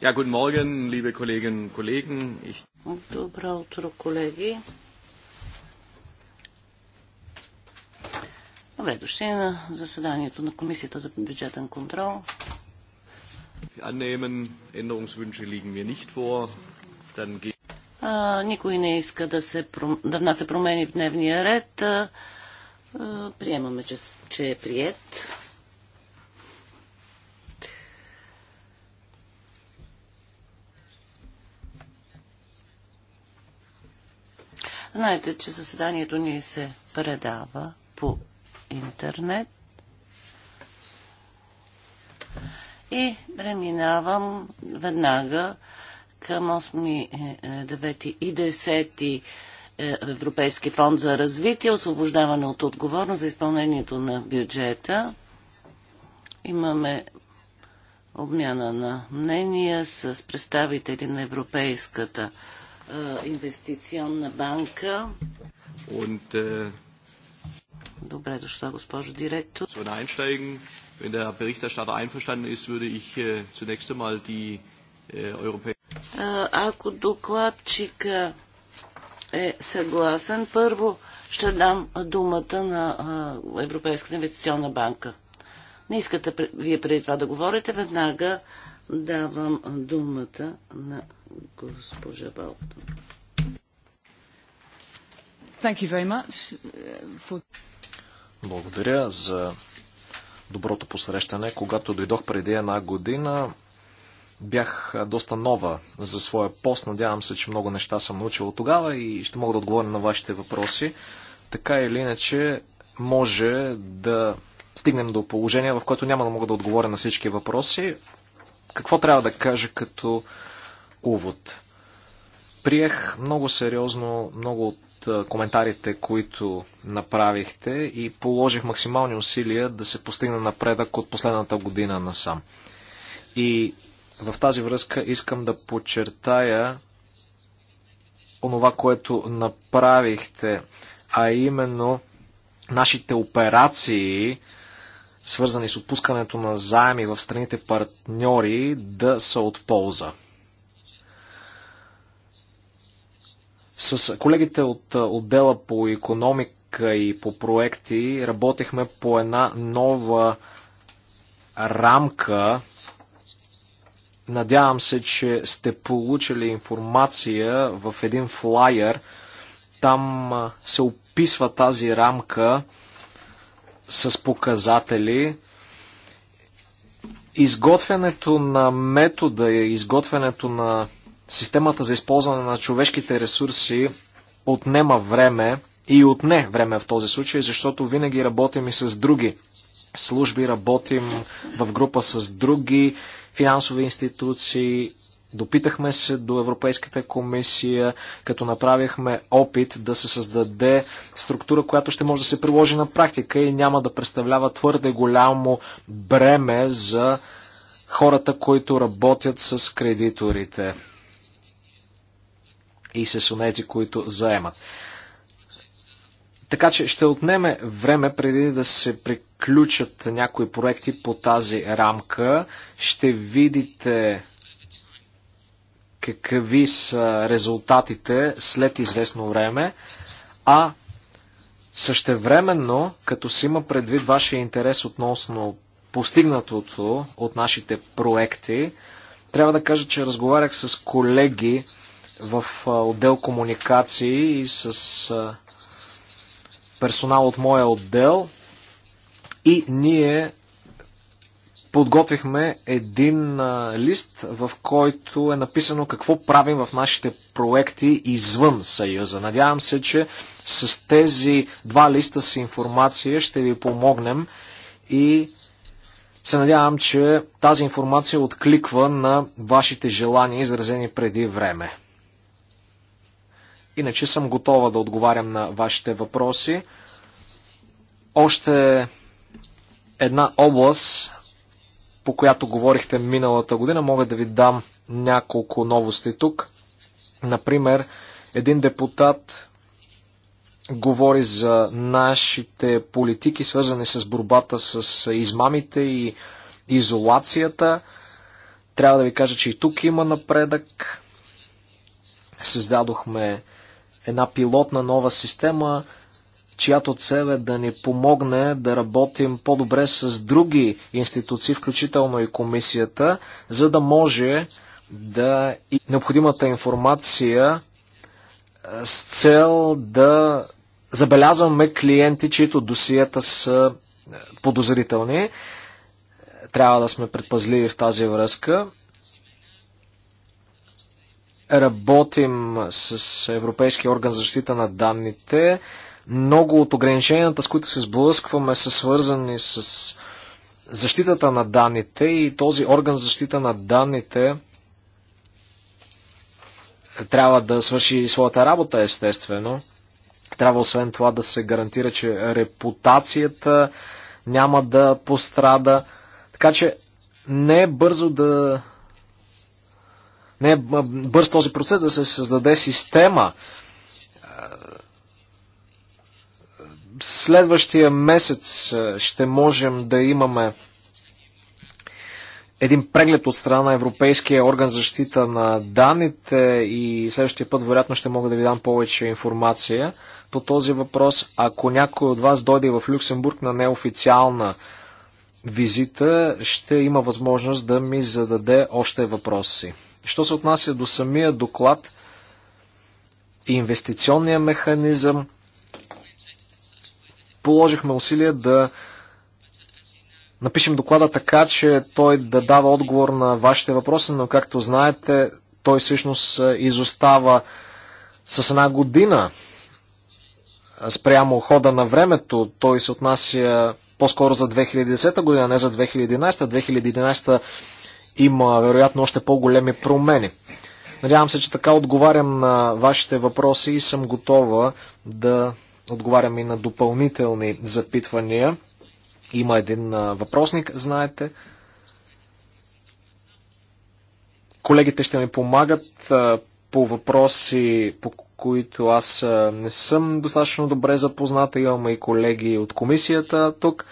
Ja, guten Morgen, liebe Kolleginnen und Kollegen. Ich... Добро утро, колеги. Добре дошли на заседанието на Комисията за бюджетен контрол. никой не иска да, се, да внася промени в дневния ред. приемаме, че, че е прият. Знаете, че заседанието ни се предава по интернет. И преминавам веднага към 8, 9 е, е, и 10 е, Европейски фонд за развитие, освобождаване от отговорност за изпълнението на бюджета. Имаме обмяна на мнения с представители на Европейската е, инвестиционна банка. Und, äh, Добре дошла, госпожо директор. Wenn der Berichterstatter einverstanden ist, würde ich äh, zunächst einmal die äh, europäische. Ако докладчика е съгласен, първо ще дам думата на Европейската инвестиционна банка. Не искате вие преди това да говорите, веднага Давам думата на госпожа Балтон. Uh, Благодаря за доброто посрещане. Когато дойдох преди една година, бях доста нова за своя пост. Надявам се, че много неща съм научил тогава и ще мога да отговоря на вашите въпроси. Така или иначе, може да стигнем до положение, в което няма да мога да отговоря на всички въпроси какво трябва да кажа като увод? Приех много сериозно много от коментарите, които направихте и положих максимални усилия да се постигне напредък от последната година насам. И в тази връзка искам да подчертая онова, което направихте, а именно нашите операции, свързани с отпускането на заеми в страните партньори, да са от полза. С колегите от отдела по економика и по проекти работехме по една нова рамка. Надявам се, че сте получили информация в един флайер. Там се описва тази рамка с показатели. Изготвянето на метода и изготвянето на системата за използване на човешките ресурси отнема време и отне време в този случай, защото винаги работим и с други служби, работим в група с други финансови институции Допитахме се до Европейската комисия, като направихме опит да се създаде структура, която ще може да се приложи на практика и няма да представлява твърде голямо бреме за хората, които работят с кредиторите и с онези, които заемат. Така че ще отнеме време преди да се приключат някои проекти по тази рамка. Ще видите какви са резултатите след известно време, а същевременно, като си има предвид вашия интерес относно постигнатото от нашите проекти, трябва да кажа, че разговарях с колеги в отдел комуникации и с персонал от моя отдел и ние подготвихме един лист, в който е написано какво правим в нашите проекти извън Съюза. Надявам се, че с тези два листа с информация ще ви помогнем и се надявам, че тази информация откликва на вашите желания, изразени преди време. Иначе съм готова да отговарям на вашите въпроси. Още една област, по която говорихте миналата година, мога да ви дам няколко новости тук. Например, един депутат говори за нашите политики, свързани с борбата с измамите и изолацията. Трябва да ви кажа, че и тук има напредък. Създадохме една пилотна нова система, чиято цел е да ни помогне да работим по-добре с други институции, включително и комисията, за да може да и необходимата информация е, с цел да забелязваме клиенти, чието досиета са е, подозрителни. Е, трябва да сме предпазливи в тази връзка. Работим с Европейския орган за защита на данните. Много от ограниченията, с които се сблъскваме, са свързани с защитата на данните и този орган за защита на данните е, трябва да свърши своята работа, естествено. Трябва освен това да се гарантира, че репутацията няма да пострада. Така че не е бързо да. Не е бърз този процес да се създаде система следващия месец ще можем да имаме един преглед от страна на Европейския орган защита на данните и следващия път вероятно ще мога да ви дам повече информация по този въпрос. Ако някой от вас дойде в Люксембург на неофициална визита, ще има възможност да ми зададе още въпроси. Що се отнася до самия доклад, инвестиционния механизъм, положихме усилия да напишем доклада така, че той да дава отговор на вашите въпроси, но както знаете, той всъщност изостава с една година спрямо хода на времето. Той се отнася по-скоро за 2010 година, не за 2011. 2011 има вероятно още по-големи промени. Надявам се, че така отговарям на вашите въпроси и съм готова да Отговарям и на допълнителни запитвания. Има един въпросник, знаете. Колегите ще ми помагат по въпроси, по които аз не съм достатъчно добре запозната. Имаме и колеги от комисията тук,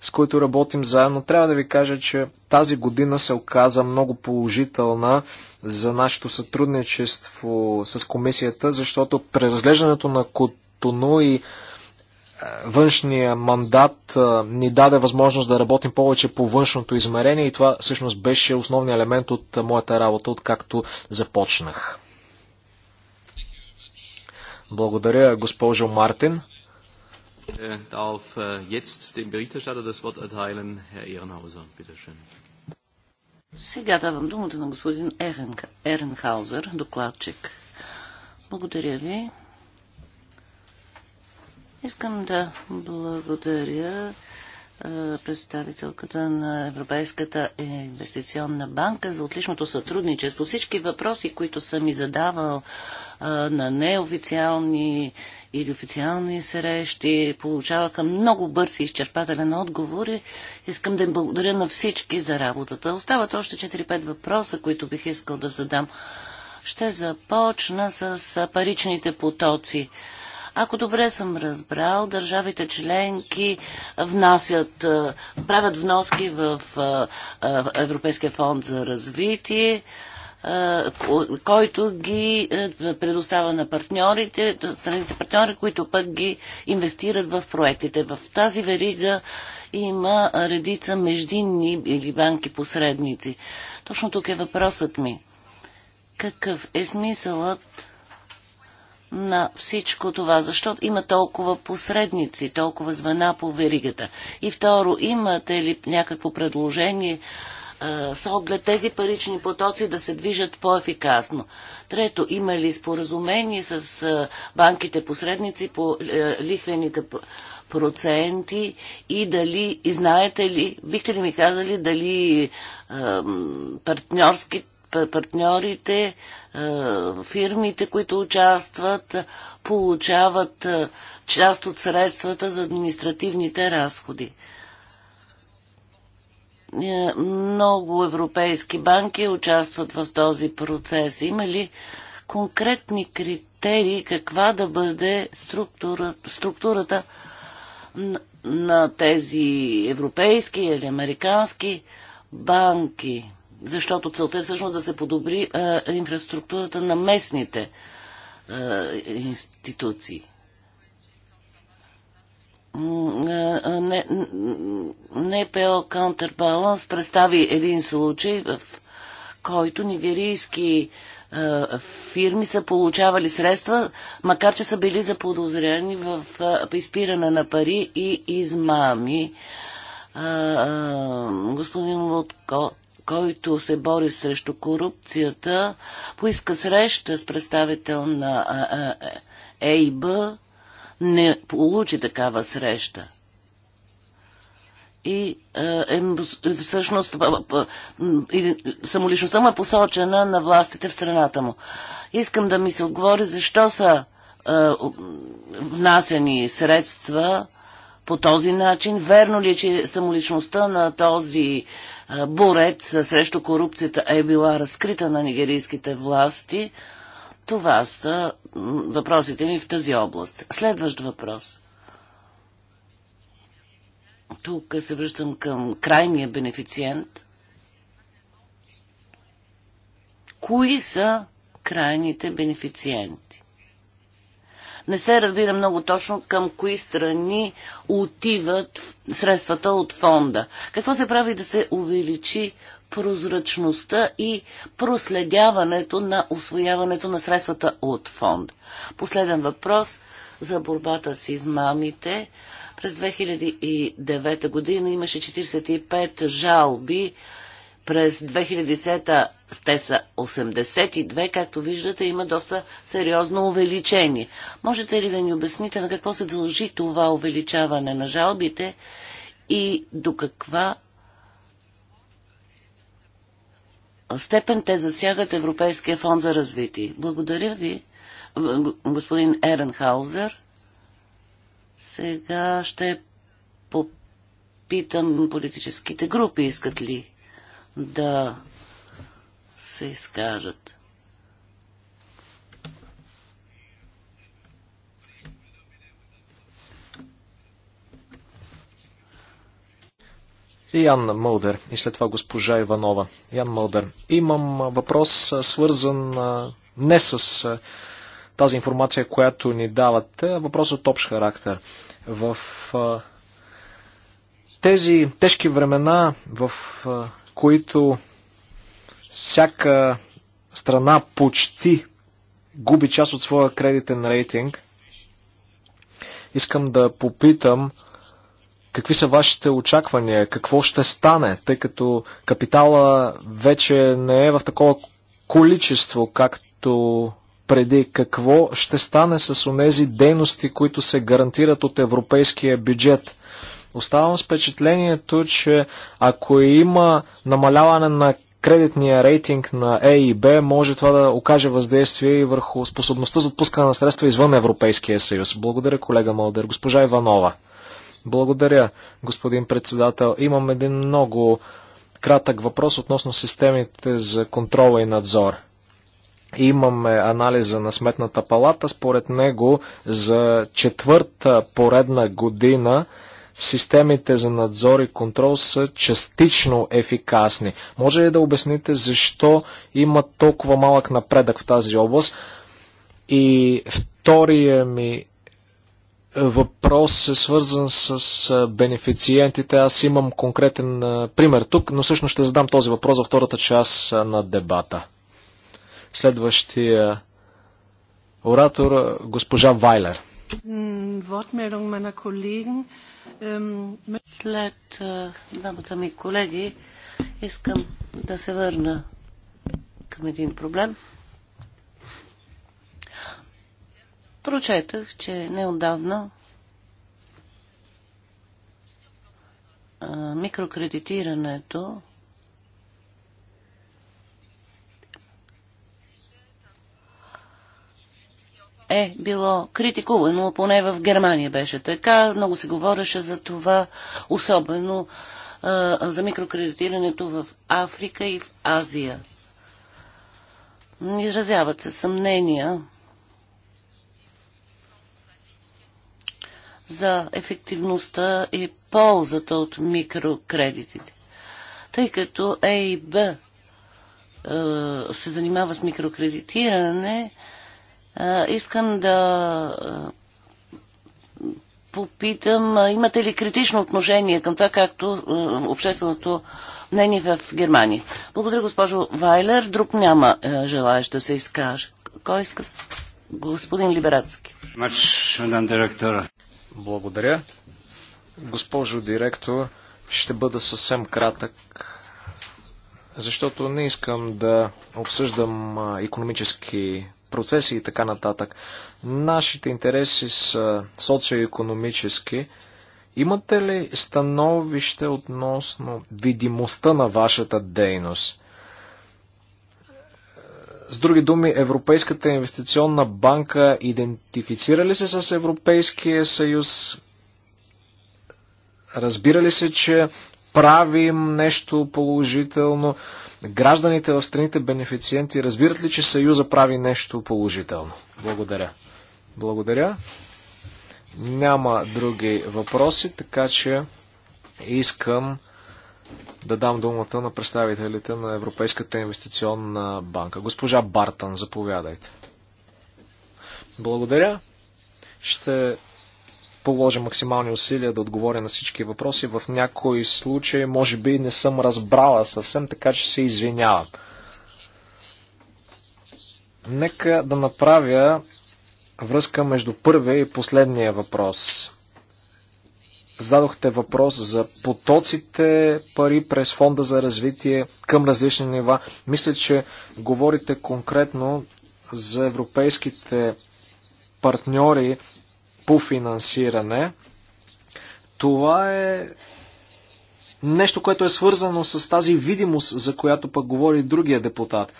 с които работим заедно. Трябва да ви кажа, че тази година се оказа много положителна за нашето сътрудничество с комисията, защото преразглеждането на но и е, външния мандат е, ни даде възможност да работим повече по външното измерение и това всъщност беше основният елемент от е, моята работа, откакто започнах. Благодаря, госпожо Мартин. Сега давам думата на господин Еренхаузер, докладчик. Благодаря ви. Искам да благодаря представителката на Европейската инвестиционна банка за отличното сътрудничество. Всички въпроси, които съм ми задавал на неофициални или официални срещи, получаваха много бърз и изчерпателен отговор и искам да им благодаря на всички за работата. Остават още 4-5 въпроса, които бих искал да задам. Ще започна с паричните потоци. Ако добре съм разбрал, държавите членки внасят, правят вноски в Европейския фонд за развитие, който ги предоставя на партньорите, страните партньори, които пък ги инвестират в проектите. В тази верига има редица междинни или банки посредници. Точно тук е въпросът ми. Какъв е смисълът на всичко това, защото има толкова посредници, толкова звена по веригата. И второ, имате ли някакво предложение а, с оглед тези парични потоци да се движат по-ефикасно? Трето, има ли споразумение с а, банките посредници по а, лихвените проценти и дали, и знаете ли, бихте ли ми казали дали партньорски партньорите е, фирмите, които участват, получават е, част от средствата за административните разходи. Е, много европейски банки участват в този процес. Има ли конкретни критерии каква да бъде структура, структурата на, на тези европейски или американски банки? защото целта е всъщност да се подобри инфраструктурата на местните е, институции. НПО Counterbalance представи един случай, в който нигерийски фирми са получавали средства, макар че са били заподозрени в изпиране на пари и измами. господин Лутко който се бори срещу корупцията, поиска среща с представител на ЕИБ, не получи такава среща. И е, е, всъщност самоличността му е посочена на властите в страната му. Искам да ми се отговори защо са е, внасени средства по този начин. Верно ли е, че самоличността на този борец срещу корупцията е била разкрита на нигерийските власти. Това са въпросите ми в тази област. Следващ въпрос. Тук се връщам към крайния бенефициент. Кои са крайните бенефициенти? Не се разбира много точно към кои страни отиват средствата от фонда. Какво се прави да се увеличи прозрачността и проследяването на освояването на средствата от фонд? Последен въпрос за борбата с измамите. През 2009 година имаше 45 жалби през 2010 те са 82, както виждате, има доста сериозно увеличение. Можете ли да ни обясните на какво се дължи това увеличаване на жалбите и до каква степен те засягат Европейския фонд за развитие? Благодаря ви, господин Еренхаузер. Сега ще попитам политическите групи, искат ли да се изкажат. И Мълдер. И след това госпожа Иванова. Ян Мълдер. Имам въпрос свързан не с тази информация, която ни давате, а въпрос от общ характер. В тези тежки времена, в които всяка страна почти губи част от своя кредитен рейтинг, искам да попитам какви са вашите очаквания, какво ще стане, тъй като капитала вече не е в такова количество, както преди. Какво ще стане с онези дейности, които се гарантират от европейския бюджет? Оставам с впечатлението, че ако има намаляване на кредитния рейтинг на Е и Б, може това да окаже въздействие и върху способността за отпускане на средства извън Европейския съюз. Благодаря, колега Малдер. Госпожа Иванова. Благодаря, господин председател. Имам един много кратък въпрос относно системите за контрола и надзор. Имаме анализа на Сметната палата. Според него за четвърта поредна година системите за надзор и контрол са частично ефикасни. Може ли да обясните защо има толкова малък напредък в тази област? И втория ми въпрос е свързан с бенефициентите. Аз имам конкретен пример тук, но всъщност ще задам този въпрос за втората част на дебата. Следващия оратор госпожа Вайлер. Wortmeldung meiner Kollegen. След е, двамата ми колеги искам да се върна към един проблем. Прочетах, че неодавна е, микрокредитирането е било критикувано, поне в Германия беше така. Много се говореше за това, особено а, за микрокредитирането в Африка и в Азия. Изразяват се съмнения за ефективността и ползата от микрокредитите. Тъй като ЕИБ се занимава с микрокредитиране, Искам да попитам, имате ли критично отношение към това, както общественото мнение в Германия? Благодаря, госпожо Вайлер. Друг няма желаящ да се изкаже. Кой иска? Господин Либерацки. Благодаря. Госпожо директор, ще бъда съвсем кратък, защото не искам да обсъждам економически процеси и така нататък. Нашите интереси са социоекономически. Имате ли становище относно видимостта на вашата дейност? С други думи, Европейската инвестиционна банка идентифицира ли се с Европейския съюз? Разбира ли се, че правим нещо положително? Гражданите в страните бенефициенти разбират ли, че Съюза прави нещо положително? Благодаря. Благодаря. Няма други въпроси, така че искам да дам думата на представителите на Европейската инвестиционна банка. Госпожа Бартан, заповядайте. Благодаря. Ще положа максимални усилия да отговоря на всички въпроси. В някои случаи, може би, не съм разбрала съвсем, така че се извинявам. Нека да направя връзка между първия и последния въпрос. Зададохте въпрос за потоците пари през фонда за развитие към различни нива. Мисля, че говорите конкретно за европейските партньори по финансиране. Това е нещо, което е свързано с тази видимост, за която пък говори другия депутат.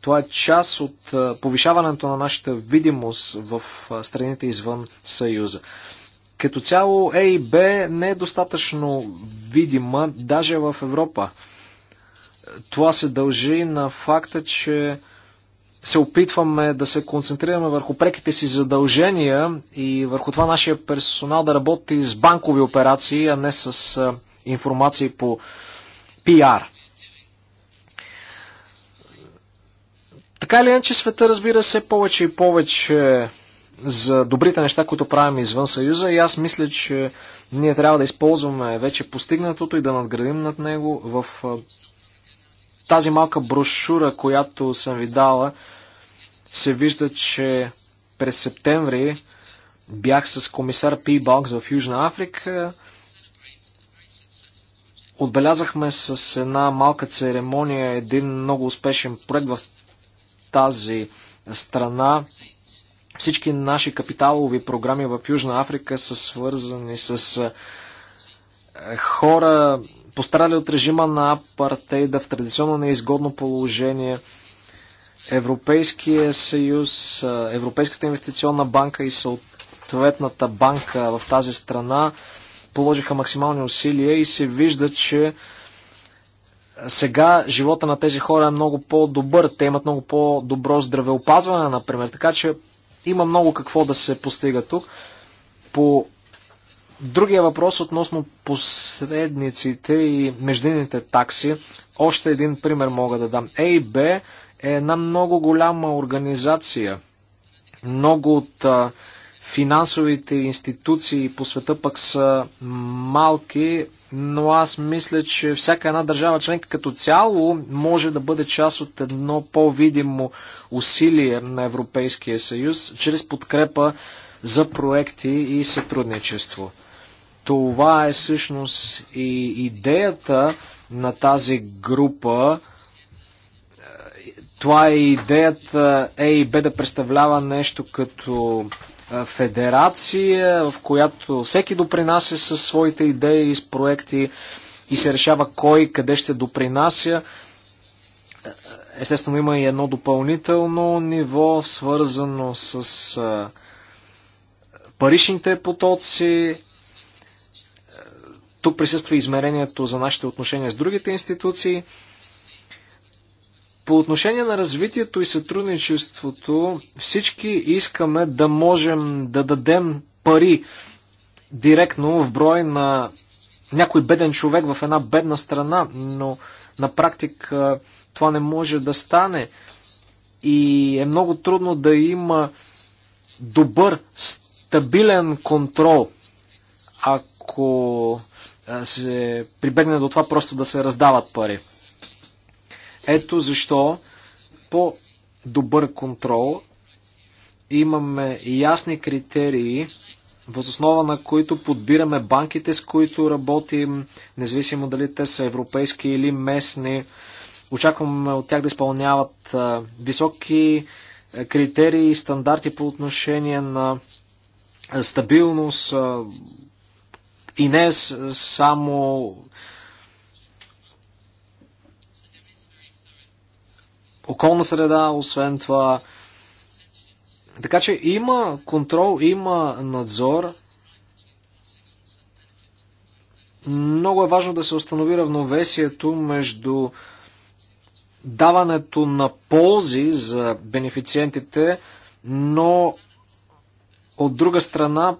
Това е част от повишаването на нашата видимост в страните извън Съюза. Като цяло Е и Б не е достатъчно видима даже в Европа. Това се дължи на факта, че се опитваме да се концентрираме върху преките си задължения и върху това нашия персонал да работи с банкови операции, а не с информации по пиар. Така или иначе света разбира се повече и повече за добрите неща, които правим извън Съюза и аз мисля, че ние трябва да използваме вече постигнатото и да надградим над него в тази малка брошура, която съм ви дала, се вижда, че през септември бях с комисар Пи Балкс в Южна Африка. Отбелязахме с една малка церемония един много успешен проект в тази страна. Всички наши капиталови програми в Южна Африка са свързани с хора, пострадали от режима на апартейда в традиционно неизгодно положение – Европейския съюз, Европейската инвестиционна банка и съответната банка в тази страна положиха максимални усилия и се вижда, че сега живота на тези хора е много по-добър. Те имат много по-добро здравеопазване, например. Така че има много какво да се постига тук. По другия въпрос относно посредниците и междинните такси, още един пример мога да дам. A и е една много голяма организация. Много от а, финансовите институции по света пък са малки, но аз мисля, че всяка една държава членка като цяло може да бъде част от едно по-видимо усилие на Европейския съюз чрез подкрепа за проекти и сътрудничество. Това е всъщност и идеята на тази група, това е идеята ЕИБ да представлява нещо като федерация, в която всеки допринася със своите идеи и с проекти и се решава кой къде ще допринася. Естествено има и едно допълнително ниво, свързано с паричните потоци. Тук присъства измерението за нашите отношения с другите институции. По отношение на развитието и сътрудничеството, всички искаме да можем да дадем пари директно в брой на някой беден човек в една бедна страна, но на практика това не може да стане и е много трудно да има добър, стабилен контрол, ако се прибегне до това просто да се раздават пари. Ето защо по-добър контрол имаме ясни критерии, възоснова на които подбираме банките, с които работим, независимо дали те са европейски или местни. Очакваме от тях да изпълняват високи критерии и стандарти по отношение на стабилност и не само околна среда, освен това. Така че има контрол, има надзор. Много е важно да се установи равновесието между даването на ползи за бенефициентите, но от друга страна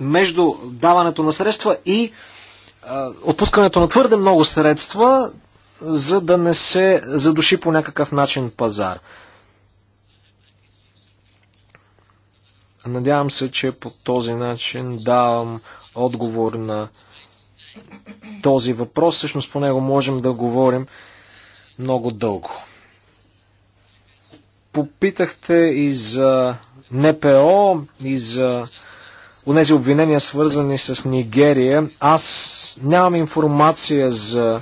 между даването на средства и отпускането на твърде много средства, за да не се задуши по някакъв начин пазар. Надявам се, че по този начин давам отговор на този въпрос. Всъщност по него можем да говорим много дълго. Попитахте и за НПО, и за тези обвинения свързани с Нигерия. Аз нямам информация за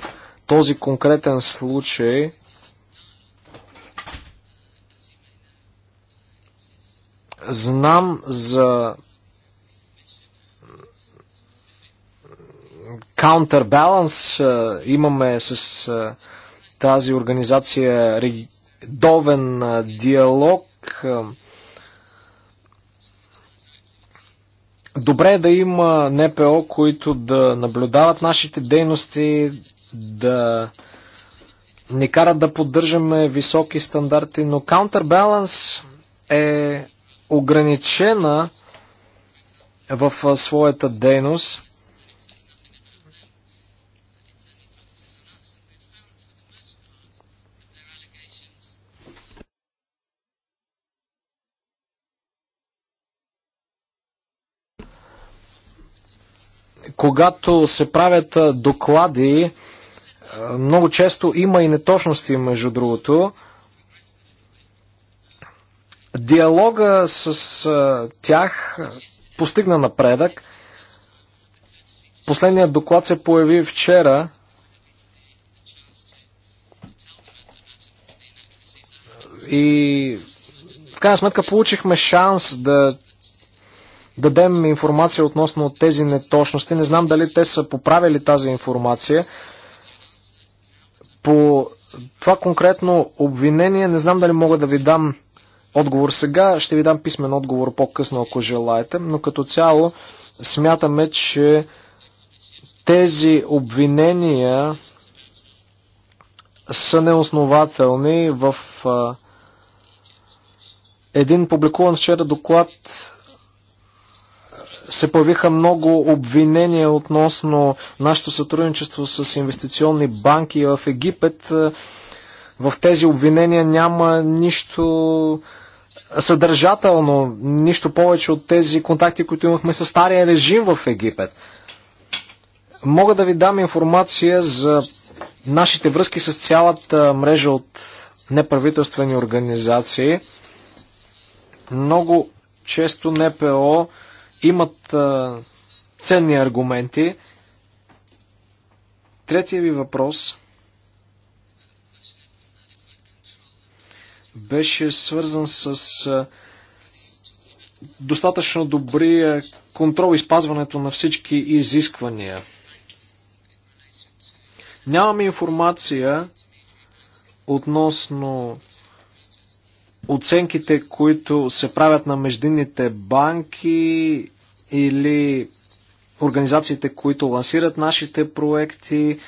този конкретен случай знам за counterbalance имаме с тази организация редовен диалог. Добре е да има НПО, които да наблюдават нашите дейности, да ни карат да поддържаме високи стандарти, но Counterbalance е ограничена в своята дейност. Когато се правят доклади, много често има и неточности, между другото. Диалога с тях постигна напредък. Последният доклад се появи вчера. И в крайна сметка получихме шанс да дадем информация относно тези неточности. Не знам дали те са поправили тази информация. По това конкретно обвинение не знам дали мога да ви дам отговор сега, ще ви дам писмен отговор по-късно, ако желаете, но като цяло смятаме, че тези обвинения са неоснователни в един публикуван вчера доклад се появиха много обвинения относно нашето сътрудничество с инвестиционни банки в Египет. Е, в тези обвинения няма нищо съдържателно, нищо повече от тези контакти, които имахме с стария режим в Египет. Мога да ви дам информация за нашите връзки с цялата мрежа от неправителствени организации. Много често НПО имат а, ценни аргументи. Третия ви въпрос беше свързан с а, достатъчно добри а, контрол и спазването на всички изисквания. Нямаме информация относно оценките, които се правят на междинните банки или организациите, които лансират нашите проекти.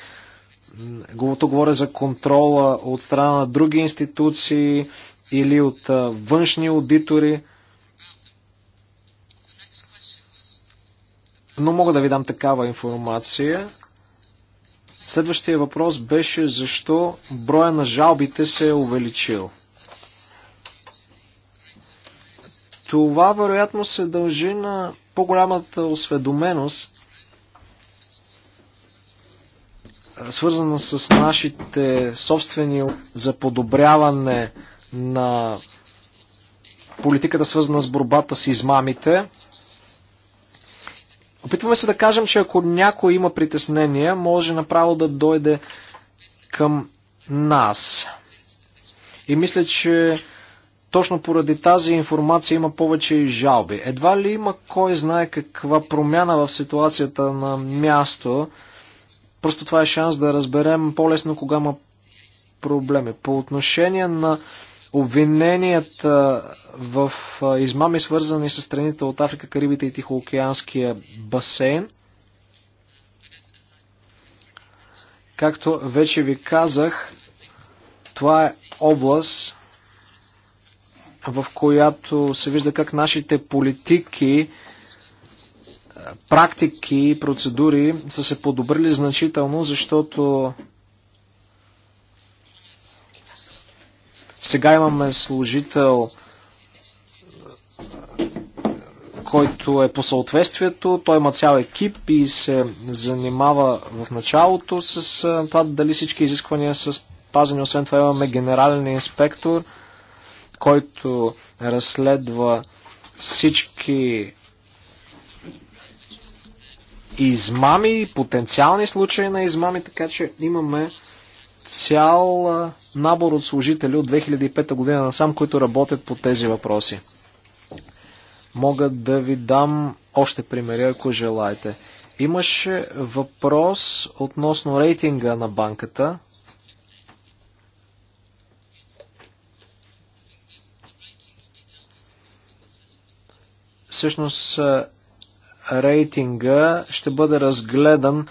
Голото говоря за контрола от страна на други институции или от външни аудитори. Но мога да ви дам такава информация. Следващия въпрос беше защо броя на жалбите се е увеличил. Това вероятно се дължи на по-голямата осведоменост, свързана с нашите собствени за подобряване на политиката, свързана с борбата с измамите. Опитваме се да кажем, че ако някой има притеснения, може направо да дойде към нас. И мисля, че точно поради тази информация има повече жалби. Едва ли има кой знае каква промяна в ситуацията на място. Просто това е шанс да разберем по-лесно кога има проблеми. По отношение на обвиненията в измами, свързани с страните от Африка, Карибите и Тихоокеанския басейн, както вече ви казах, това е област, в която се вижда как нашите политики, е, практики и процедури са се подобрили значително, защото сега имаме служител, е, който е по съответствието. Той има цял екип и се занимава в началото с е, това дали всички изисквания са спазени. Освен това имаме генерален инспектор – който разследва всички измами, потенциални случаи на измами, така че имаме цял набор от служители от 2005 година насам, които работят по тези въпроси. Мога да ви дам още примери, ако желаете. Имаше въпрос относно рейтинга на банката. всъщност рейтинга ще бъде разгледан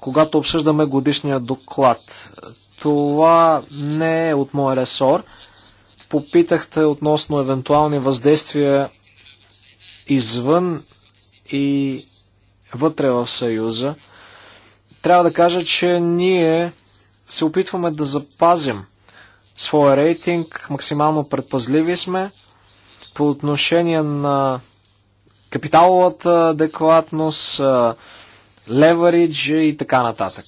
когато обсъждаме годишния доклад. Това не е от моя ресор. Попитахте относно евентуални въздействия извън и вътре в Съюза. Трябва да кажа, че ние се опитваме да запазим своя рейтинг, максимално предпазливи сме по отношение на капиталовата адекватност, леверидж и така нататък.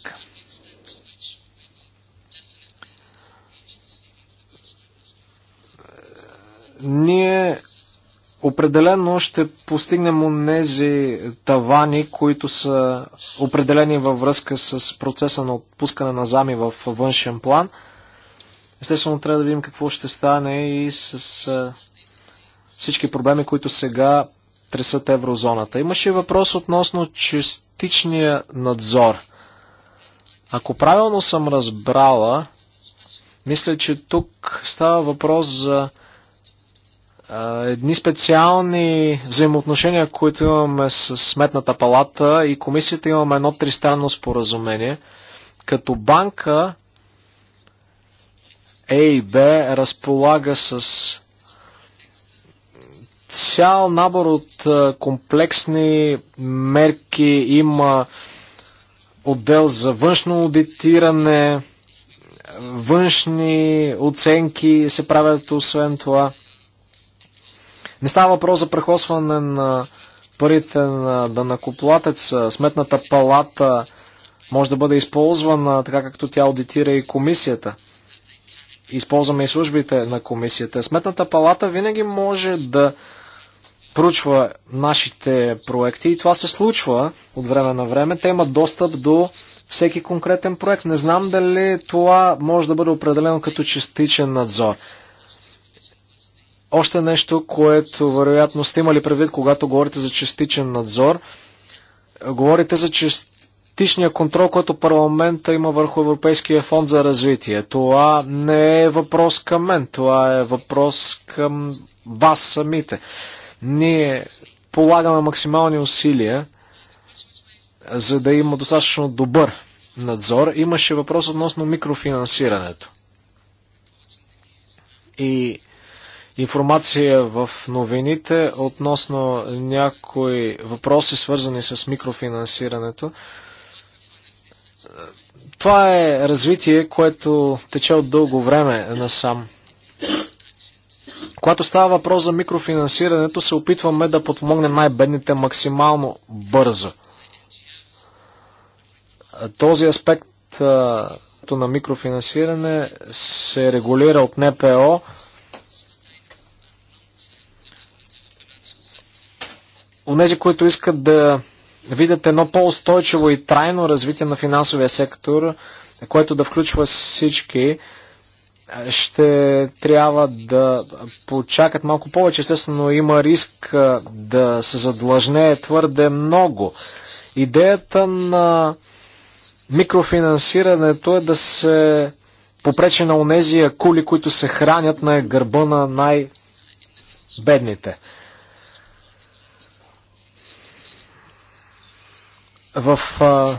Ние определено ще постигнем онези тавани, които са определени във връзка с процеса на отпускане на зами в външен план. Естествено, трябва да видим какво ще стане и с всички проблеми, които сега тресат еврозоната. Имаше въпрос относно частичния надзор. Ако правилно съм разбрала, мисля, че тук става въпрос за а, едни специални взаимоотношения, които имаме с Сметната палата и комисията имаме едно тристранно споразумение. Като банка ЕИБ разполага с цял набор от е, комплексни мерки, има отдел за външно аудитиране, външни оценки се правят освен това. Не става въпрос за прехосване на парите на данакоплатеца. Сметната палата може да бъде използвана така както тя аудитира и комисията. Използваме и службите на комисията. Сметната палата винаги може да проучва нашите проекти и това се случва от време на време. Те имат достъп до всеки конкретен проект. Не знам дали това може да бъде определено като частичен надзор. Още нещо, което вероятно сте имали предвид, когато говорите за частичен надзор. Говорите за частичния контрол, който парламента има върху Европейския фонд за развитие. Това не е въпрос към мен, това е въпрос към вас самите. Ние полагаме максимални усилия, за да има достатъчно добър надзор. Имаше въпрос относно микрофинансирането. И информация в новините относно някои въпроси, свързани с микрофинансирането. Това е развитие, което тече от дълго време насам. Когато става въпрос за микрофинансирането, се опитваме да подпомогнем най-бедните максимално бързо. Този аспект на микрофинансиране се регулира от НПО. Онези, които искат да видят едно по-устойчиво и трайно развитие на финансовия сектор, което да включва всички, ще трябва да почакат малко повече. Естествено, има риск да се задлъжне твърде много. Идеята на микрофинансирането е да се попречи на онези кули, които се хранят на гърба на най-бедните. В а,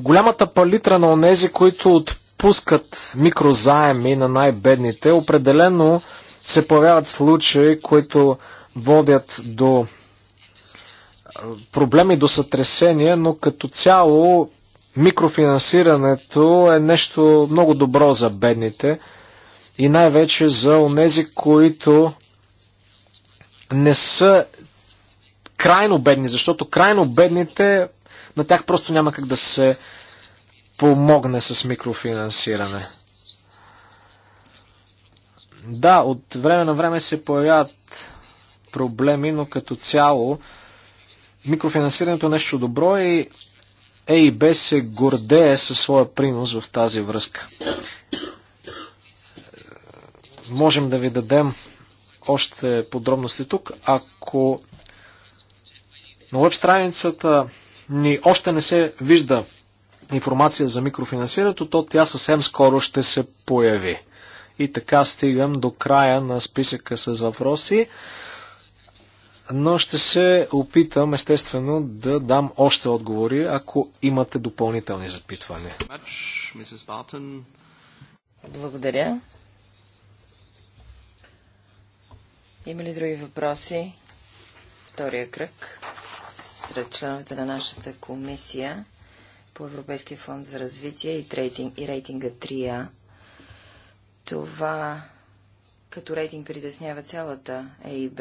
голямата палитра на онези, които от Пускат микрозаеми на най-бедните, определено се появяват случаи, които водят до проблеми, до сътресения, но като цяло микрофинансирането е нещо много добро за бедните и най-вече за онези, които не са крайно бедни, защото крайно бедните на тях просто няма как да се помогне с микрофинансиране. Да, от време на време се появяват проблеми, но като цяло микрофинансирането е нещо добро и ЕИБ се гордее със своя принос в тази връзка. Можем да ви дадем още подробности тук. Ако на веб страницата ни още не се вижда информация за микрофинансирането, то тя съвсем скоро ще се появи. И така стигам до края на списъка с въпроси, но ще се опитам естествено да дам още отговори, ако имате допълнителни запитвания. Благодаря. Има ли други въпроси? Втория кръг сред членовете на нашата комисия по Европейския фонд за развитие и, рейтинг, и рейтинга 3А. Това като рейтинг притеснява цялата ЕИБ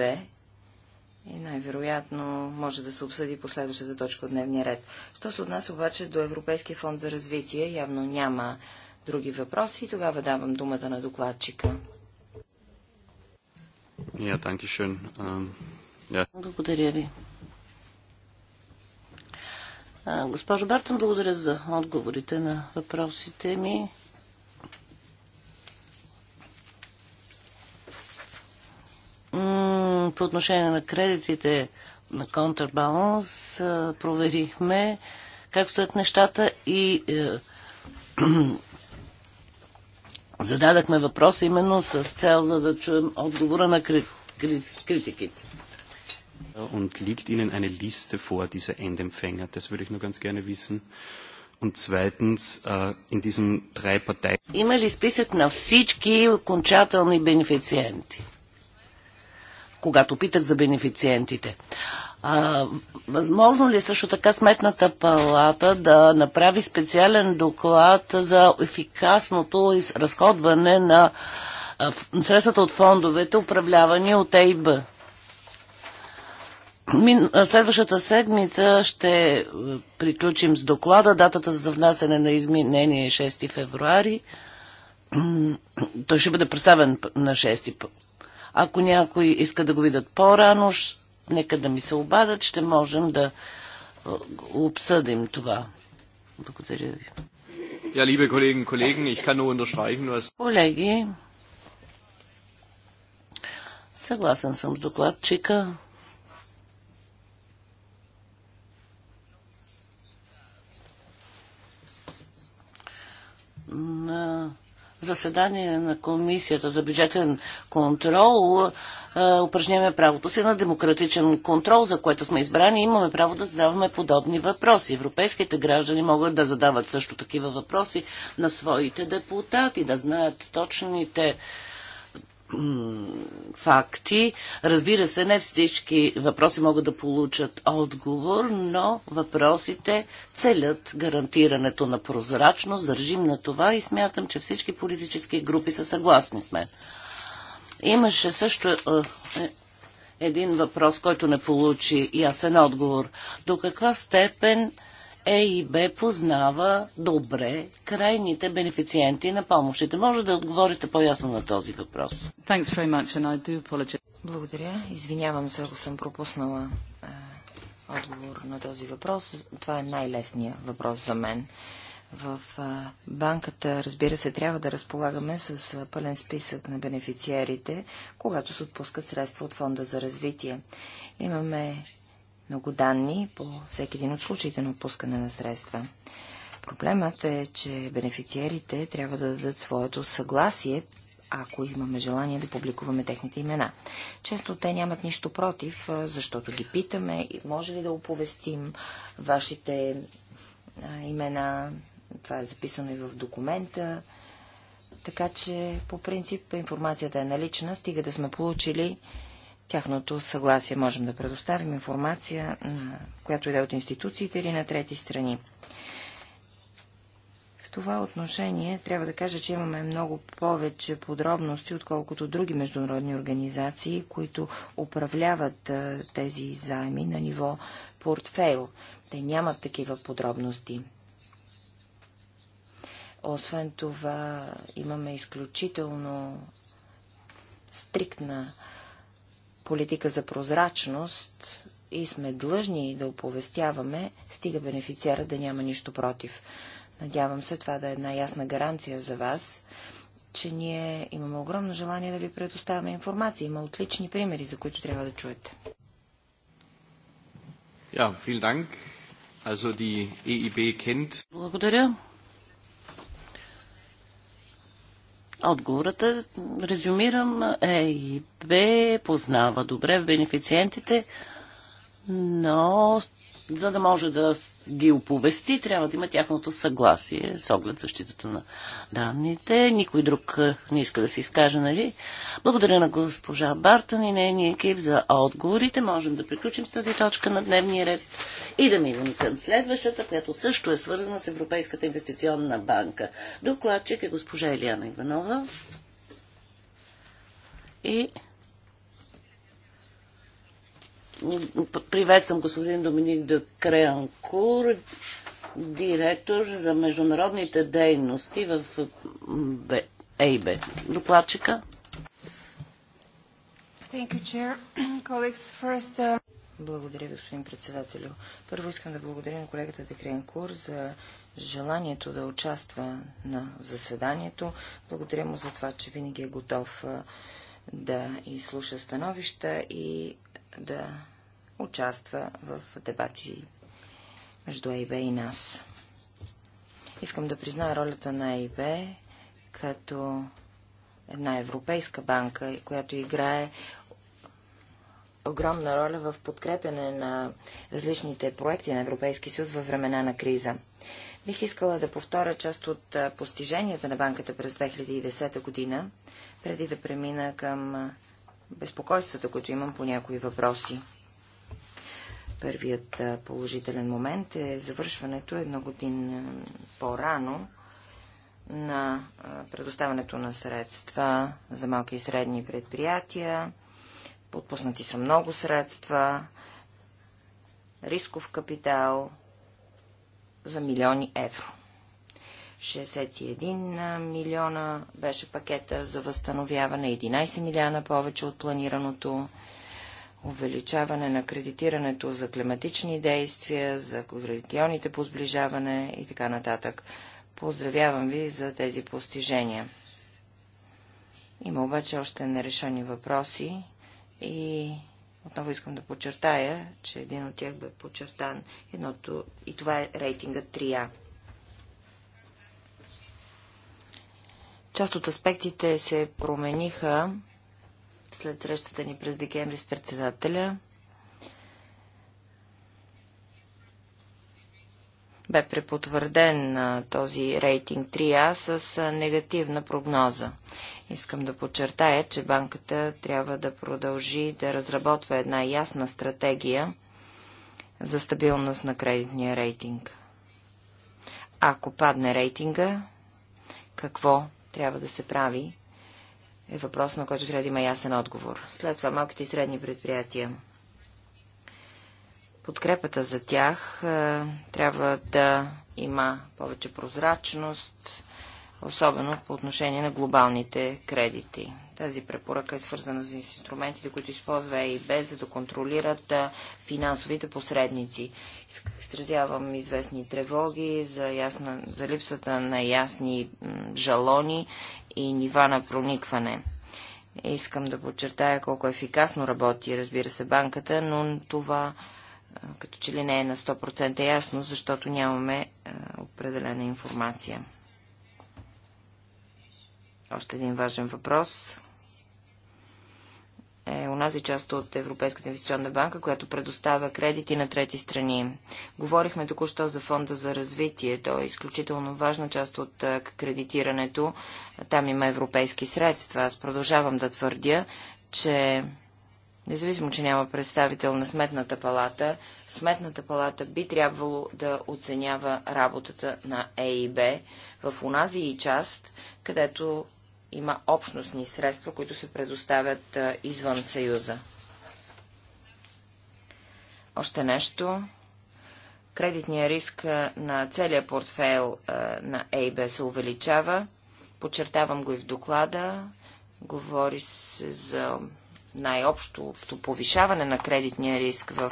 и най-вероятно може да се обсъди последващата точка от дневния ред. Що се отнася обаче до Европейския фонд за развитие, явно няма други въпроси и тогава давам думата на докладчика. Yeah, ähm, yeah. Благодаря ви. Госпожо Бартон, благодаря за отговорите на въпросите ми. По отношение на кредитите на Counterbalance проверихме как стоят нещата и е, зададахме въпроса именно с цел за да чуем отговора на крит, крит, критиките. Und liegt Ihnen eine Liste vor dieser Endempfänger? Das würde ich nur ganz gerne wissen. Und zweitens, äh, in diesen drei Parteien... Има ли списък на всички окончателни бенефициенти? Когато питах за бенефициентите. А, възможно ли е също така сметната палата да направи специален доклад за ефикасното разходване на средствата от фондовете, управлявани от АИБ? Следващата седмица ще е, приключим с доклада. Датата за внасене на изменение е 6 февруари. Той ще бъде представен на 6. Ако някой иска да го видят по-рано, нека да ми се обадят. Ще можем да обсъдим това. Благодаря ви. Ja, liebe Kollegen, Kollegen, ich kann nur unterstreichen, was... Колеги, съгласен съм с докладчика. на заседание на Комисията за бюджетен контрол е, упражняваме правото си на демократичен контрол, за което сме избрани и имаме право да задаваме подобни въпроси. Европейските граждани могат да задават също такива въпроси на своите депутати, да знаят точните факти. Разбира се, не всички въпроси могат да получат отговор, но въпросите целят гарантирането на прозрачност. Държим на това и смятам, че всички политически групи са съгласни с мен. Имаше също е, един въпрос, който не получи ясен отговор. До каква степен ЕИБ познава добре крайните бенефициенти на помощите. Може да отговорите по-ясно на този въпрос. Благодаря. Извинявам се, ако съм пропуснала е, отговор на този въпрос. Това е най-лесният въпрос за мен. В е, банката, разбира се, трябва да разполагаме с е, пълен списък на бенефициерите, когато се отпускат средства от Фонда за развитие. Имаме много данни по всеки един от случаите на отпускане на средства. Проблемът е, че бенефициерите трябва да дадат своето съгласие, ако имаме желание да публикуваме техните имена. Често те нямат нищо против, защото ги питаме, може ли да оповестим вашите имена, това е записано и в документа. Така че, по принцип, информацията е налична, стига да сме получили тяхното съгласие. Можем да предоставим информация, на, която иде от институциите или на трети страни. В това отношение трябва да кажа, че имаме много повече подробности, отколкото други международни организации, които управляват тези заеми на ниво портфейл. Те нямат такива подробности. Освен това, имаме изключително стриктна политика за прозрачност и сме длъжни да оповестяваме, стига бенефициара да няма нищо против. Надявам се това да е една ясна гаранция за вас, че ние имаме огромно желание да ви предоставяме информация. Има отлични примери, за които трябва да чуете. Dank. also, die EIB kennt... Благодаря. Отговорът е, резюмирам, Е и Б познава добре бенефициентите, но за да може да ги оповести, трябва да има тяхното съгласие с оглед защитата на данните. Никой друг е, не иска да се изкаже, нали? Благодаря на госпожа Бартън и нейния екип за отговорите. Можем да приключим с тази точка на дневния ред и да минем към следващата, която също е свързана с Европейската инвестиционна банка. Докладчик е госпожа Илияна Иванова. И Приветствам господин Доминик де Креанкур, директор за международните дейности в ЕИБЕ. Докладчика. Uh, благодаря, господин председателю. Първо искам да благодаря на колегата Декрен Кур за желанието да участва на заседанието. Благодаря му за това, че винаги е готов да изслуша становища и да участва в дебати между АИБ и нас. Искам да призная ролята на АИБ като една европейска банка, която играе огромна роля в подкрепяне на различните проекти на Европейски съюз във времена на криза. Бих искала да повторя част от постиженията на банката през 2010 година, преди да премина към безпокойствата, които имам по някои въпроси. Първият положителен момент е завършването едно годин по-рано на предоставянето на средства за малки и средни предприятия. Отпуснати са много средства, рисков капитал за милиони евро. 61 милиона беше пакета за възстановяване, 11 милиона повече от планираното, увеличаване на кредитирането за климатични действия, за регионите по сближаване и така нататък. Поздравявам ви за тези постижения. Има обаче още нерешени въпроси и отново искам да подчертая, че един от тях бе подчертан едното и това е рейтинга 3А. Част от аспектите се промениха след срещата ни през декември с председателя. бе препотвърден този рейтинг 3А с негативна прогноза. Искам да подчертая, че банката трябва да продължи да разработва една ясна стратегия за стабилност на кредитния рейтинг. Ако падне рейтинга, какво трябва да се прави, е въпрос, на който трябва да има ясен отговор. След това малките и средни предприятия. Подкрепата за тях е, трябва да има повече прозрачност, особено по отношение на глобалните кредити. Тази препоръка е свързана с инструментите, които използва ЕИБ, за да контролират е, финансовите посредници. Изразявам известни тревоги за, ясна, за липсата на ясни жалони и нива на проникване. Искам да подчертая колко ефикасно работи, разбира се, банката, но това като че ли не е на 100% ясно, защото нямаме определена информация. Още един важен въпрос е унази част от Европейската инвестиционна банка, която предоставя кредити на трети страни. Говорихме току-що за фонда за развитие. Той е изключително важна част от кредитирането. Там има европейски средства. Аз продължавам да твърдя, че независимо, че няма представител на Сметната палата, Сметната палата би трябвало да оценява работата на ЕИБ в унази и част, където има общностни средства, които се предоставят извън Съюза. Още нещо. Кредитният риск на целия портфейл на ЕИБ се увеличава. Подчертавам го и в доклада. Говори се за най-общо повишаване на кредитния риск в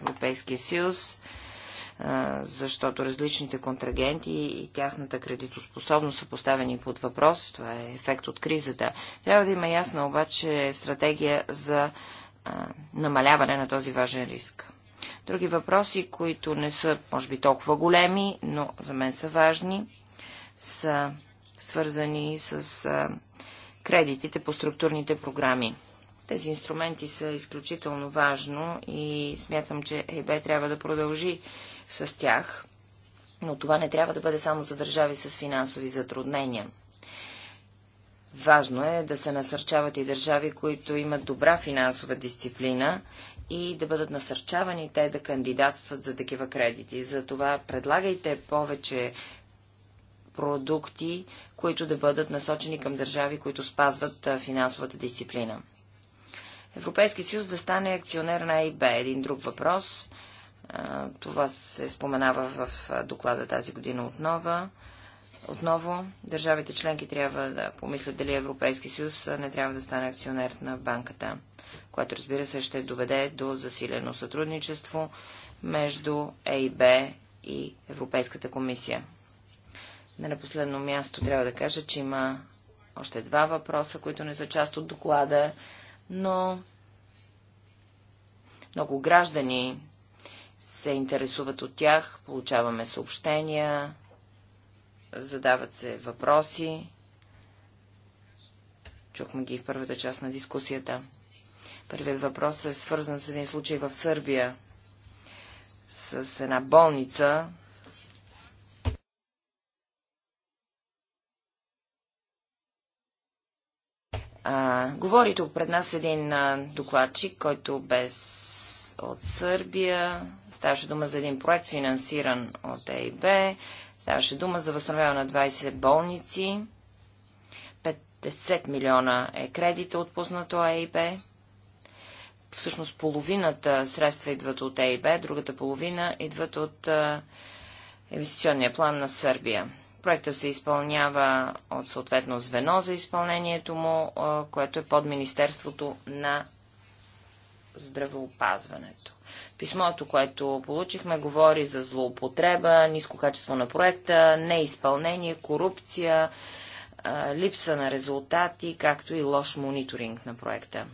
Европейския съюз защото различните контрагенти и тяхната кредитоспособност са поставени под въпрос. Това е ефект от кризата. Трябва да има ясна обаче стратегия за намаляване на този важен риск. Други въпроси, които не са, може би, толкова големи, но за мен са важни, са свързани с кредитите по структурните програми. Тези инструменти са изключително важно и смятам, че ЕБ трябва да продължи с тях, но това не трябва да бъде само за държави с финансови затруднения. Важно е да се насърчават и държави, които имат добра финансова дисциплина и да бъдат насърчавани те да кандидатстват за такива кредити. Затова предлагайте повече продукти, които да бъдат насочени към държави, които спазват финансовата дисциплина. Европейски съюз да стане акционер на ЕИБ. Един друг въпрос това се споменава в доклада тази година отново. Отново, държавите членки трябва да помислят дали Европейски съюз не трябва да стане акционер на банката, което разбира се ще доведе до засилено сътрудничество между ЕИБ и Европейската комисия. Не на последно място трябва да кажа, че има още два въпроса, които не са част от доклада, но много граждани се интересуват от тях, получаваме съобщения, задават се въпроси. Чухме ги в първата част на дискусията. Първият въпрос е свързан с един случай в Сърбия, с една болница, А, говорите пред нас един а, докладчик, който без от Сърбия. Ставаше дума за един проект, финансиран от ЕИБ. Ставаше дума за възстановяване на 20 болници. 50 милиона е кредита отпуснато ЕИБ. Всъщност половината средства идват от ЕИБ, другата половина идват от инвестиционния план на Сърбия. Проектът се изпълнява от съответно звено за изпълнението му, което е под Министерството на здравеопазването. Писмото, което получихме, говори за злоупотреба, ниско качество на проекта, неизпълнение, корупция, липса на резултати, както и лош мониторинг на проекта.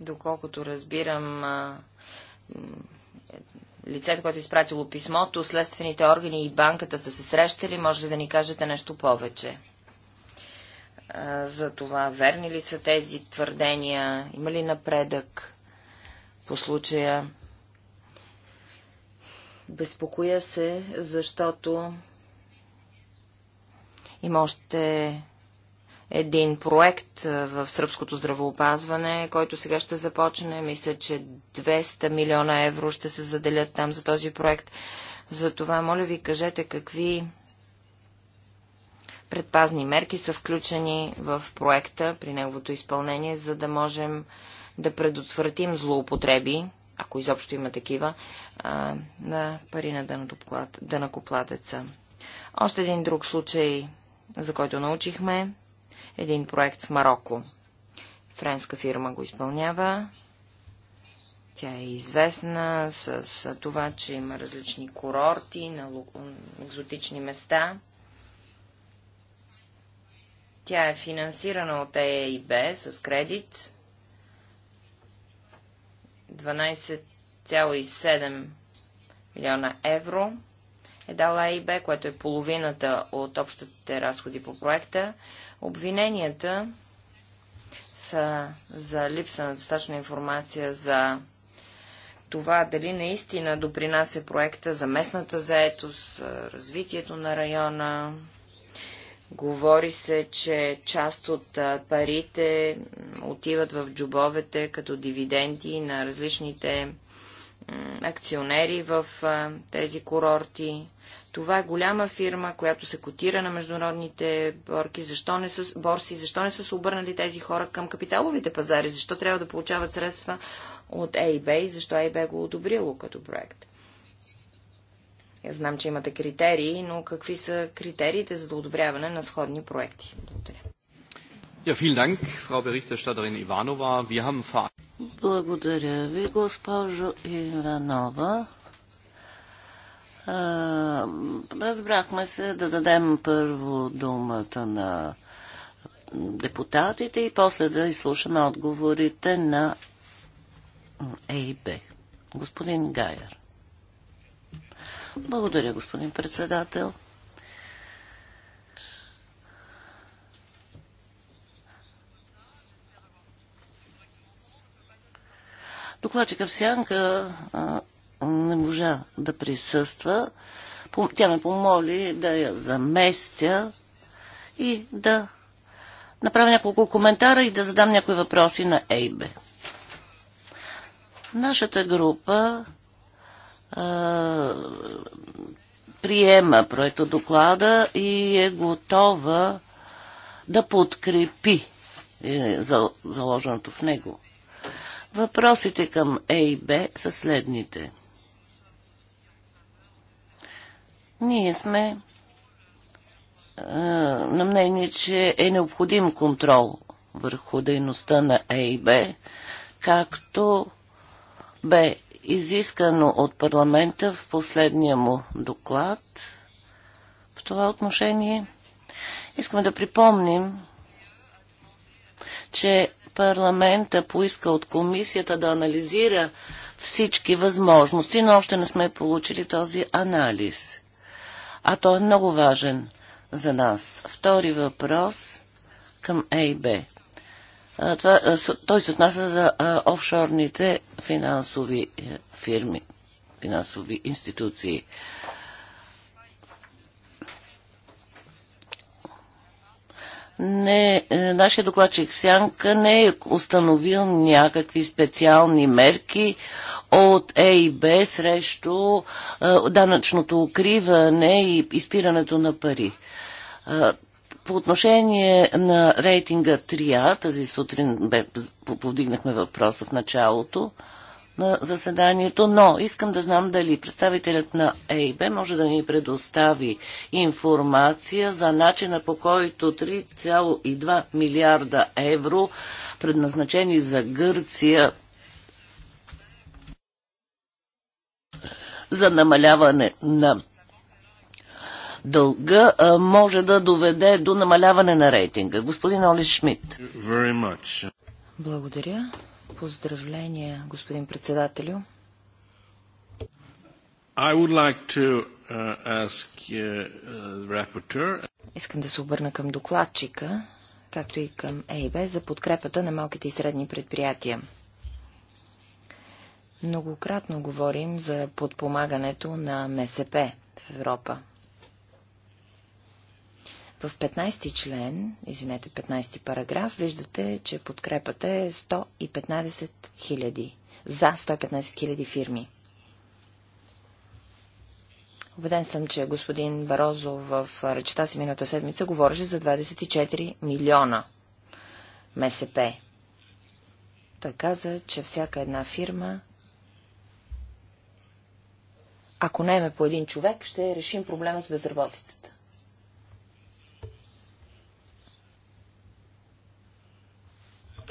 Доколкото разбирам, лицето, което е изпратило писмото, следствените органи и банката са се срещали, може ли да ни кажете нещо повече? за това, верни ли са тези твърдения, има ли напредък по случая. Безпокоя се, защото има още един проект в сръбското здравоопазване, който сега ще започне. Мисля, че 200 милиона евро ще се заделят там за този проект. Затова, моля ви, кажете какви предпазни мерки са включени в проекта при неговото изпълнение, за да можем да предотвратим злоупотреби, ако изобщо има такива, на пари на дънакопладеца. Още един друг случай, за който научихме, един проект в Марокко. Френска фирма го изпълнява. Тя е известна с това, че има различни курорти на екзотични места – тя е финансирана от ЕИБ с кредит 12,7 милиона евро е дала ЕИБ, което е половината от общите разходи по проекта. Обвиненията са за липса на достатъчна информация за това дали наистина допринася проекта за местната заетост, развитието на района, Говори се, че част от парите отиват в джобовете като дивиденти на различните акционери в тези курорти. Това е голяма фирма, която се котира на международните борки. Защо не са, борси. Защо не са се обърнали тези хора към капиталовите пазари? Защо трябва да получават средства от ЕИБ и защо ЕИБ го е одобрило като проект? знам, че имате критерии, но какви са критериите за одобряване на сходни проекти? Благодаря. Ja, vielen Dank, Frau Berichterstatterin Ivanova. Wir haben Благодаря ви, госпожо Иванова. разбрахме се да дадем първо думата на депутатите и после да изслушаме отговорите на ЕИБ. Господин Гайер. Благодаря, господин председател. Докладчика в сянка а, не можа да присъства. Тя ме помоли да я заместя и да направя няколко коментара и да задам някои въпроси на Ейбе. Нашата група приема проекта доклада и е готова да подкрепи е, заложеното в него. Въпросите към Е и Б са следните. Ние сме е, на мнение, че е необходим контрол върху дейността на Б, както бе изискано от парламента в последния му доклад. В това отношение искаме да припомним, че парламента поиска от комисията да анализира всички възможности, но още не сме получили този анализ. А то е много важен за нас. Втори въпрос към ЕИБ. Това, той се отнася за офшорните финансови е, фирми, финансови институции. не, е, нашия докладчик Сянка не е установил някакви специални мерки от Е и Б срещу данъчното укриване и изпирането на пари. По отношение на рейтинга 3А, тази сутрин бе, повдигнахме въпроса в началото на заседанието, но искам да знам дали представителят на ЕИБ може да ни предостави информация за начина по който 3,2 милиарда евро, предназначени за Гърция, за намаляване на дълга може да доведе до намаляване на рейтинга. Господин Оли Шмидт. Благодаря. Поздравления, господин председателю. I would like to uh, ask uh, the rapporteur. Искам да се обърна към докладчика, както и към ЕИБ за подкрепата на малките и средни предприятия. Многократно говорим за подпомагането на МСП в Европа. В 15-ти член, извинете, 15-ти параграф, виждате, че подкрепата е 115 хиляди. За 115 хиляди фирми. Обеден съм, че господин Барозо в речета си миналата седмица говореше за 24 милиона МСП. Той каза, че всяка една фирма, ако не е по един човек, ще решим проблема с безработицата.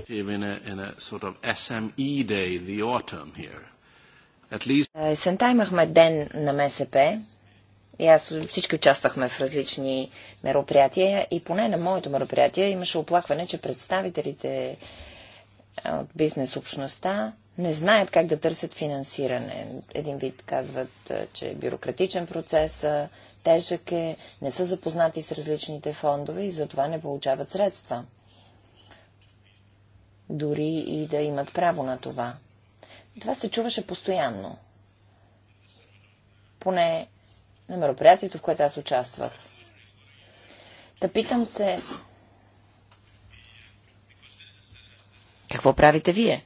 In in a sort of SME day, the autumn here. At least... Е, есента имахме ден на МСП и аз всички участвахме в различни мероприятия и поне на моето мероприятие имаше оплакване, че представителите от бизнес общността не знаят как да търсят финансиране. Един вид казват, че е бюрократичен процес, тежък е, не са запознати с различните фондове и затова не получават средства дори и да имат право на това. Това се чуваше постоянно. Поне на мероприятието, в което аз участвах. Та да питам се... Какво правите вие?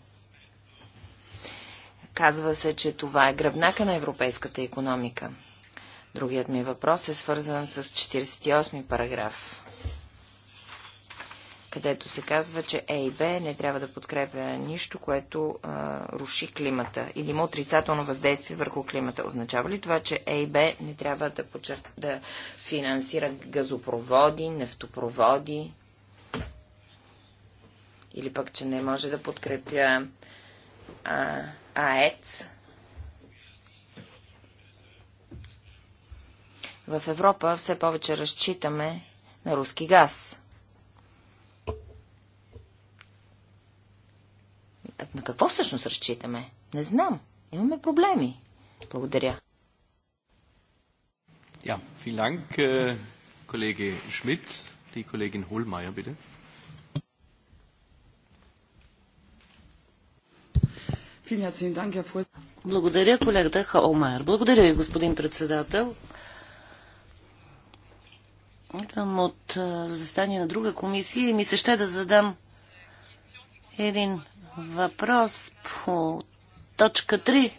Казва се, че това е гръбнака на европейската економика. Другият ми въпрос е свързан с 48 параграф където се казва, че ЕИБ не трябва да подкрепя нищо, което а, руши климата или има отрицателно въздействие върху климата. Означава ли това, че Б не трябва да, почер... да финансира газопроводи, нефтопроводи или пък, че не може да подкрепя а, АЕЦ? В Европа все повече разчитаме на руски газ. На какво всъщност разчитаме? Не знам. Имаме проблеми. Благодаря. Ja, vielen Dank, äh, Kollege Schmidt. Die Kollegin Hohlmeier, bitte. Благодаря, колегата Холмайер. Благодаря ви, господин председател. Идвам от застание на друга комисия и ми се ще да задам един въпрос по точка 3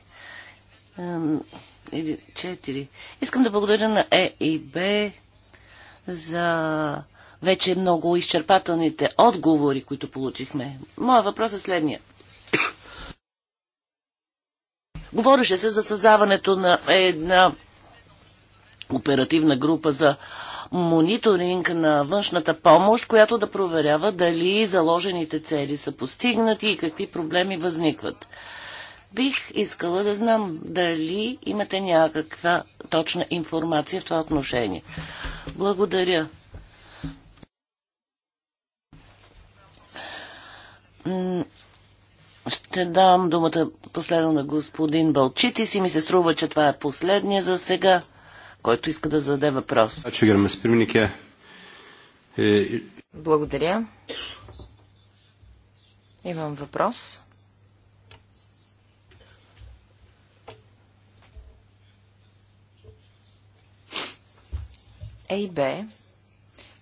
или 4. Искам да благодаря на Е и Б за вече много изчерпателните отговори, които получихме. Моя въпрос е следния. Говореше се за създаването на една оперативна група за мониторинг на външната помощ, която да проверява дали заложените цели са постигнати и какви проблеми възникват. Бих искала да знам дали имате някаква точна информация в това отношение. Благодаря. Ще дам думата последно на господин Балчитис си. Ми се струва, че това е последния за сега който иска да зададе въпрос. Е, Благодаря. Имам въпрос. ЕИБ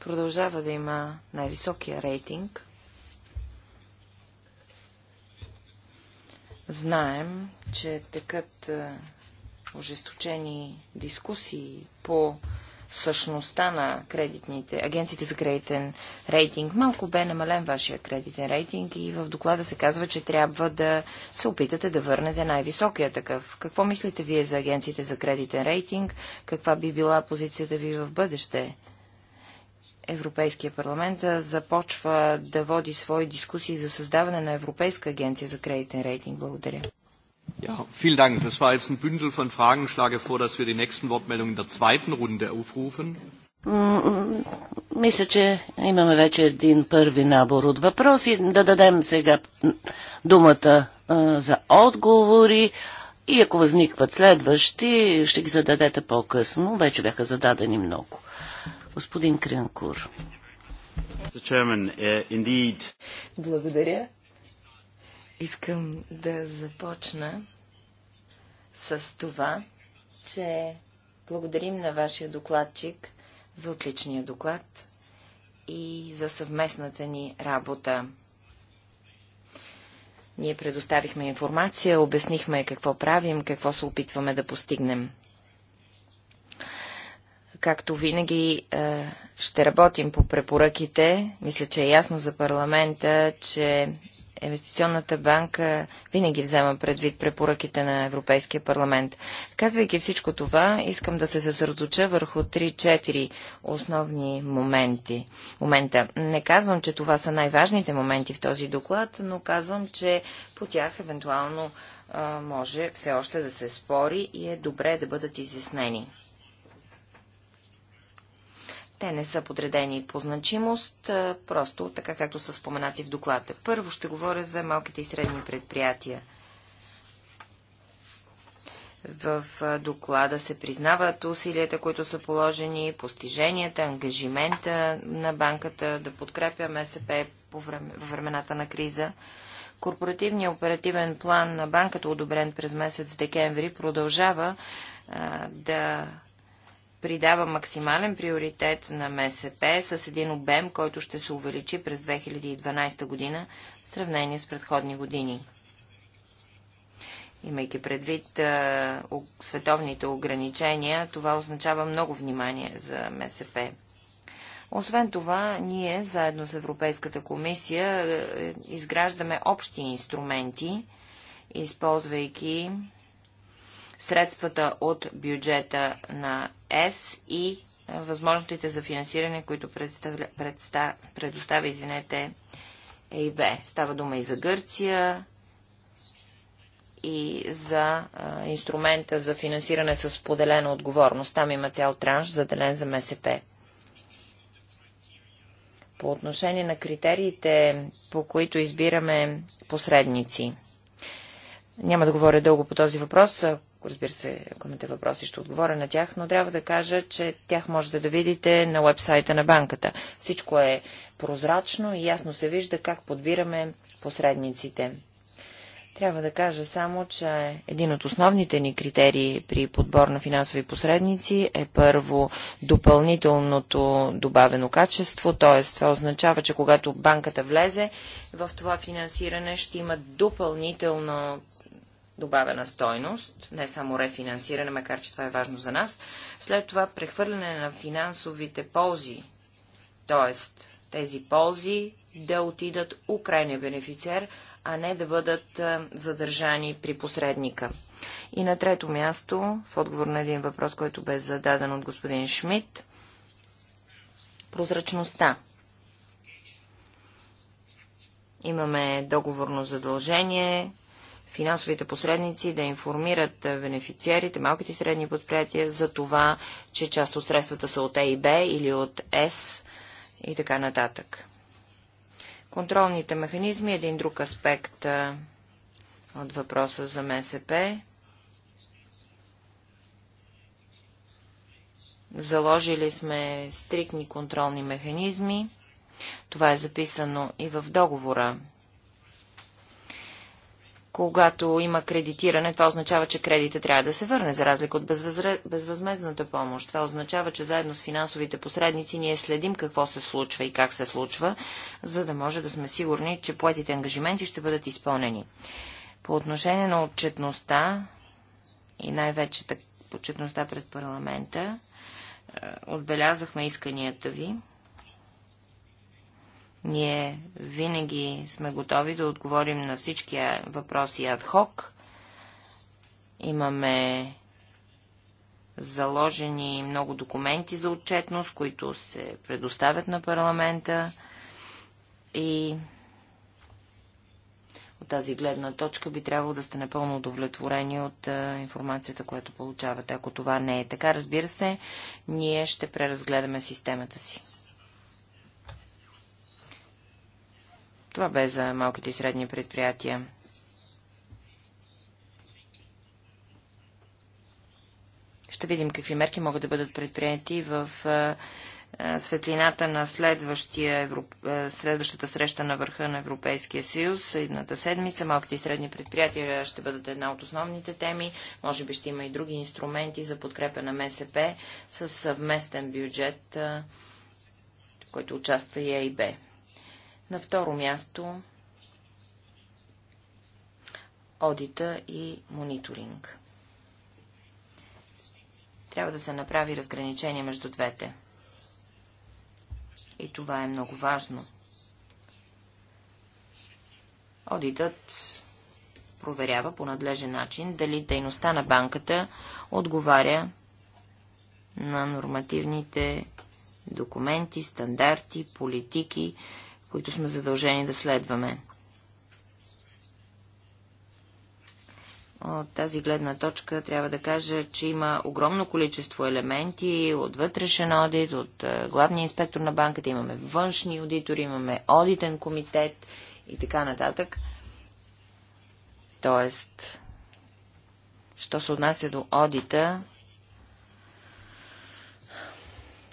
продължава да има най-високия рейтинг. Знаем, че текат е, ожесточени дискусии по същността на кредитните, агенциите за кредитен рейтинг. Малко бе намален вашия кредитен рейтинг и в доклада се казва, че трябва да се опитате да върнете най-високия такъв. Какво мислите вие за агенциите за кредитен рейтинг? Каква би била позицията ви в бъдеще? Европейския парламент започва да води свои дискусии за създаване на Европейска агенция за кредитен рейтинг. Благодаря. Ja, vielen Dank. Das war jetzt ein Bündel von Fragen. Ich schlage vor, dass wir die nächsten Wortmeldungen in der zweiten Runde aufrufen. Мисля, че имаме вече един първи набор от въпроси. Да дадем сега думата а, за отговори и ако възникват следващи, ще ги зададете по-късно. Вече бяха зададени много. Господин Кренкур. Uh, Благодаря. Искам да започна с това, че благодарим на вашия докладчик за отличния доклад и за съвместната ни работа. Ние предоставихме информация, обяснихме какво правим, какво се опитваме да постигнем. Както винаги, е, ще работим по препоръките. Мисля, че е ясно за парламента, че инвестиционната банка винаги взема предвид препоръките на Европейския парламент. Казвайки всичко това, искам да се съсредоточа върху 3-4 основни моменти. Момента. Не казвам, че това са най-важните моменти в този доклад, но казвам, че по тях евентуално може все още да се спори и е добре да бъдат изяснени. Те не са подредени по значимост, просто така както са споменати в доклада. Първо ще говоря за малките и средни предприятия. В доклада се признават усилията, които са положени, постиженията, ангажимента на банката да подкрепя МСП по време, във времената на криза. Корпоративният оперативен план на банката, одобрен през месец декември, продължава а, да придава максимален приоритет на МСП с един обем, който ще се увеличи през 2012 година в сравнение с предходни години. Имайки предвид а, световните ограничения, това означава много внимание за МСП. Освен това, ние заедно с Европейската комисия е, изграждаме общи инструменти, използвайки средствата от бюджета на ЕС и е, възможностите за финансиране, които представля, предоставя, извинете, ЕИБ. Става дума и за Гърция, и за а, е, инструмента за финансиране с поделена отговорност. Там има цял транш, заделен за МСП. По отношение на критериите, по които избираме посредници. Няма да говоря дълго по този въпрос. Разбира се, ако имате въпроси, ще отговоря на тях, но трябва да кажа, че тях можете да видите на вебсайта на банката. Всичко е прозрачно и ясно се вижда как подбираме посредниците. Трябва да кажа само, че един от основните ни критерии при подбор на финансови посредници е първо допълнителното добавено качество, т.е. това означава, че когато банката влезе в това финансиране, ще има допълнително добавена стойност, не само рефинансиране, макар че това е важно за нас. След това прехвърляне на финансовите ползи, т.е. тези ползи да отидат у крайния бенефициер, а не да бъдат задържани при посредника. И на трето място, в отговор на един въпрос, който бе зададен от господин Шмидт, прозрачността. Имаме договорно задължение, финансовите посредници да информират е, бенефициерите, малките и средни предприятия за това, че част от средствата са от ЕИБ или от С и така нататък. Контролните механизми е един друг аспект е, от въпроса за МСП. Заложили сме стрикни контролни механизми. Това е записано и в договора когато има кредитиране, това означава, че кредита трябва да се върне, за разлика от безвъзмезната помощ. Това означава, че заедно с финансовите посредници ние следим какво се случва и как се случва, за да може да сме сигурни, че поетите ангажименти ще бъдат изпълнени. По отношение на отчетността и най-вече отчетността пред парламента, е, отбелязахме исканията ви. Ние винаги сме готови да отговорим на всички въпроси адхок. Имаме заложени много документи за отчетност, които се предоставят на парламента и от тази гледна точка би трябвало да сте напълно удовлетворени от информацията, която получавате. Ако това не е така, разбира се, ние ще преразгледаме системата си. Това бе за малките и средни предприятия. Ще видим какви мерки могат да бъдат предприяти в светлината на следващата среща на върха на Европейския съюз, едната седмица. Малките и средни предприятия ще бъдат една от основните теми. Може би ще има и други инструменти за подкрепа на МСП с съвместен бюджет, който участва и ЕИБ. На второ място одита и мониторинг. Трябва да се направи разграничение между двете. И това е много важно. Одитът проверява по надлежен начин дали дейността на банката отговаря на нормативните документи, стандарти, политики, които сме задължени да следваме. От тази гледна точка трябва да кажа, че има огромно количество елементи от вътрешен одит, от е, главния инспектор на банката, имаме външни аудитори, имаме одитен комитет и така нататък. Тоест, що се отнася до одита,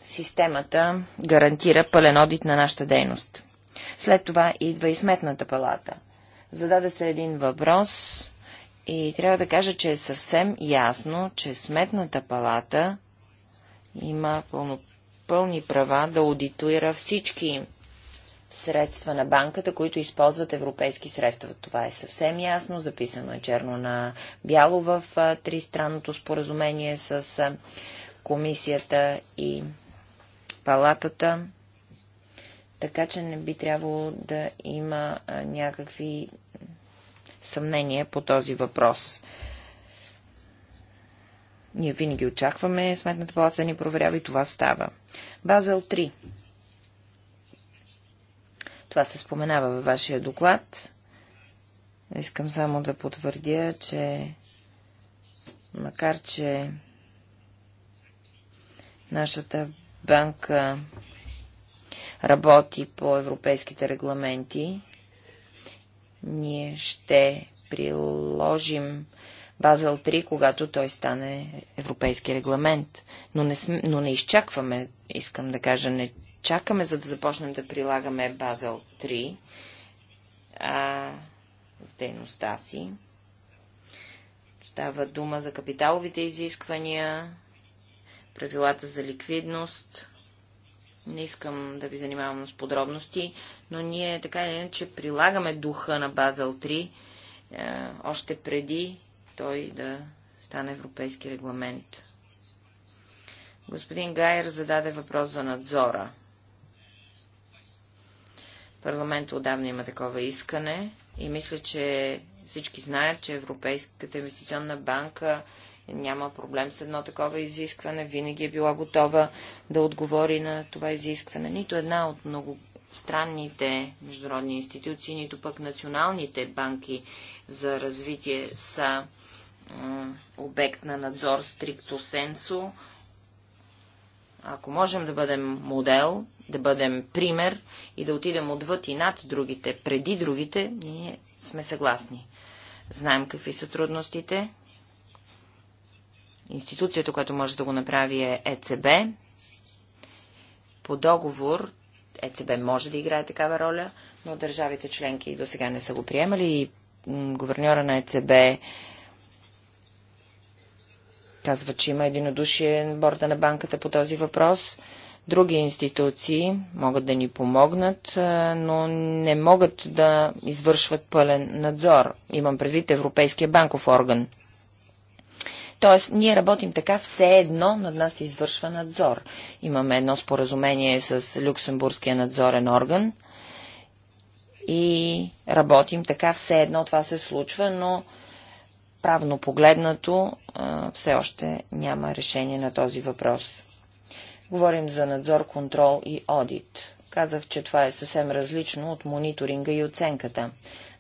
системата гарантира пълен одит на нашата дейност. След това идва и сметната палата. Зададе се един въпрос и трябва да кажа, че е съвсем ясно, че сметната палата има пълно, пълни права да аудитуира всички средства на банката, които използват европейски средства. Това е съвсем ясно, записано е черно на бяло в тристранното споразумение с комисията и палатата. Така че не би трябвало да има някакви съмнения по този въпрос. Ние винаги очакваме сметната палата да ни проверява и това става. Базел 3. Това се споменава във вашия доклад. Искам само да потвърдя, че макар, че нашата банка работи по европейските регламенти. Ние ще приложим Базел 3, когато той стане европейски регламент. Но не, см... но не изчакваме, искам да кажа, не чакаме, за да започнем да прилагаме Базел 3 а, в дейността си. Става дума за капиталовите изисквания, правилата за ликвидност, не искам да ви занимавам с подробности, но ние така или иначе прилагаме духа на Базел 3 е, още преди той да стане европейски регламент. Господин Гайер зададе въпрос за надзора. Парламентът отдавна има такова искане и мисля, че всички знаят, че Европейската инвестиционна банка няма проблем с едно такова изискване, винаги е била готова да отговори на това изискване. Нито една от много странните международни институции, нито пък националните банки за развитие са обект на надзор стрикто сенсо. Ако можем да бъдем модел, да бъдем пример и да отидем отвъд и над другите, преди другите, ние сме съгласни. Знаем какви са трудностите, Институцията, която може да го направи е ЕЦБ. По договор ЕЦБ може да играе такава роля, но държавите членки до сега не са го приемали и говерньора на ЕЦБ казва, че има единодушие на борда на банката по този въпрос. Други институции могат да ни помогнат, но не могат да извършват пълен надзор. Имам предвид Европейския банков орган. Тоест, ние работим така все едно, над нас се извършва надзор. Имаме едно споразумение с Люксембургския надзорен орган и работим така все едно това се случва, но правно погледнато все още няма решение на този въпрос. Говорим за надзор, контрол и одит. Казах, че това е съвсем различно от мониторинга и оценката.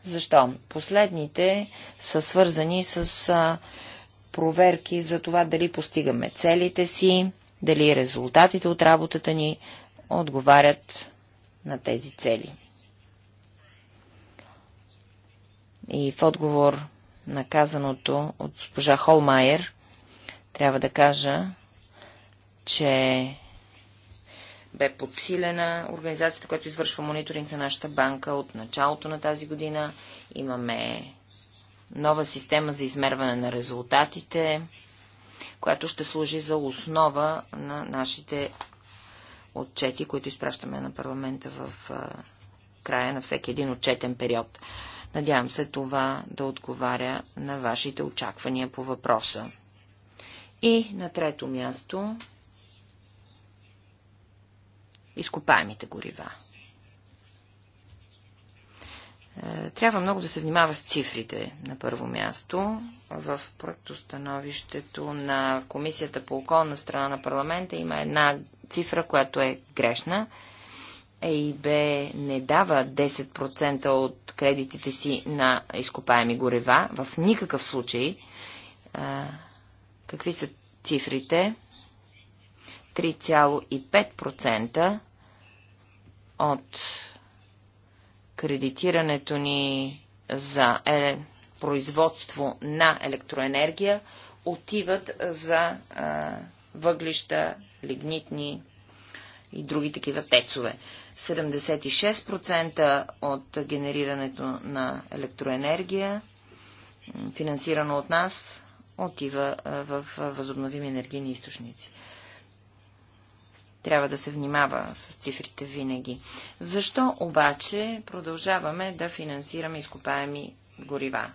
Защо? Последните са свързани с проверки за това дали постигаме целите си, дали резултатите от работата ни отговарят на тези цели. И в отговор на казаното от госпожа Холмайер, трябва да кажа, че бе подсилена организацията, която извършва мониторинг на нашата банка от началото на тази година. Имаме нова система за измерване на резултатите, която ще служи за основа на нашите отчети, които изпращаме на парламента в края на всеки един отчетен период. Надявам се това да отговаря на вашите очаквания по въпроса. И на трето място изкопаемите горива. Е, трябва много да се внимава с цифрите на първо място. В проектостановището на Комисията по околна страна на парламента има една цифра, която е грешна. ЕИБ не дава 10% от кредитите си на изкопаеми горева, в никакъв случай. Е, какви са цифрите? 3,5% от кредитирането ни за е, производство на електроенергия отиват за е, въглища, лигнитни и други такива тецове. 76% от генерирането на електроенергия, финансирано от нас, отива в възобновими енергийни източници. Трябва да се внимава с цифрите винаги. Защо обаче продължаваме да финансираме изкопаеми горива?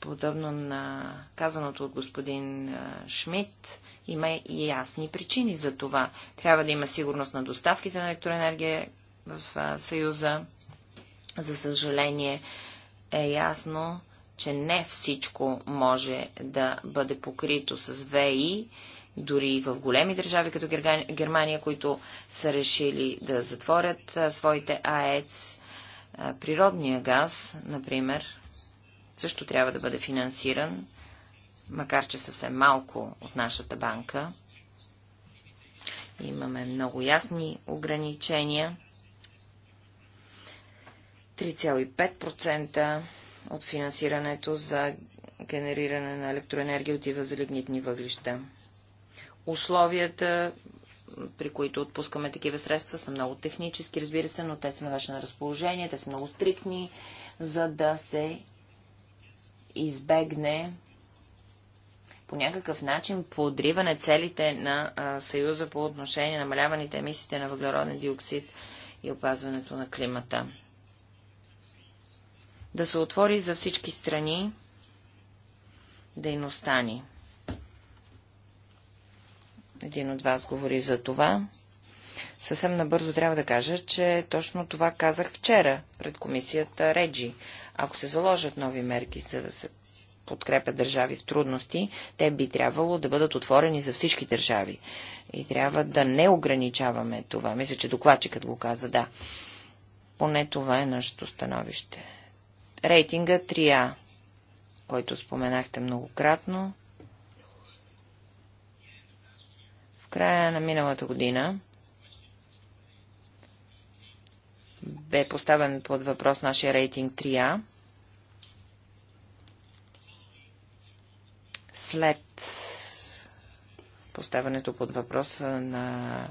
Подобно на казаното от господин Шмидт, има и ясни причини за това. Трябва да има сигурност на доставките на електроенергия в Съюза. За съжаление е ясно, че не всичко може да бъде покрито с ВИ дори и в големи държави, като Германия, които са решили да затворят своите АЕЦ. Природния газ, например, също трябва да бъде финансиран, макар че съвсем малко от нашата банка. Имаме много ясни ограничения. 3,5% от финансирането за генериране на електроенергия отива за лигнитни въглища условията, при които отпускаме такива средства, са много технически, разбира се, но те са на ваше на разположение, те са много стрикни, за да се избегне по някакъв начин подриване целите на а, Съюза по отношение на намаляваните емисиите на въглероден диоксид и опазването на климата. Да се отвори за всички страни дейността ни. Един от вас говори за това. Съвсем набързо трябва да кажа, че точно това казах вчера пред комисията Реджи. Ако се заложат нови мерки, за да се подкрепят държави в трудности, те би трябвало да бъдат отворени за всички държави. И трябва да не ограничаваме това. Мисля, че докладчикът го каза, да. Поне това е нашето становище. Рейтинга 3А, който споменахте многократно, края на миналата година бе поставен под въпрос нашия рейтинг 3А. След поставянето под въпрос на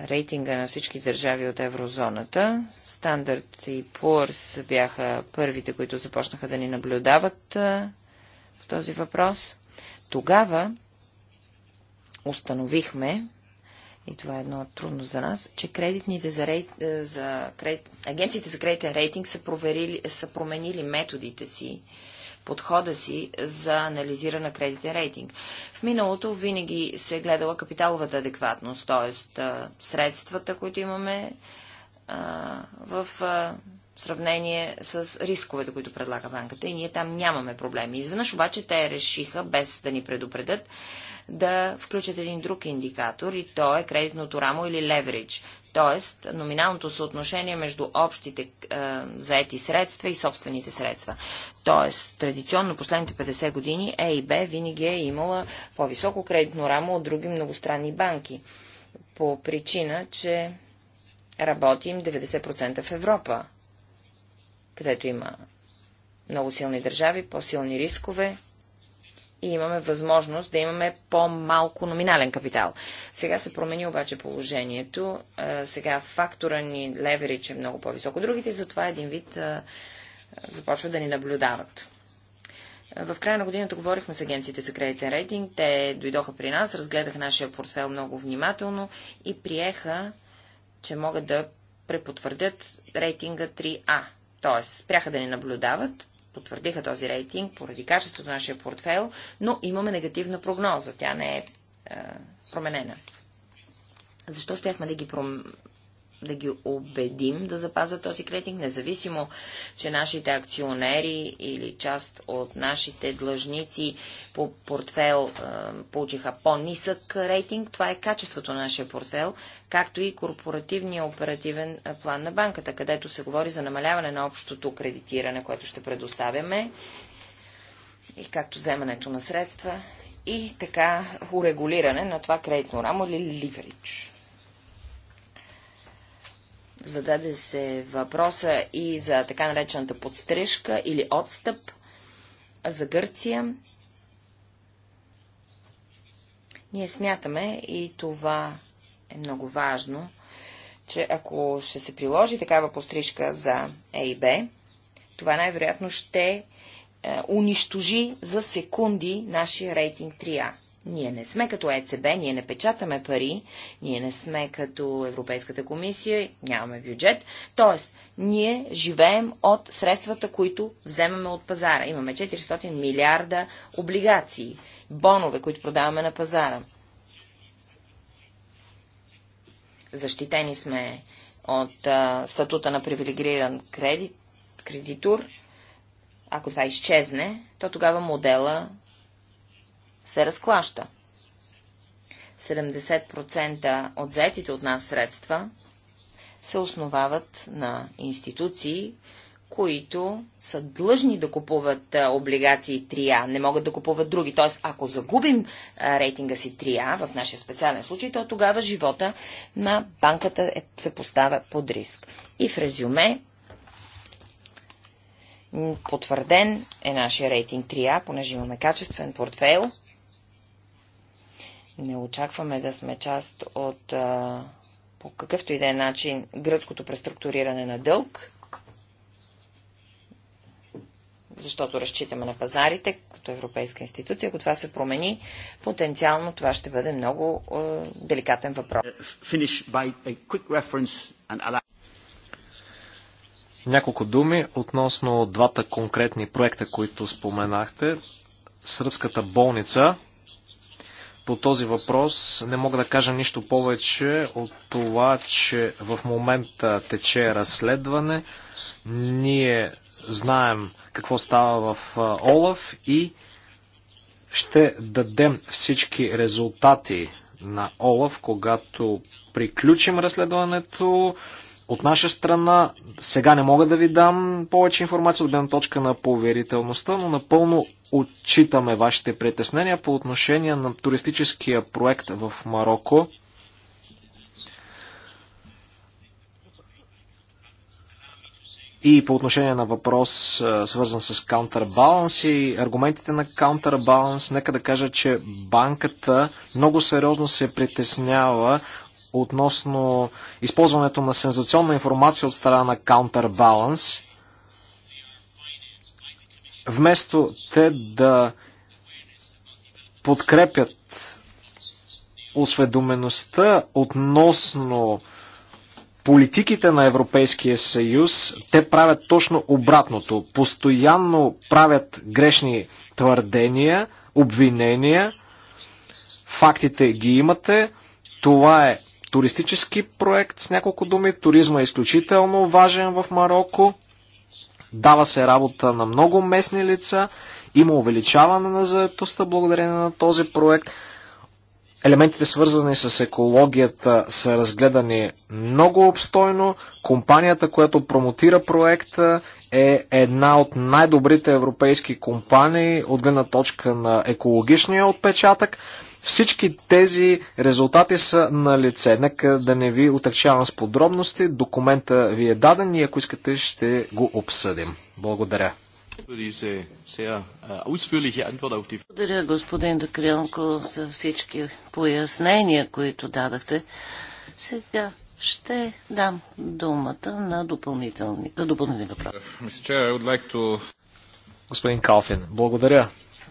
рейтинга на всички държави от еврозоната. Стандарт и Poor's бяха първите, които започнаха да ни наблюдават по този въпрос. Тогава установихме, и това е едно трудно за нас, че кредитните за рейт, е, за кредит, агенциите за кредитен рейтинг са, проверили, са променили методите си, подхода си за анализиране на кредитен рейтинг. В миналото винаги се е гледала капиталовата адекватност, т.е. средствата, които имаме е, в е, сравнение с рисковете, които предлага банката и ние там нямаме проблеми. Изведнъж обаче те решиха, без да ни предупредят, да включат един друг индикатор и то е кредитното рамо или леверидж, т.е. номиналното съотношение между общите е, заети средства и собствените средства. Т.е. традиционно последните 50 години ЕИБ винаги е имала по-високо кредитно рамо от други многостранни банки по причина, че работим 90% в Европа, където има много силни държави, по-силни рискове и имаме възможност да имаме по-малко номинален капитал. Сега се промени обаче положението. Е, сега фактора ни леверидж е много по-високо. Другите затова един вид е, започват да ни наблюдават. В края на годината говорихме с агенциите за кредитен рейтинг. Те дойдоха при нас, разгледаха нашия портфел много внимателно и приеха, че могат да препотвърдят рейтинга 3А. Тоест, спряха да ни наблюдават, потвърдиха този рейтинг поради качеството на нашия портфел, но имаме негативна прогноза. Тя не е, е променена. Защо успяхме да ги да ги убедим да запазят този кредитинг, независимо, че нашите акционери или част от нашите длъжници по портфел получиха по-нисък рейтинг. Това е качеството на нашия портфел, както и корпоративния оперативен план на банката, където се говори за намаляване на общото кредитиране, което ще предоставяме и както вземането на средства и така урегулиране на това кредитно рамо или ливерич. Зададе се въпроса и за така наречената подстрижка или отстъп за Гърция. Ние смятаме и това е много важно, че ако ще се приложи такава пострижка за Е и Б, това най-вероятно ще е, унищожи за секунди нашия рейтинг 3А. Ние не сме като ЕЦБ, ние не печатаме пари, ние не сме като Европейската комисия, нямаме бюджет. Тоест, ние живеем от средствата, които вземаме от пазара. Имаме 400 милиарда облигации, бонове, които продаваме на пазара. Защитени сме от а, статута на привилегиран кредит, кредитор. Ако това изчезне, то тогава модела се разклаща. 70% от заетите от нас средства се основават на институции, които са длъжни да купуват облигации 3А, не могат да купуват други. Т.е. ако загубим рейтинга си 3А, в нашия специален случай, то тогава живота на банката е, се поставя под риск. И в резюме, потвърден е нашия рейтинг 3А, понеже имаме качествен портфейл, не очакваме да сме част от а, по какъвто и да е начин гръцкото преструктуриране на дълг, защото разчитаме на пазарите като европейска институция. Ако това се промени, потенциално това ще бъде много е, деликатен въпрос. Няколко думи относно двата конкретни проекта, които споменахте. Сръбската болница по този въпрос не мога да кажа нищо повече от това, че в момента тече разследване. Ние знаем какво става в Олаф и ще дадем всички резултати на Олаф, когато приключим разследването. От наша страна сега не мога да ви дам повече информация от гледна точка на поверителността, но напълно отчитаме вашите притеснения по отношение на туристическия проект в Марокко. И по отношение на въпрос, свързан с Counterbalance и аргументите на Counterbalance, нека да кажа, че банката много сериозно се притеснява относно използването на сензационна информация от страна на Counterbalance. Вместо те да подкрепят осведомеността относно политиките на Европейския съюз, те правят точно обратното. Постоянно правят грешни твърдения, обвинения, фактите ги имате, това е туристически проект с няколко думи. Туризма е изключително важен в Марокко. Дава се работа на много местни лица. Има увеличаване на заетостта благодарение на този проект. Елементите свързани с екологията са разгледани много обстойно. Компанията, която промотира проекта е една от най-добрите европейски компании от гледна точка на екологичния отпечатък. Всички тези резултати са на лице. Нека да не ви отречавам с подробности. Документа ви е даден и ако искате ще го обсъдим. Благодаря. Äh, благодаря, господин Докрионко, за всички пояснения, които дадахте. Сега ще дам думата на допълнителни, за допълнителни въпроси. Господин Калфин, благодаря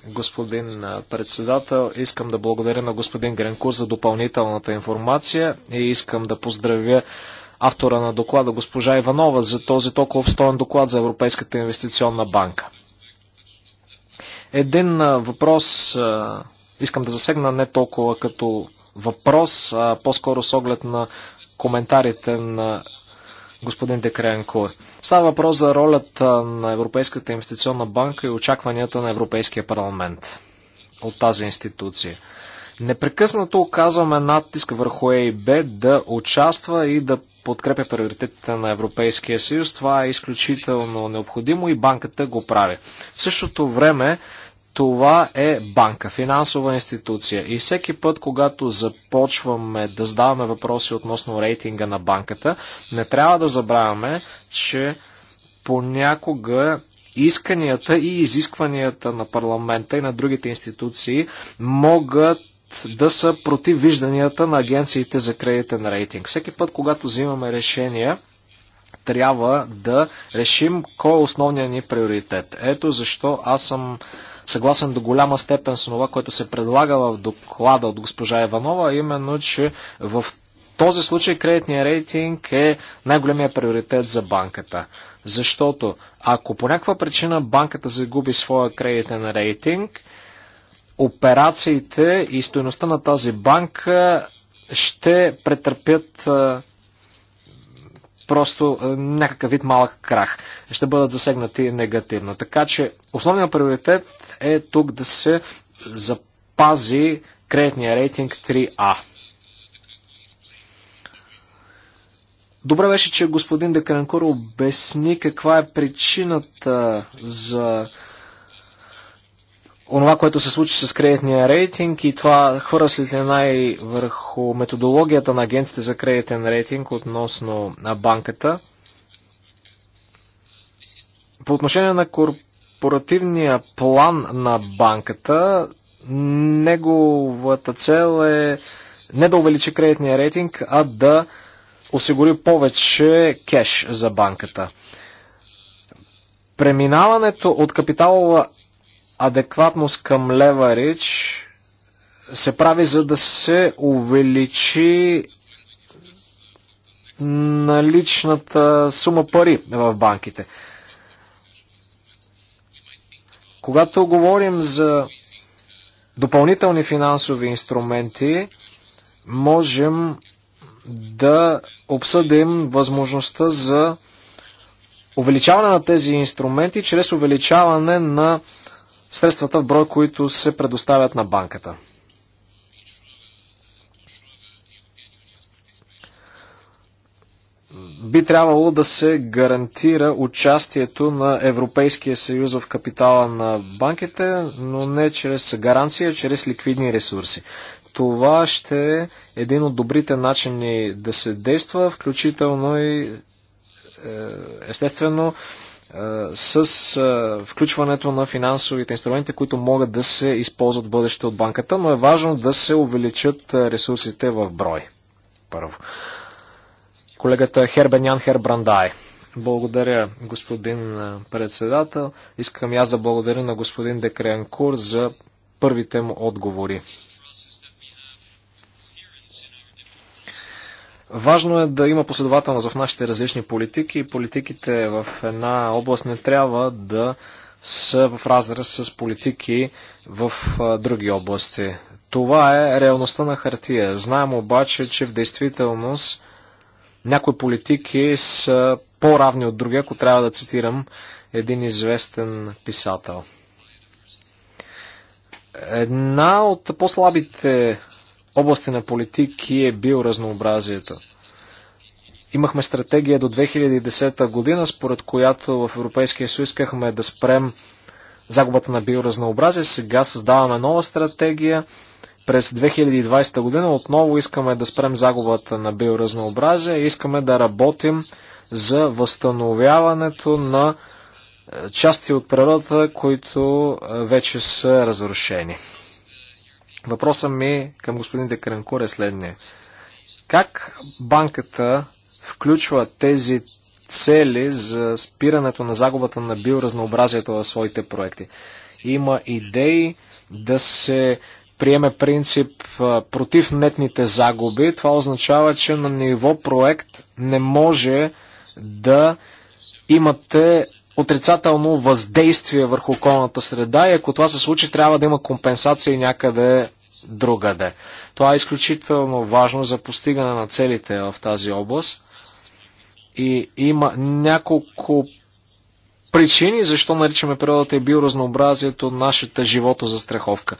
господин председател. Искам да благодаря на господин Гренкур за допълнителната информация и искам да поздравя автора на доклада, госпожа Иванова, за този толкова обстоен доклад за Европейската инвестиционна банка. Един въпрос искам да засегна не толкова като въпрос, а по-скоро с оглед на коментарите на господин Декрен Става въпрос за ролята на Европейската инвестиционна банка и очакванията на Европейския парламент от тази институция. Непрекъснато оказваме натиск върху ЕИБ да участва и да подкрепя приоритетите на Европейския съюз. Това е изключително необходимо и банката го прави. В същото време това е банка, финансова институция. И всеки път, когато започваме да задаваме въпроси относно рейтинга на банката, не трябва да забравяме, че понякога исканията и изискванията на парламента и на другите институции могат да са против вижданията на агенциите за кредитен рейтинг. Всеки път, когато взимаме решения, трябва да решим кой е основният ни приоритет. Ето защо аз съм съгласен до голяма степен с това, което се предлага в доклада от госпожа Иванова, именно, че в този случай кредитният рейтинг е най-големия приоритет за банката. Защото ако по някаква причина банката загуби своя кредитен рейтинг, операциите и стоеността на тази банка ще претърпят просто е, някакъв вид малък крах. Ще бъдат засегнати негативно. Така че основният приоритет е тук да се запази кредитния рейтинг 3А. Добре беше, че господин Декаренкур обясни каква е причината за онова, което се случи с кредитния рейтинг и това хвърля светлина и върху методологията на агенците за кредитен рейтинг относно на банката. По отношение на корпоративния план на банката, неговата цел е не да увеличи кредитния рейтинг, а да осигури повече кеш за банката. Преминаването от капиталова адекватност към леварич се прави за да се увеличи наличната сума пари в банките. Когато говорим за допълнителни финансови инструменти, можем да обсъдим възможността за увеличаване на тези инструменти чрез увеличаване на средствата в брой, които се предоставят на банката. Би трябвало да се гарантира участието на Европейския съюз в капитала на банките, но не чрез гаранция, чрез ликвидни ресурси. Това ще е един от добрите начини да се действа, включително и е, естествено с включването на финансовите инструменти, които могат да се използват в бъдеще от банката, но е важно да се увеличат ресурсите в брой. Първо. Колегата Хербенян Хербрандай. Благодаря, господин председател. Искам аз да благодаря на господин Декренкур за първите му отговори. Важно е да има последователност в нашите различни политики и политиките в една област не трябва да са в разрез с политики в други области. Това е реалността на хартия. Знаем обаче, че в действителност някои политики са по-равни от други, ако трябва да цитирам един известен писател. Една от по-слабите области на политики е биоразнообразието. Имахме стратегия до 2010 година, според която в Европейския съюз искахме да спрем загубата на биоразнообразие. Сега създаваме нова стратегия. През 2020 година отново искаме да спрем загубата на биоразнообразие. Искаме да работим за възстановяването на е, части от природата, които е, вече са разрушени. Въпросът ми към господин Декаренкур е следния. Как банката включва тези цели за спирането на загубата на биоразнообразието в своите проекти? Има идеи да се приеме принцип против нетните загуби. Това означава, че на ниво проект не може да имате отрицателно въздействие върху околната среда и ако това се случи, трябва да има компенсация някъде другаде. Това е изключително важно за постигане на целите в тази област и има няколко причини защо наричаме природата и биоразнообразието нашата живото за страховка.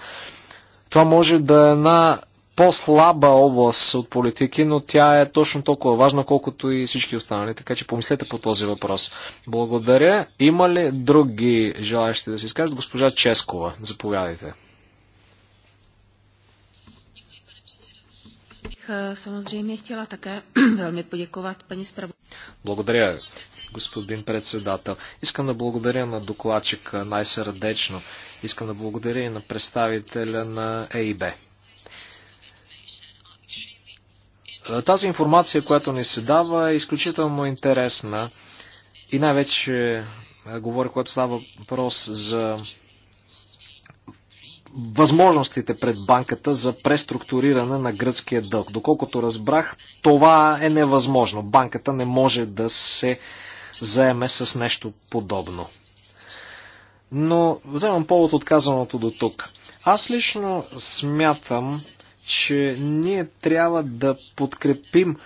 Това може да е една по-слаба област от политики, но тя е точно толкова важна, колкото и всички останали. Така че помислете по този въпрос. Благодаря. Има ли други желаящи да се изкажат? Госпожа Ческова, заповядайте. Eh, samozřejmě chtěla také velmi poděkovat paní zpravodajce. Благодаря, господин председател. Искам да благодаря на докладчика е, най-сърдечно. Искам да благодаря и на представителя на ЕИБ. Е, тази информация, която ни се дава, е изключително интересна и най-вече е, говоря, когато става въпрос за възможностите пред банката за преструктуриране на гръцкия дълг. Доколкото разбрах, това е невъзможно. Банката не може да се заеме с нещо подобно. Но вземам повод от казаното до тук. Аз лично смятам, че ние трябва да подкрепим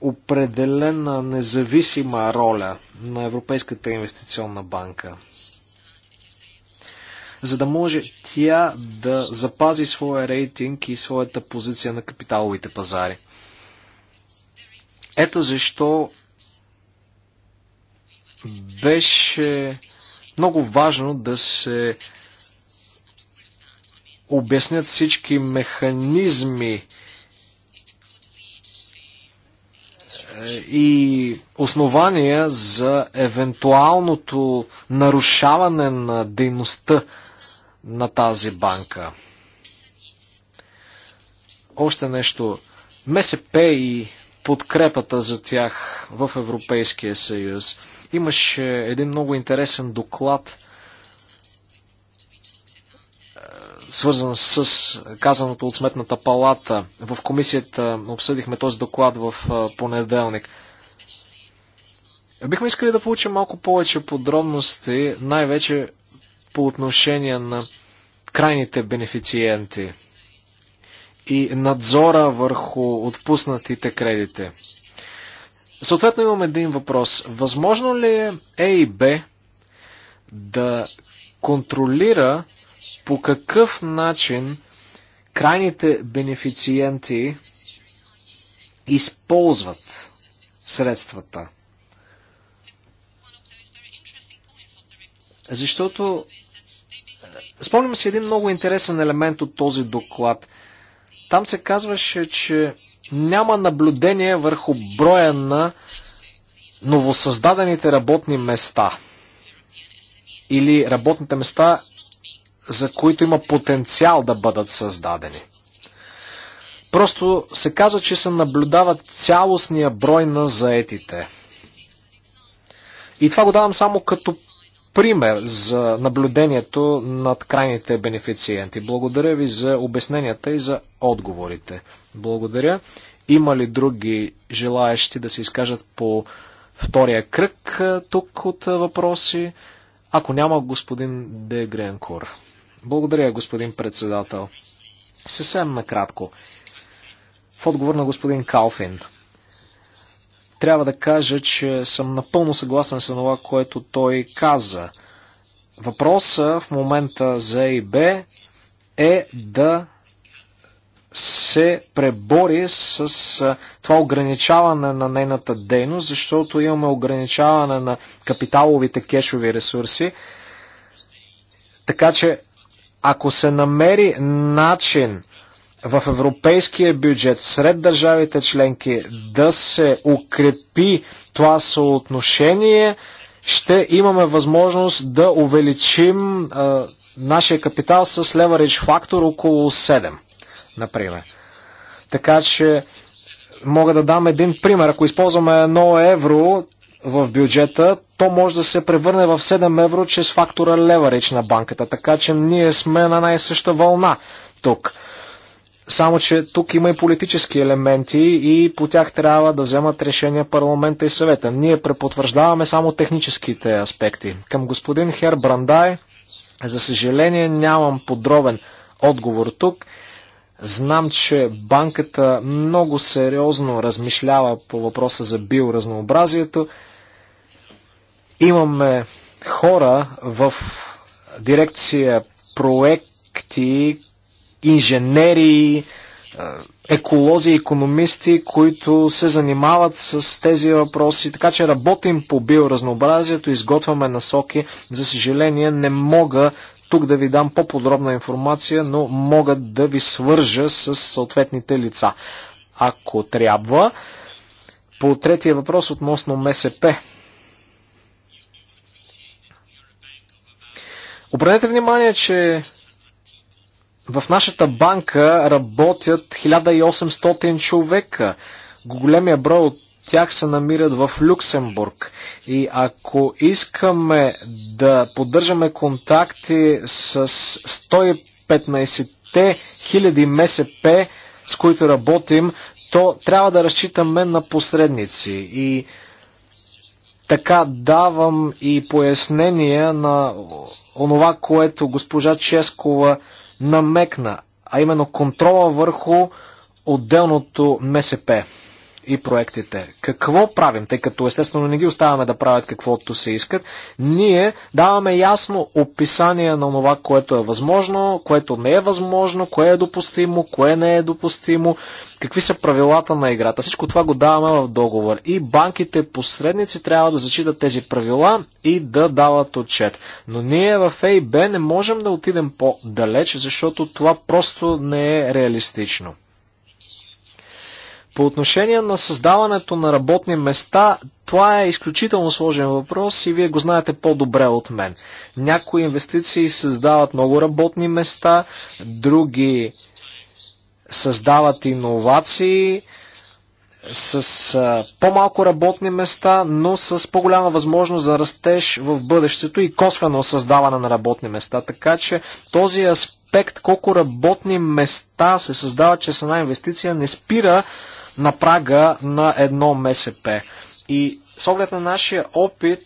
определена независима роля на Европейската инвестиционна банка за да може тя да запази своя рейтинг и своята позиция на капиталовите пазари. Ето защо беше много важно да се обяснят всички механизми е, и основания за евентуалното нарушаване на дейността на тази банка. Още нещо. МСП и подкрепата за тях в Европейския съюз. Имаше един много интересен доклад, е, свързан с казаното от Сметната палата. В комисията обсъдихме този доклад в е, понеделник. Бихме искали да получим малко повече подробности, най-вече по отношение на крайните бенефициенти и надзора върху отпуснатите кредити. Съответно имам един въпрос. Възможно ли е Е и Б да контролира по какъв начин крайните бенефициенти използват средствата? Защото Спомням си един много интересен елемент от този доклад. Там се казваше, че няма наблюдение върху броя на новосъздадените работни места или работните места, за които има потенциал да бъдат създадени. Просто се каза, че се наблюдава цялостния брой на заетите. И това го давам само като пример за наблюдението над крайните бенефициенти. Благодаря ви за обясненията и за отговорите. Благодаря. Има ли други желаящи да се изкажат по втория кръг тук от въпроси? Ако няма, господин Де Гренкор. Благодаря, господин председател. Съвсем накратко. В отговор на господин Калфин – трябва да кажа, че съм напълно съгласен с това, което той каза. въпросът в момента за ИБ е да се пребори с това ограничаване на нейната дейност, защото имаме ограничаване на капиталовите кешови ресурси. Така че, ако се намери начин в европейския бюджет сред държавите членки да се укрепи това съотношение, ще имаме възможност да увеличим а, нашия капитал с leverage фактор около 7, например. Така че мога да дам един пример. Ако използваме 1 евро в бюджета, то може да се превърне в 7 евро чрез фактора leverage на банката. Така че ние сме на най-съща вълна тук. Само, че тук има и политически елементи и по тях трябва да вземат решения парламента и съвета. Ние препотвърждаваме само техническите аспекти. Към господин Хер Брандай, за съжаление, нямам подробен отговор тук. Знам, че банката много сериозно размишлява по въпроса за биоразнообразието. Имаме хора в дирекция проекти, инженери, еколози, економисти, които се занимават с тези въпроси. Така че работим по биоразнообразието, изготвяме насоки. За съжаление не мога тук да ви дам по-подробна информация, но мога да ви свържа с съответните лица, ако трябва. По третия въпрос относно МСП. Обърнете внимание, че в нашата банка работят 1800 човека. Големия брой от тях се намират в Люксембург. И ако искаме да поддържаме контакти с 115-те хиляди МСП, с които работим, то трябва да разчитаме на посредници. И така давам и пояснения на онова, което госпожа Ческова намекна, а именно контрола върху отделното МСП и проектите. Какво правим? Тъй като естествено не ги оставяме да правят каквото се искат. Ние даваме ясно описание на това, което е възможно, което не е възможно, кое е допустимо, кое не е допустимо, какви са правилата на играта. Всичко това го даваме в договор. И банките посредници трябва да зачитат тези правила и да дават отчет. Но ние в ЕИБ не можем да отидем по-далеч, защото това просто не е реалистично. По отношение на създаването на работни места, това е изключително сложен въпрос и вие го знаете по-добре от мен. Някои инвестиции създават много работни места, други създават иновации с а, по-малко работни места, но с по-голяма възможност за растеж в бъдещето и косвено създаване на работни места. Така че този аспект, колко работни места се създават чрез една инвестиция, не спира на прага на едно МСП. И с оглед на нашия опит,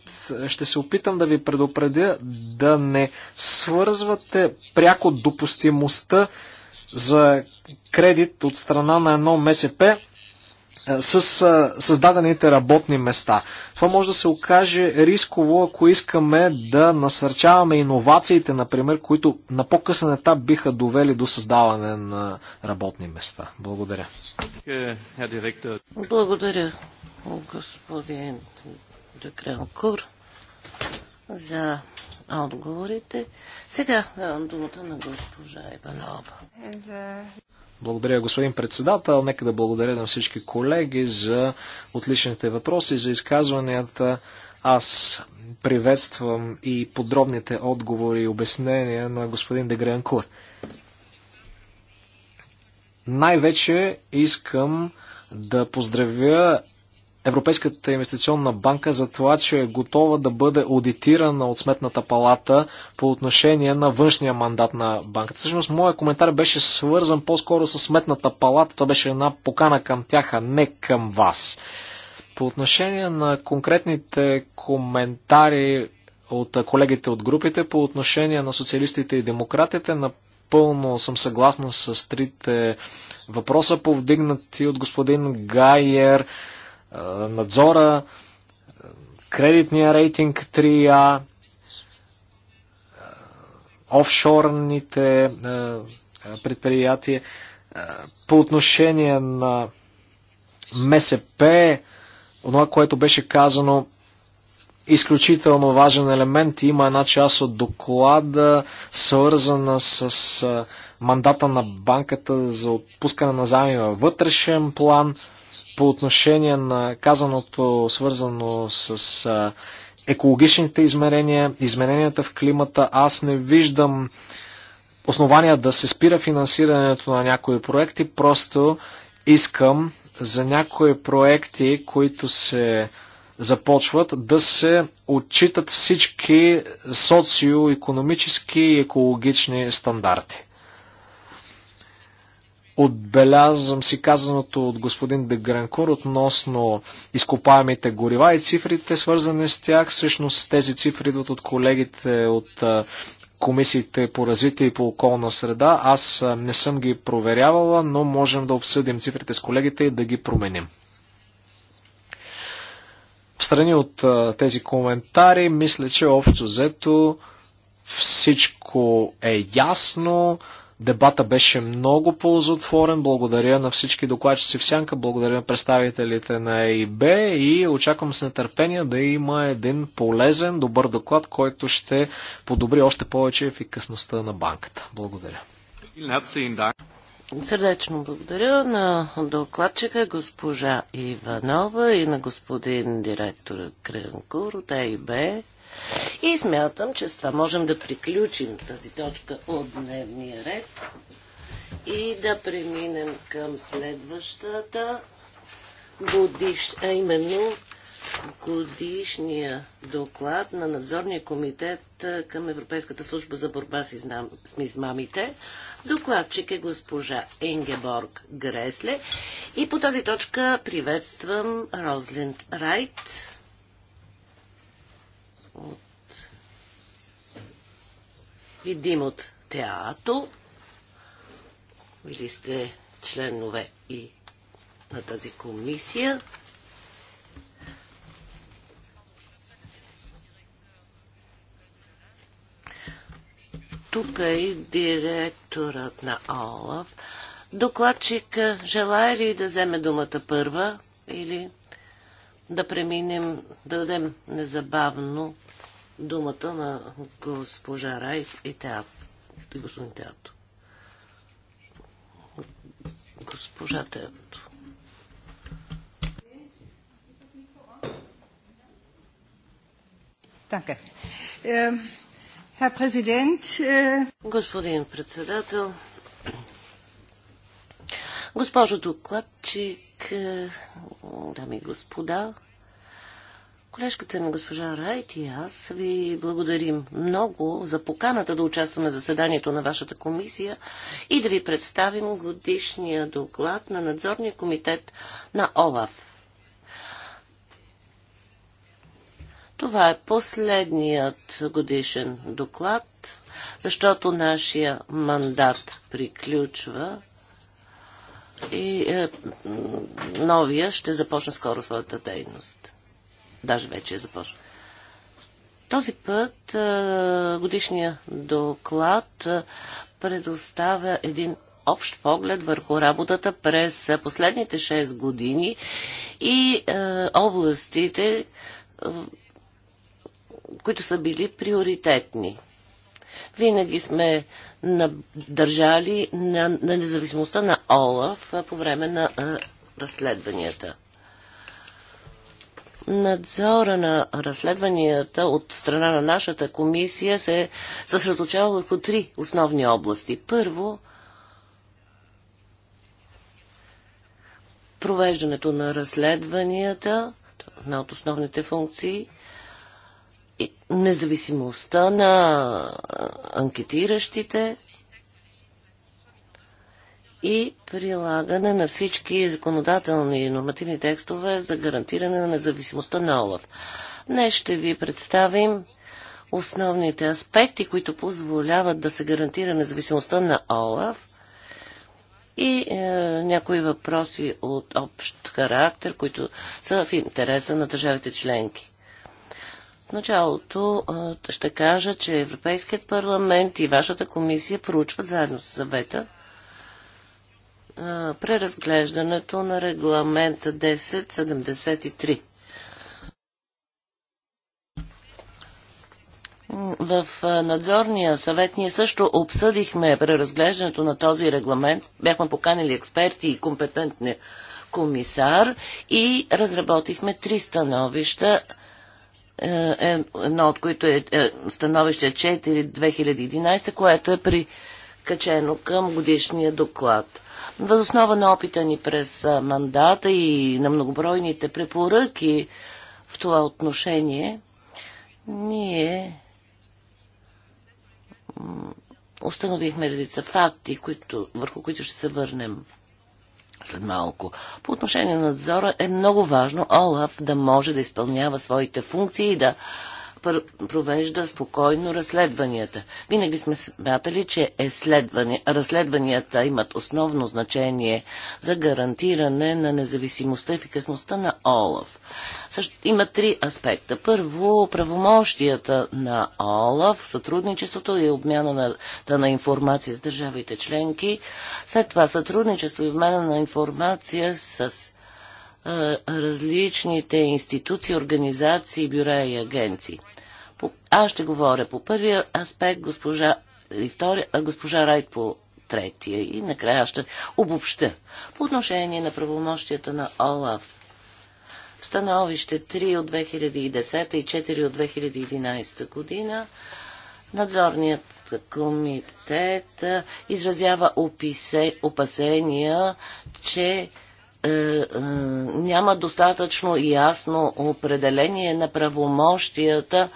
ще се опитам да ви предупредя да не свързвате пряко допустимостта за кредит от страна на едно МСП с създадените работни места. Това може да се окаже рисково, ако искаме да насърчаваме иновациите, например, които на по-късен етап биха довели до създаване на работни места. Благодаря. Благодаря, господин Декренкур, за отговорите. Сега давам думата на госпожа Иванова. Благодаря, господин председател. Нека да благодаря на всички колеги за отличните въпроси, за изказванията. Аз приветствам и подробните отговори и обяснения на господин Дегренкур. Кур. Най-вече искам да поздравя Европейската инвестиционна банка за това, че е готова да бъде аудитирана от Сметната палата по отношение на външния мандат на банката. Всъщност, моят коментар беше свързан по-скоро с Сметната палата. Това беше една покана към тях, а не към вас. По отношение на конкретните коментари от колегите от групите, по отношение на социалистите и демократите, на напълно съм съгласна с трите въпроса, повдигнати от господин Гайер, е, надзора, е, кредитния рейтинг 3А, е, офшорните предприятия. По отношение на МСП, това, което беше казано, изключително важен елемент. Има една част от доклада, свързана с мандата на банката за отпускане на заеми във вътрешен план по отношение на казаното, свързано с екологичните измерения, измененията в климата. Аз не виждам основания да се спира финансирането на някои проекти, просто искам за някои проекти, които се започват да се отчитат всички социо-економически и екологични стандарти. Отбелязвам си казаното от господин Дегранкур относно изкопаемите горива и цифрите, свързани с тях. Всъщност тези цифри идват от колегите от комисиите по развитие и по околна среда. Аз не съм ги проверявала, но можем да обсъдим цифрите с колегите и да ги променим. В страни от тези коментари, мисля, че общо взето всичко е ясно. Дебата беше много ползотворен. Благодаря на всички докладчици в Сянка, благодаря на представителите на ЕИБ и очаквам с нетърпение да има един полезен, добър доклад, който ще подобри още повече ефикасността на банката. Благодаря. Сърдечно благодаря на докладчика госпожа Иванова и на господин директор Кренкур от АИБ. И смятам, че с това можем да приключим тази точка от дневния ред и да преминем към следващата годиш, а именно годишния доклад на надзорния комитет към Европейската служба за борба с измамите. Докладчик е госпожа Ингеборг Гресле. И по тази точка приветствам Розлинд Райт от Видим от теато. Били сте членове и на тази комисия. тук е и директорът на ОЛАВ. Докладчик, желая ли да вземе думата първа или да преминем, да дадем незабавно думата на госпожа Рай и театър, господин Теато. Госпожа Теато. Така. Äh, Господин председател, госпожо докладчик, е, дами и господа, колежката ми госпожа Райт и аз ви благодарим много за поканата да участваме в заседанието на вашата комисия и да ви представим годишния доклад на надзорния комитет на ОЛАФ. Това е последният годишен доклад, защото нашия мандат приключва и е, новия ще започне скоро своята дейност. Даже вече е започна. Този път е, годишния доклад е, предоставя един общ поглед върху работата през последните 6 години и е, областите, които са били приоритетни. Винаги сме държали на, на независимостта на Олаф по време на а, разследванията. Надзора на разследванията от страна на нашата комисия се съсредоточава върху три основни области. Първо, провеждането на разследванията, е една от основните функции независимостта на анкетиращите и прилагане на всички законодателни и нормативни текстове за гарантиране на независимостта на ОЛАФ. Днес ще ви представим основните аспекти, които позволяват да се гарантира независимостта на ОЛАФ и е, някои въпроси от общ характер, които са в интереса на държавите членки. В началото ще кажа, че Европейският парламент и вашата комисия проучват заедно с съвета преразглеждането на регламента 1073. В надзорния съвет ние също обсъдихме преразглеждането на този регламент. Бяхме поканили експерти и компетентни комисар и разработихме три становища е, е едно от които е, е становище 4-2011, което е прикачено към годишния доклад. Възоснова на опита ни през мандата и на многобройните препоръки в това отношение, ние установихме редица факти, които, върху които ще се върнем след малко. По отношение на надзора е много важно Олаф да може да изпълнява своите функции и да провежда спокойно разследванията. Винаги сме смятали, че е разследванията имат основно значение за гарантиране на независимостта и ефикасността на ОЛАФ. Също има три аспекта. Първо, правомощията на ОЛАФ, сътрудничеството и обмяна на, на информация с държавите членки. След това сътрудничество и обмяна на информация с различните институции, организации, бюра и агенции. По, аз ще говоря по първия аспект, госпожа, и втори, а госпожа Райт по третия и накрая ще обобща. По отношение на правомощията на ОЛАФ, становище 3 от 2010 и 4 от 2011 година, надзорният комитет изразява описе, опасения, че е, е, няма достатъчно ясно определение на правомощията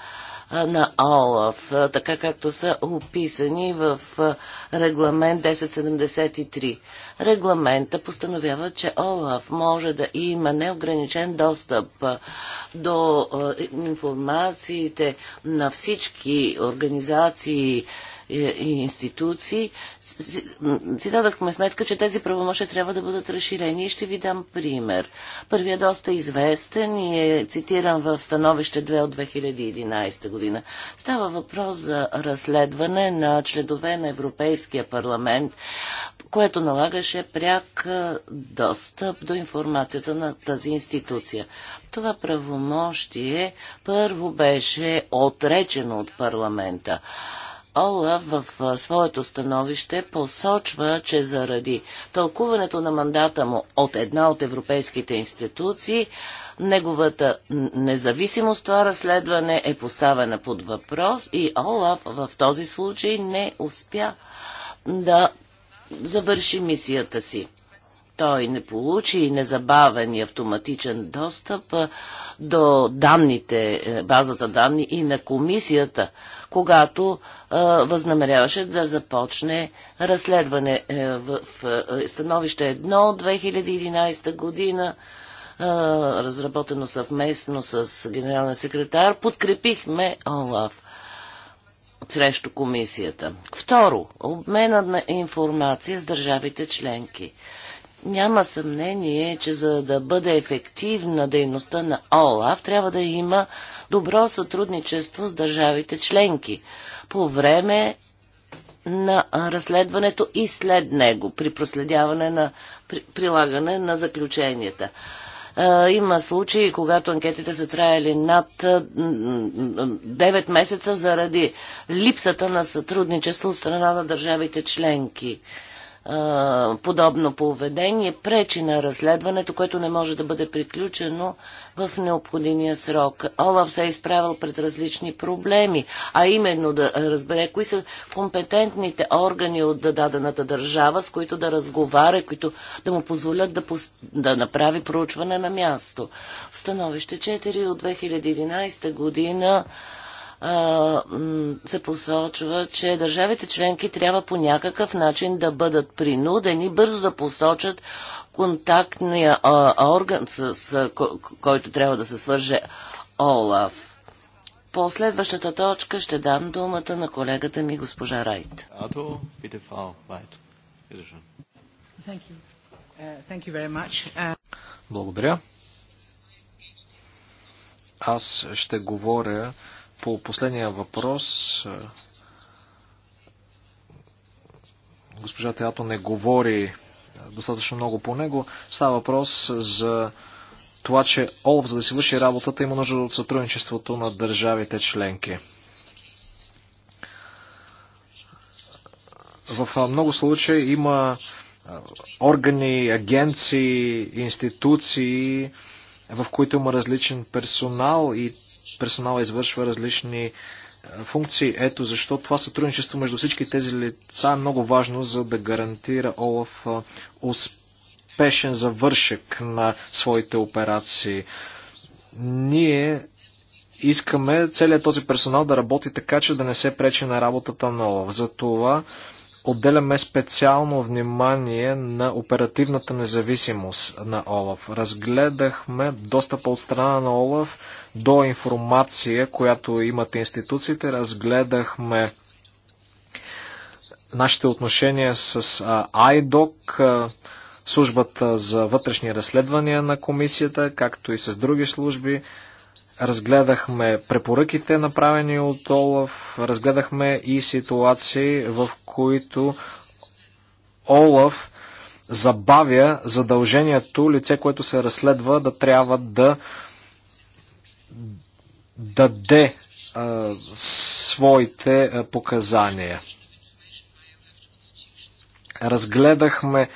на ОЛАФ, така както са описани в регламент 1073. Регламента постановява, че ОЛАФ може да има неограничен достъп до информациите на всички организации, и институции, си дадахме сметка, че тези правомощи трябва да бъдат разширени и ще ви дам пример. Първият е доста известен и е цитиран в становище 2 от 2011 година. Става въпрос за разследване на членове на Европейския парламент, което налагаше пряк достъп до информацията на тази институция. Това правомощие първо беше отречено от парламента. Олаф в своето становище посочва, че заради тълкуването на мандата му от една от европейските институции, неговата независимост това разследване е поставена под въпрос и Олаф в този случай не успя да завърши мисията си. Той не получи незабавен и автоматичен достъп до данните, е, базата данни и на комисията, когато възнамеряваше да започне разследване е, в, в е, становище 1 от 2011 година разработено съвместно с генералния секретар, подкрепихме ОЛАВ срещу комисията. Второ, обмена на информация с държавите членки. Няма съмнение, че за да бъде ефективна дейността на ОЛАФ, трябва да има добро сътрудничество с държавите членки по време на разследването и след него, при проследяване на при, прилагане на заключенията. има случаи, когато анкетите са траяли над 9 месеца заради липсата на сътрудничество от страна на държавите членки подобно поведение пречи на разследването, което не може да бъде приключено в необходимия срок. Олаф се е изправил пред различни проблеми, а именно да разбере кои са компетентните органи от дадената държава, с които да разговаря, които да му позволят да, пос... да направи проучване на място. В становище 4 от 2011 година се посочва, че държавите членки трябва по някакъв начин да бъдат принудени бързо да посочат контактния орган, с който трябва да се свърже ОЛАФ. По следващата точка ще дам думата на колегата ми, госпожа Райт. Uh, uh, Благодаря. Аз ще говоря по последния въпрос, е, госпожа Теато не говори е, достатъчно много по него. Става въпрос за това, че ОЛВ, за да си върши работата, има нужда от сътрудничеството на държавите членки. В е, много случаи има органи, агенции, институции, в които има различен персонал и персонала извършва различни е, функции. Ето защо това сътрудничество между всички тези лица е много важно, за да гарантира ОЛАФ е, успешен завършек на своите операции. Ние искаме целият този персонал да работи така, че да не се пречи на работата на ОЛАФ. Затова отделяме специално внимание на оперативната независимост на ОЛАФ. Разгледахме достъпа от страна на ОЛАФ до информация, която имат институциите. Разгледахме нашите отношения с IDOC, службата за вътрешни разследвания на комисията, както и с други служби. Разгледахме препоръките, направени от Олаф, разгледахме и ситуации, в които Олаф забавя задължението лице, което се разследва, да трябва да даде а, своите а, показания. Разгледахме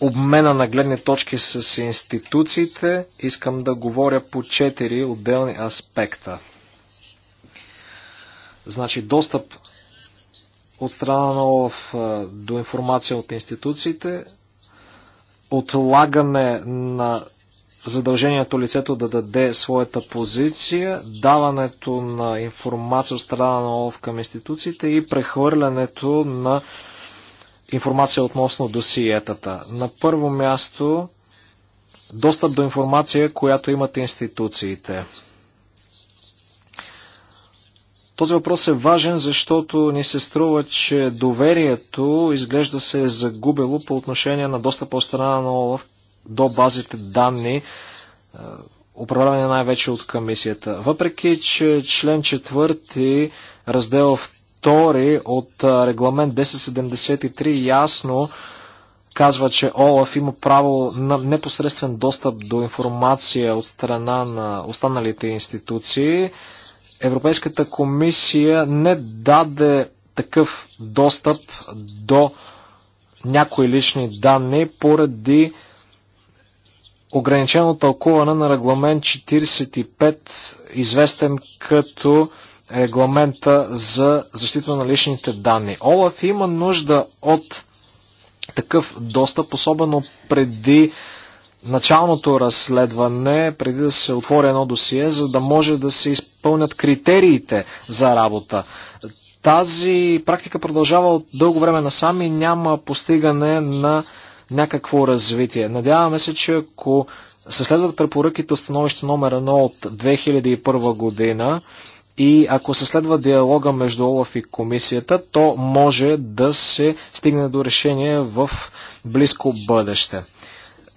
обмена на гледни точки с институциите. Искам да говоря по четири отделни аспекта. Значи достъп от страна на ОЛАФ до информация от институциите, отлагане на задължението лицето да даде своята позиция, даването на информация от страна на ОВ към институциите и прехвърлянето на информация относно досиетата. На първо място, достъп до информация, която имат институциите. Този въпрос е важен, защото ни се струва, че доверието изглежда се е загубило по отношение на достъпа от страна на ОЛАВ до базите данни, е, управляване най-вече от комисията. Въпреки, че член 4, раздел 2 от е, регламент 1073 ясно казва, че Олаф има право на непосредствен достъп до информация от страна на останалите институции, Европейската комисия не даде такъв достъп до някои лични данни поради ограничено тълкуване на регламент 45, известен като регламента за защита на личните данни. Олаф има нужда от такъв достъп, особено преди началното разследване, преди да се отвори едно досие, за да може да се изпълнят критериите за работа. Тази практика продължава от дълго време насам и няма постигане на някакво развитие. Надяваме се, че ако се следват препоръките от становище номер 1 от 2001 година и ако се следва диалога между Олаф и комисията, то може да се стигне до решение в близко бъдеще.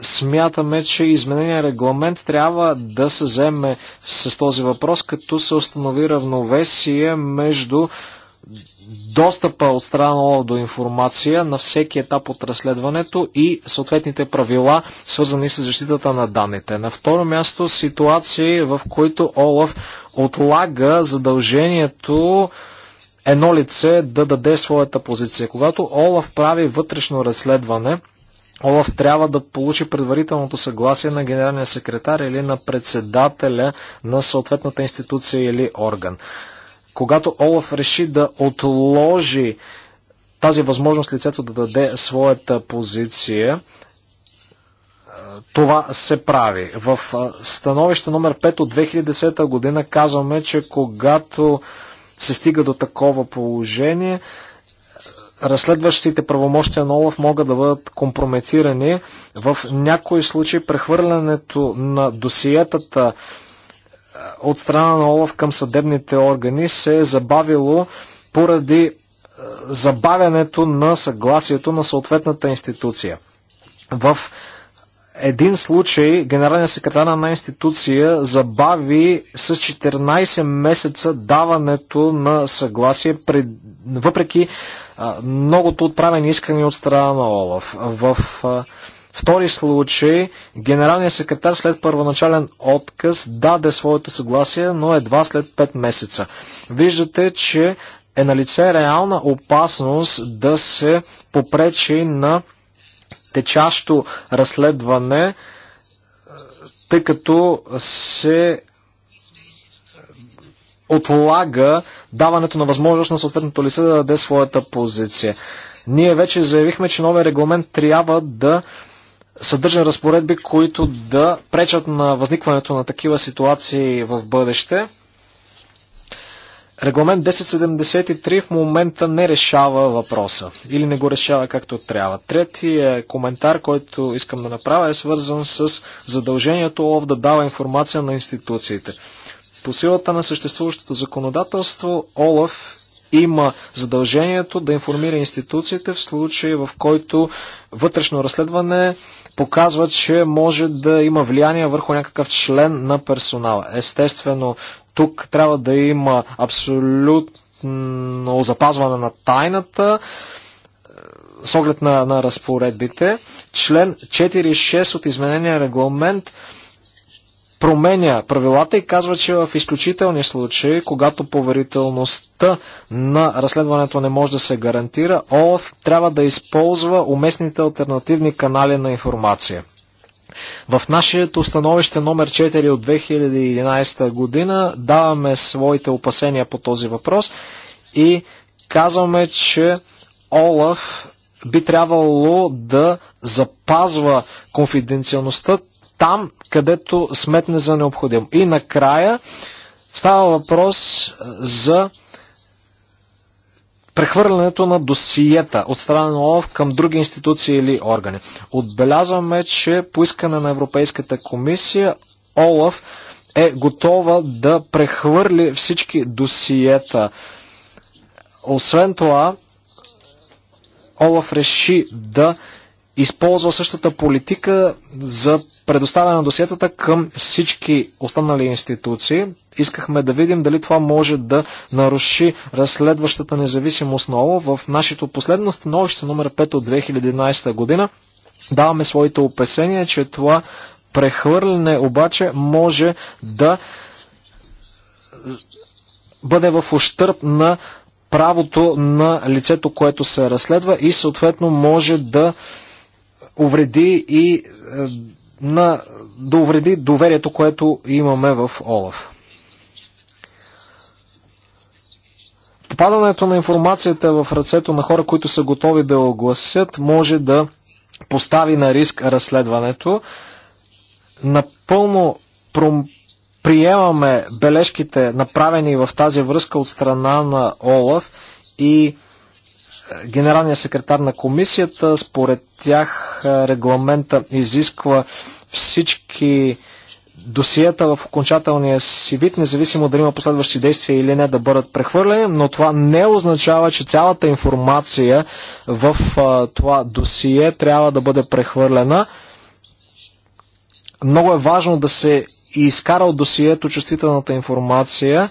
Смятаме, че изменения регламент трябва да се вземе с този въпрос, като се установи равновесие между достъпа от страна до информация на всеки етап от разследването и съответните правила, свързани с защитата на данните. На второ място ситуации, в които Олаф отлага задължението едно лице да даде своята позиция. Когато Олаф прави вътрешно разследване, Олаф трябва да получи предварителното съгласие на генералния секретар или на председателя на съответната институция или орган. Когато Олаф реши да отложи тази възможност лицето да даде своята позиция, това се прави. В становище номер 5 от 2010 година казваме, че когато се стига до такова положение, разследващите правомощия на ОЛАФ могат да бъдат компрометирани. В някои случаи прехвърлянето на досиетата от страна на ОЛАФ към съдебните органи се е забавило поради е, забавянето на съгласието на съответната институция. В един случай генералният секретар на институция забави с 14 месеца даването на съгласие, пред, въпреки а, многото отправени искания от страна на Олаф. В а, Втори случай, генералният секретар след първоначален отказ даде своето съгласие, но едва след 5 месеца. Виждате, че е на лице реална опасност да се попречи на течащо разследване, тъй като се отлага даването на възможност на съответното лице да даде своята позиция. Ние вече заявихме, че новия регламент трябва да съдържа разпоредби, които да пречат на възникването на такива ситуации в бъдеще. Регламент 1073 в момента не решава въпроса или не го решава както трябва. Третия коментар, който искам да направя е свързан с задължението ОВ да дава информация на институциите. По силата на съществуващото законодателство, ОЛАФ има задължението да информира институциите в случай, в който вътрешно разследване показва, че може да има влияние върху някакъв член на персонала. Естествено, тук трябва да има абсолютно запазване на тайната е, с оглед на, на разпоредбите. Член 4.6 от изменения регламент променя правилата и казва, че в изключителни случаи, когато поверителността на разследването не може да се гарантира, ОЛАФ трябва да използва уместните альтернативни канали на информация. В нашето становище номер 4 от 2011 година даваме своите опасения по този въпрос и казваме, че Олаф би трябвало да запазва конфиденциалността, там, където сметне за необходимо. И накрая става въпрос за прехвърлянето на досиета от страна на ОЛАФ към други институции или органи. Отбелязваме, че по искане на Европейската комисия ОЛАФ е готова да прехвърли всички досиета. Освен това, Олаф реши да използва същата политика за предоставяне на досиетата към всички останали институции. Искахме да видим дали това може да наруши разследващата независимост на ОЛАФ. В нашето последно становище, номер 5 от 2011 година, даваме своите опасения, че това прехвърляне обаче може да бъде в ущърп на правото на лицето, което се разследва и съответно може да увреди и е, на, да увреди доверието, което имаме в ОЛАФ. Попадането на информацията в ръцето на хора, които са готови да огласят, може да постави на риск разследването. Напълно приемаме бележките, направени в тази връзка от страна на Олаф и генералния секретар на комисията. Според тях регламента изисква всички досиета в окончателния си вид, независимо дали има последващи действия или не, да бъдат прехвърлени, но това не означава, че цялата информация в а, това досие трябва да бъде прехвърлена. Много е важно да се изкара от досието чувствителната информация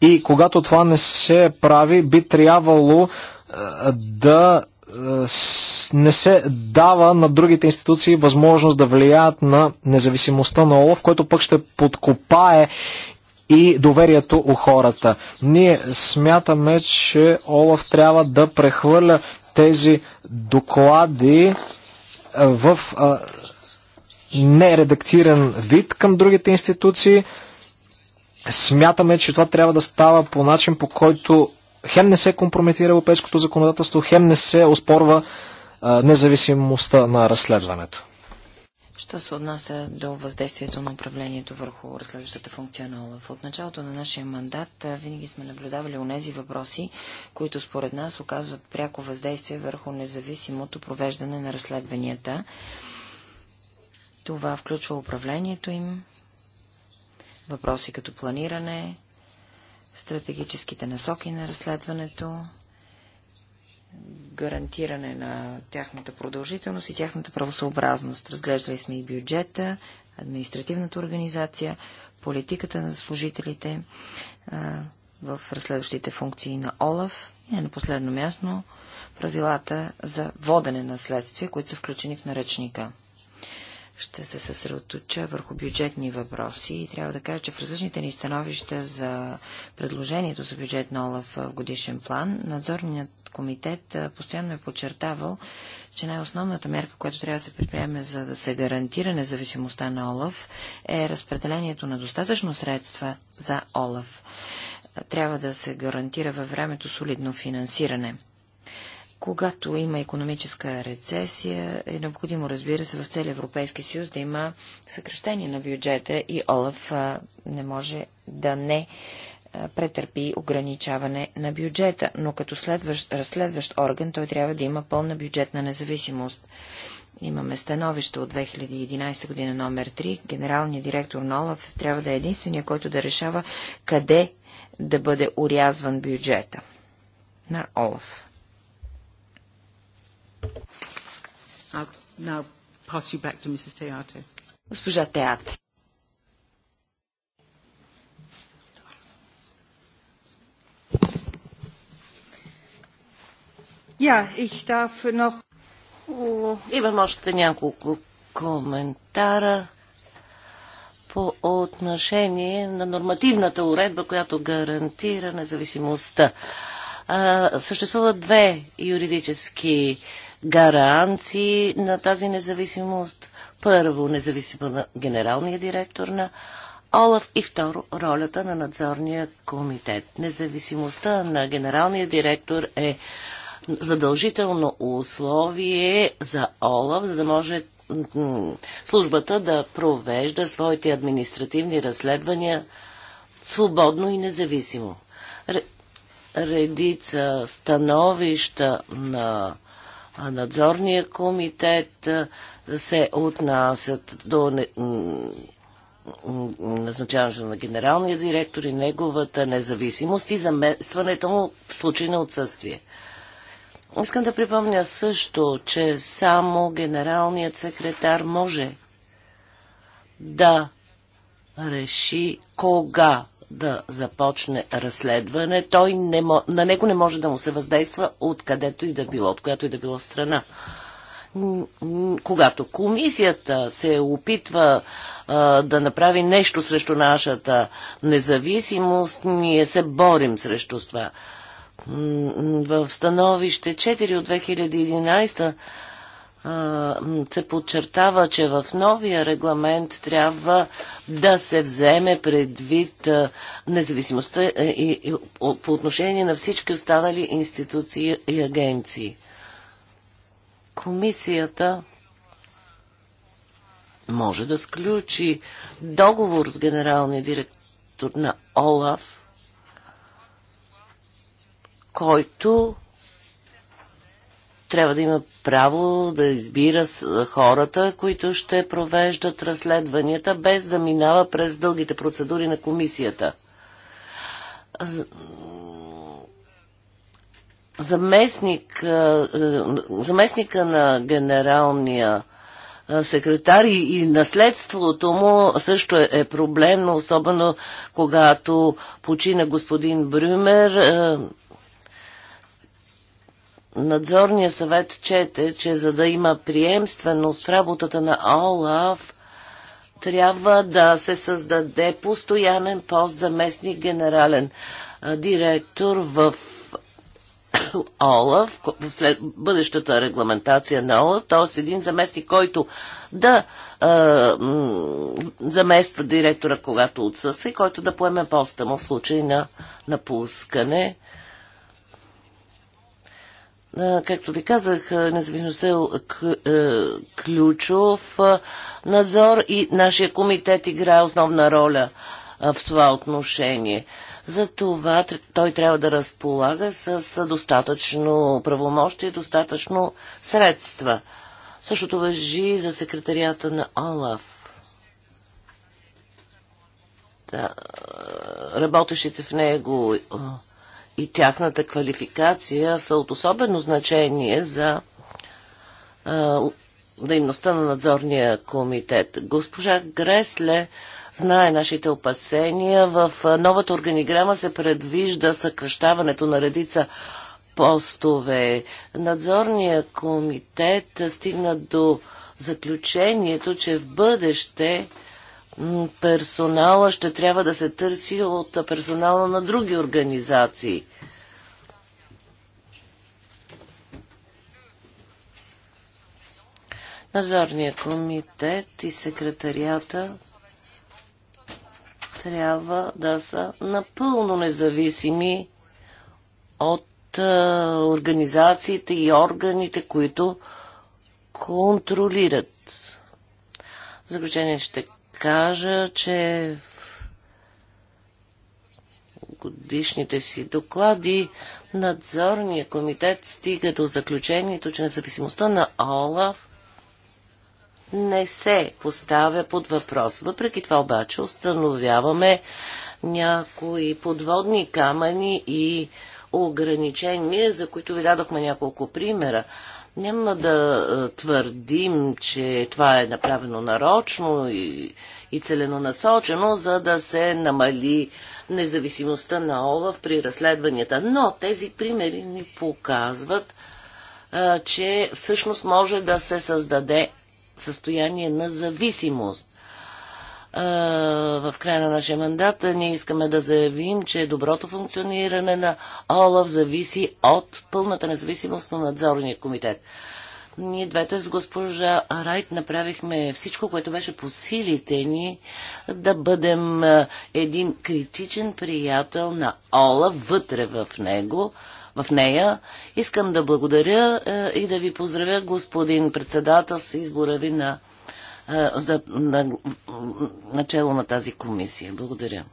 и когато това не се прави, би трябвало да не се дава на другите институции възможност да влияят на независимостта на ОЛАФ, който пък ще подкопае и доверието у хората. Ние смятаме, че Олаф трябва да прехвърля тези доклади в нередактиран вид към другите институции. Смятаме, че това трябва да става по начин, по който хем не се компрометира европейското законодателство, хем не се оспорва независимостта на разследването. Що се отнася до въздействието на управлението върху разследващата функция на ОЛАФ? От началото на нашия мандат винаги сме наблюдавали онези въпроси, които според нас оказват пряко въздействие върху независимото провеждане на разследванията. Това включва управлението им, въпроси като планиране, стратегическите насоки на разследването, гарантиране на тяхната продължителност и тяхната правосъобразност. Разглеждали сме и бюджета, административната организация, политиката на служителите в разследващите функции на ОЛАВ, и на последно място правилата за водене на следствие, които са включени в наръчника ще се съсредоточа върху бюджетни въпроси и трябва да кажа, че в различните ни становища за предложението за бюджет на ОЛАФ в годишен план, надзорният комитет постоянно е подчертавал, че най-основната мерка, която трябва да се предприеме за да се гарантира независимостта на ОЛАФ, е разпределението на достатъчно средства за ОЛАФ. Трябва да се гарантира във времето солидно финансиране. Когато има економическа рецесия, е необходимо, разбира се, в целия Европейски съюз да има съкрещение на бюджета и Олаф а, не може да не а, претърпи ограничаване на бюджета, но като следващ, разследващ орган той трябва да има пълна бюджетна независимост. Имаме становище от 2011 година номер 3. Генералният директор на Олаф трябва да е единствения, който да решава къде да бъде урязван бюджета на Олаф. I'll now pass you back to Mrs. Госпожа Имам още няколко коментара по отношение на нормативната уредба, която гарантира независимостта. съществуват две юридически гаранции на тази независимост. Първо, независимо на генералния директор на Олаф и второ, ролята на надзорния комитет. Независимостта на генералния директор е задължително условие за Олаф, за да може службата да провежда своите административни разследвания свободно и независимо. Редица становища на надзорния комитет се отнасят до назначаването на генералния директор и неговата независимост и заместването му в случай на отсъствие. Искам да припомня също, че само генералният секретар може да реши кога да започне разследване, той не, на него не може да му се въздейства откъдето и да било, от която и да било страна когато комисията се опитва а, да направи нещо срещу нашата независимост, ние се борим срещу това. В становище 4 от 2011 се подчертава, че в новия регламент трябва да се вземе предвид независимостта е, и, и, по отношение на всички останали институции и агенции. Комисията може да сключи договор с генералния директор на ОЛАФ, който трябва да има право да избира хората, които ще провеждат разследванията, без да минава през дългите процедури на комисията. Заместник, заместника на генералния секретар и, и наследството му също е, е проблемно, особено когато почина господин Брюмер. Е, Надзорният съвет чете, че за да има приемственост в работата на ОЛАФ, трябва да се създаде постоянен пост за местник генерален директор в ОЛАФ, след бъдещата регламентация на ОЛАФ, т.е. един заместник, който да м- замества директора, когато отсъства и който да поеме поста му в случай на напускане както ви казах, независимостта е, е ключов надзор и нашия комитет играе основна роля в това отношение. Затова той трябва да разполага с достатъчно правомощие, достатъчно средства. Същото въжи за секретарията на ОЛАФ. Да, работещите в него и тяхната квалификация са от особено значение за а, дейността на надзорния комитет. Госпожа Гресле знае нашите опасения. В новата органиграма се предвижда съкръщаването на редица постове. Надзорния комитет стигна до заключението, че в бъдеще персонала ще трябва да се търси от персонала на други организации. Назорния комитет и секретарията трябва да са напълно независими от организациите и органите, които контролират. В заключение ще кажа, че годишните си доклади надзорния комитет стига до заключението, че независимостта на ОЛАФ не се поставя под въпрос. Въпреки това обаче установяваме някои подводни камъни и ограничения, за които ви дадохме няколко примера. Няма да е, твърдим, че това е направено нарочно и, и целенонасочено, за да се намали независимостта на ОЛАВ при разследванията. Но тези примери ни показват, а, е, че всъщност може да се създаде състояние на зависимост в края на нашия мандат ние искаме да заявим, че доброто функциониране на ОЛАВ зависи от пълната независимост на надзорния комитет. Ние двете с госпожа Райт направихме всичко, което беше по силите ни да бъдем един критичен приятел на Ола вътре в него, в нея. Искам да благодаря и да ви поздравя, господин председател, с избора ви на за начало на тази комисия. Благодаря.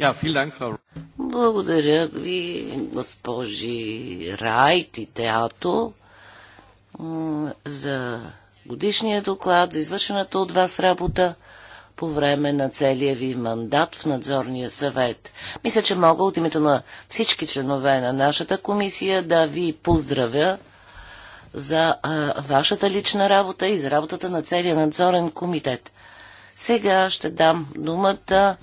Frau... Благодаря ви, госпожи Райт и Теато, за годишния доклад, за извършената от вас работа по време на целия ви мандат в надзорния съвет. Мисля, че мога от името на всички членове на нашата комисия да ви поздравя за а, вашата лична работа и за работата на целия надзорен комитет. Сега ще дам думата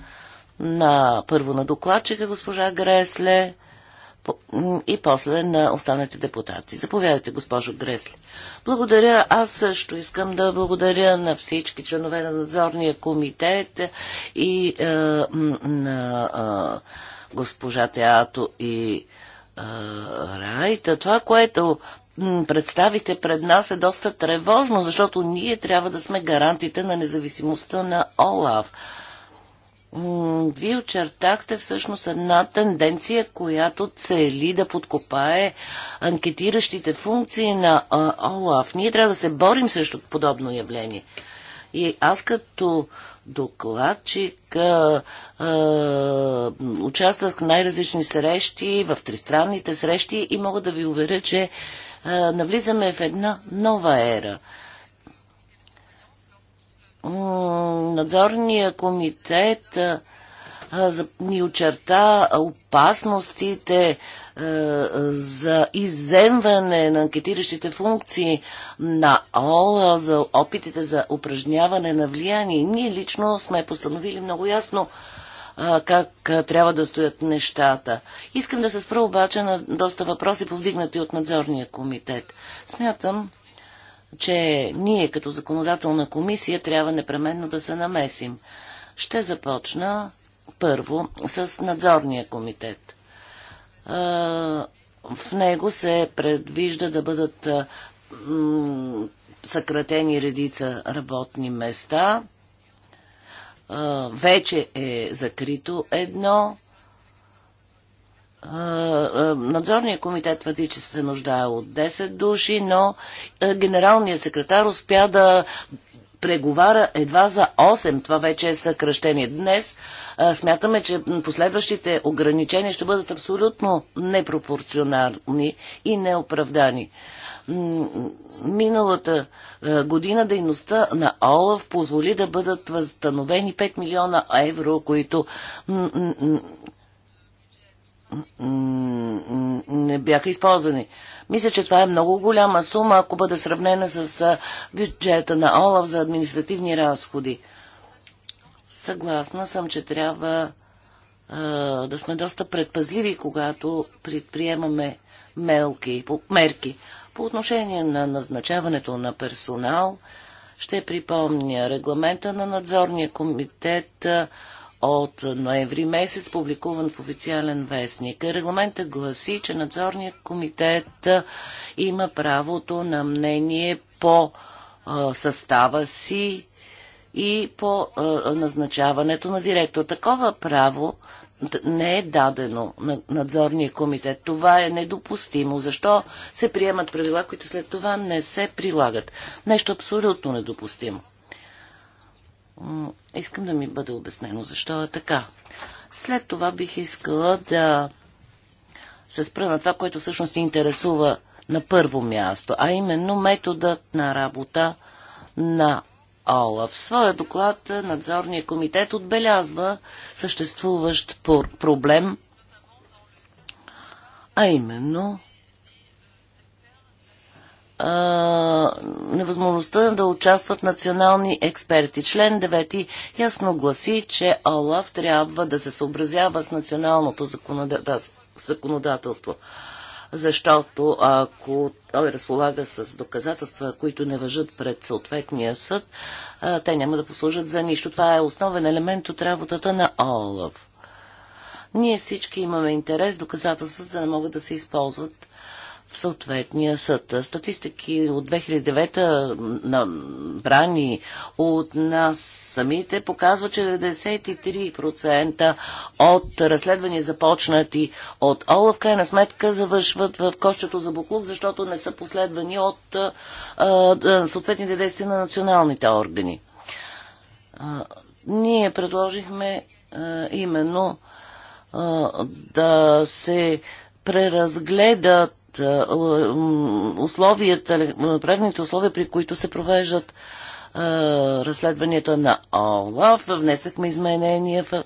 на първо на докладчика госпожа Гресле и после на останалите депутати. Заповядайте, госпожо Гресли. Благодаря. Аз също искам да благодаря на всички членове на надзорния комитет и е, на е, госпожа Теато и е, Райта. Това, което представите пред нас е доста тревожно, защото ние трябва да сме гарантите на независимостта на ОЛАВ. Вие очертахте всъщност една тенденция, която цели да подкопае анкетиращите функции на ОЛАФ. Ние трябва да се борим срещу подобно явление. И аз като докладчик а, а, участвах в най-различни срещи, в тристранните срещи и мога да ви уверя, че навлизаме в една нова ера. Надзорния комитет ни очерта опасностите за иземване на анкетиращите функции на ОЛА, за опитите за упражняване на влияние. Ние лично сме постановили много ясно как трябва да стоят нещата. Искам да се спра обаче на доста въпроси, повдигнати от надзорния комитет. Смятам, че ние като законодателна комисия трябва непременно да се намесим. Ще започна първо с надзорния комитет. в него се предвижда да бъдат съкратени редица работни места – вече е закрито едно. Надзорният комитет твърди, че се нуждае от 10 души, но генералният секретар успя да преговара едва за 8. Това вече е съкръщение. Днес смятаме, че последващите ограничения ще бъдат абсолютно непропорционални и неоправдани миналата е, година дейността на ОЛАВ позволи да бъдат възстановени 5 милиона евро, които не бяха използвани. Мисля, че това е много голяма сума, ако бъде сравнена с е, бюджета на ОЛАВ за административни разходи. Съгласна съм, че трябва а, е, да сме доста предпазливи, когато предприемаме мелки, мерки. По отношение на назначаването на персонал, ще припомня регламента на надзорния комитет от ноември месец, публикуван в официален вестник. Регламентът гласи, че надзорният комитет има правото на мнение по състава си и по назначаването на директор. Такова право не е дадено на надзорния комитет. Това е недопустимо. Защо се приемат правила, които след това не се прилагат? Нещо абсолютно недопустимо. Искам да ми бъде обяснено защо е така. След това бих искала да се спра на това, което всъщност интересува на първо място, а именно метода на работа на ОЛАФ. В своя доклад надзорния комитет отбелязва съществуващ проблем, а именно невъзможността да участват национални експерти. Член 9 ясно гласи, че ОЛАФ трябва да се съобразява с националното законодателство защото ако той разполага с доказателства, които не въжат пред съответния съд, те няма да послужат за нищо. Това е основен елемент от работата на ОЛАВ. Ние всички имаме интерес доказателствата да не могат да се използват в съответния съд. Статистики от 2009 набрани от нас самите показва, че 93% от разследвания започнати от Олаф, крайна сметка завършват в кощето за буклук, защото не са последвани от а, съответните действия на националните органи. А, ние предложихме именно да се преразгледат условията, правните условия, при които се провеждат разследванията на ОЛАФ. Внесахме изменения в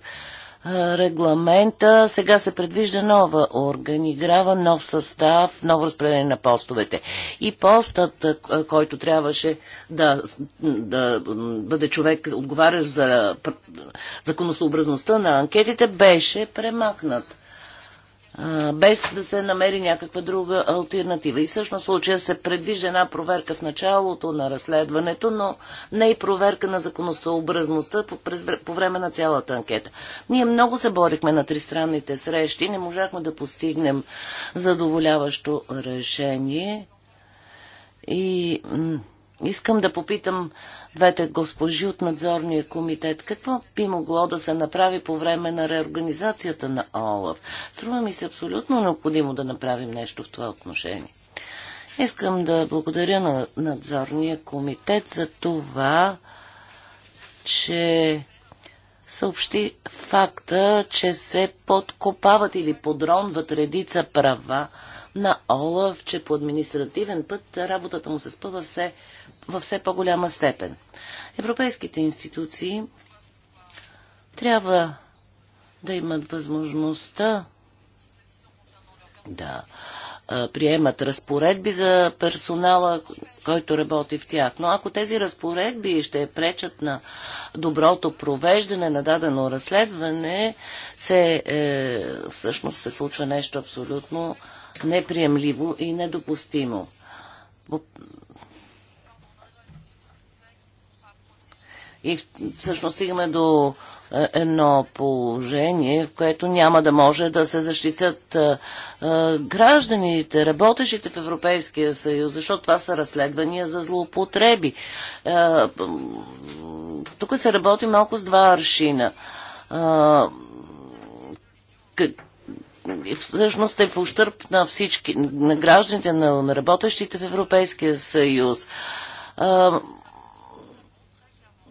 регламента. Сега се предвижда нова органиграва, нов състав, ново разпределение на постовете. И постът, който трябваше да, да бъде човек, отговарящ за законосъобразността на анкетите, беше премахнат без да се намери някаква друга альтернатива. И всъщност случая се предвижда една проверка в началото на разследването, но не и проверка на законосъобразността по време на цялата анкета. Ние много се борихме на тристранните срещи, не можахме да постигнем задоволяващо решение и Искам да попитам двете госпожи от надзорния комитет какво би могло да се направи по време на реорганизацията на Олав. Струва ми се абсолютно необходимо да направим нещо в това отношение. Искам да благодаря на надзорния комитет за това, че съобщи факта, че се подкопават или подронват редица права на Олаф, че по административен път работата му се спъва все във все по-голяма степен. Европейските институции трябва да имат възможността да приемат разпоредби за персонала, който работи в тях. Но ако тези разпоредби ще пречат на доброто провеждане на дадено разследване, се, е, всъщност се случва нещо абсолютно неприемливо и недопустимо. И всъщност стигаме до е, едно положение, в което няма да може да се защитят е, е, гражданите, работещите в Европейския съюз, защото това са разследвания за злоупотреби. Тук се работи малко с два аршина. Всъщност е в ущърп на всички, на гражданите, на работещите в Европейския съюз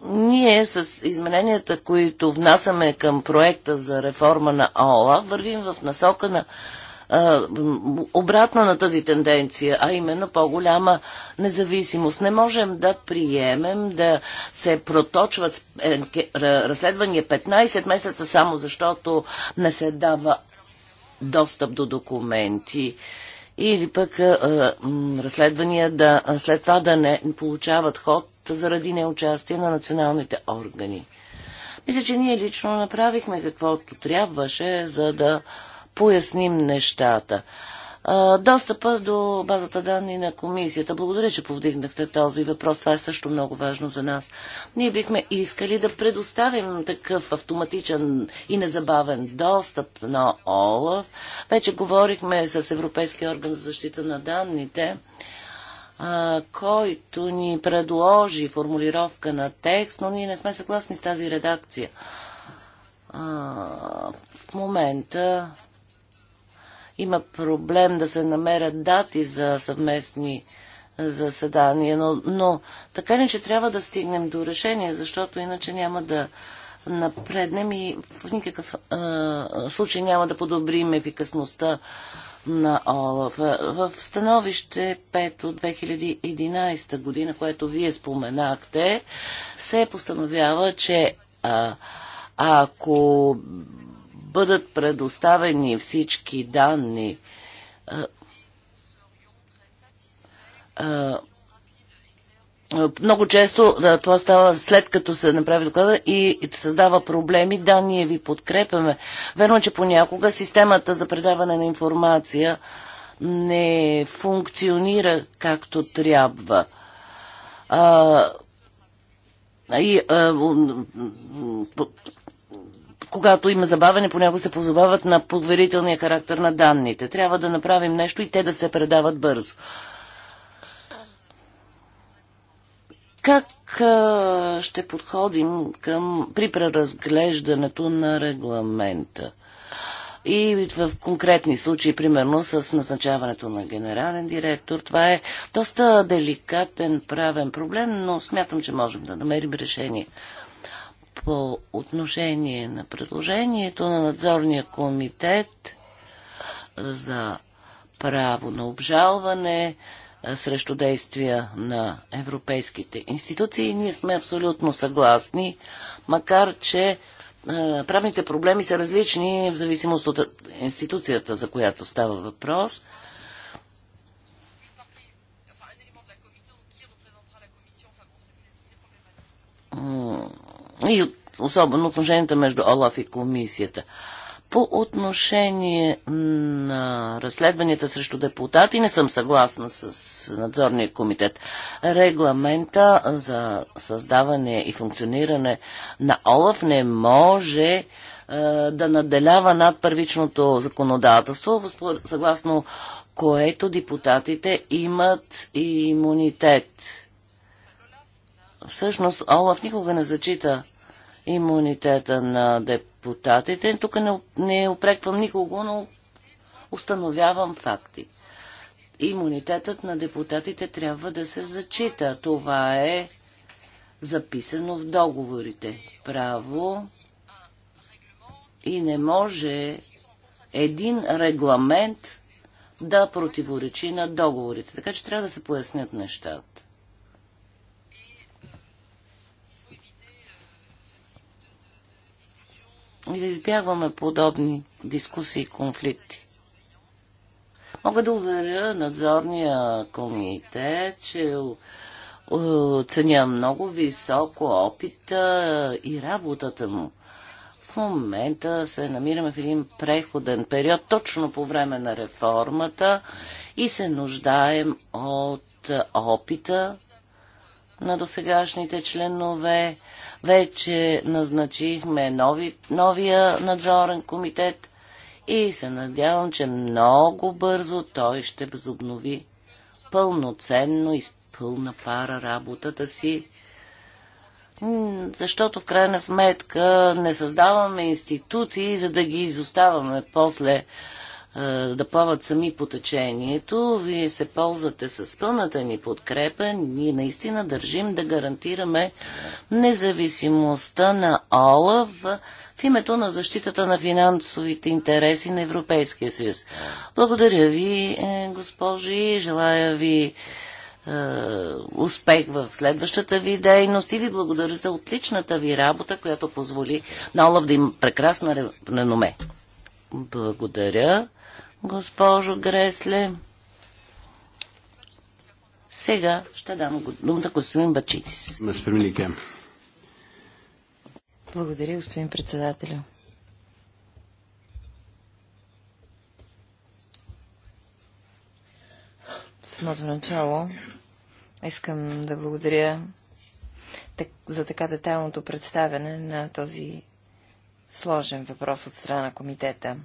ние с измененията, които внасяме към проекта за реформа на ОЛА, вървим в насока на обратна на тази тенденция, а именно по-голяма независимост. Не можем да приемем да се проточват е, разследвания 15 месеца само защото не се дава достъп до документи или пък разследвания да, след това да не получават ход заради неучастие на националните органи. Мисля, че ние лично направихме каквото трябваше, за да поясним нещата. Достъпа до базата данни на комисията. Благодаря, че повдигнахте този въпрос. Това е също много важно за нас. Ние бихме искали да предоставим такъв автоматичен и незабавен достъп на ОЛАВ. Вече говорихме с Европейския орган за защита на данните а, който ни предложи формулировка на текст, но ние не сме съгласни с тази редакция. А, в момента има проблем да се намерят дати за съвместни заседания, но, но така не, че трябва да стигнем до решение, защото иначе няма да напреднем и в никакъв а, случай няма да подобрим ефикасността на Олаф. В становище 5 от 2011 година, което вие споменахте, се постановява, че а, ако бъдат предоставени всички данни, а, а, много често да, това става след като се направи доклада и, и създава проблеми. Да, ние ви подкрепяме. Верно, че понякога системата за предаване на информация не функционира както трябва. А, и, а, когато има забавене, понякога се позабават на подверителния характер на данните. Трябва да направим нещо и те да се предават бързо. Как а, ще подходим към, при преразглеждането на регламента? И в конкретни случаи, примерно с назначаването на генерален директор, това е доста деликатен правен проблем, но смятам, че можем да намерим решение. По отношение на предложението на надзорния комитет за право на обжалване, срещу действия на европейските институции. Ние сме абсолютно съгласни, макар че правните проблеми са различни в зависимост от институцията, за която става въпрос. И особено отношенията между Олаф и комисията. По отношение на разследванията срещу депутати не съм съгласна с надзорния комитет. Регламента за създаване и функциониране на ОЛАФ не може е, да наделява над първичното законодателство, съгласно което депутатите имат имунитет. Всъщност Олаф никога не зачита имунитета на депутатите депутатите. Тук не, не опреквам никого, но установявам факти. Имунитетът на депутатите трябва да се зачита. Това е записано в договорите. Право и не може един регламент да противоречи на договорите. Така че трябва да се пояснят нещата. и да избягваме подобни дискусии и конфликти. Мога да уверя надзорния комитет, че е, ценя много високо опита и работата му. В момента се намираме в един преходен период, точно по време на реформата и се нуждаем от опита на досегашните членове, вече назначихме нови, новия надзорен комитет и се надявам, че много бързо той ще възобнови пълноценно и с пълна пара работата си. Защото в крайна сметка не създаваме институции, за да ги изоставаме после да е, плават сами по течението. Вие се ползвате с пълната ни подкрепа. Ние наистина държим да гарантираме независимостта на ОЛАВ в името на защитата на финансовите интереси на Европейския съюз. Благодаря ви, е, госпожи. Желая ви е, успех в следващата ви дейност и ви благодаря за отличната ви работа, която позволи на Олаф да има прекрасна реноме. Благодаря госпожо Гресле. Сега ще дам думата господин Бачитис. Благодаря, господин председателю. В самото начало искам да благодаря за така детайлното представяне на този сложен въпрос от страна на комитета.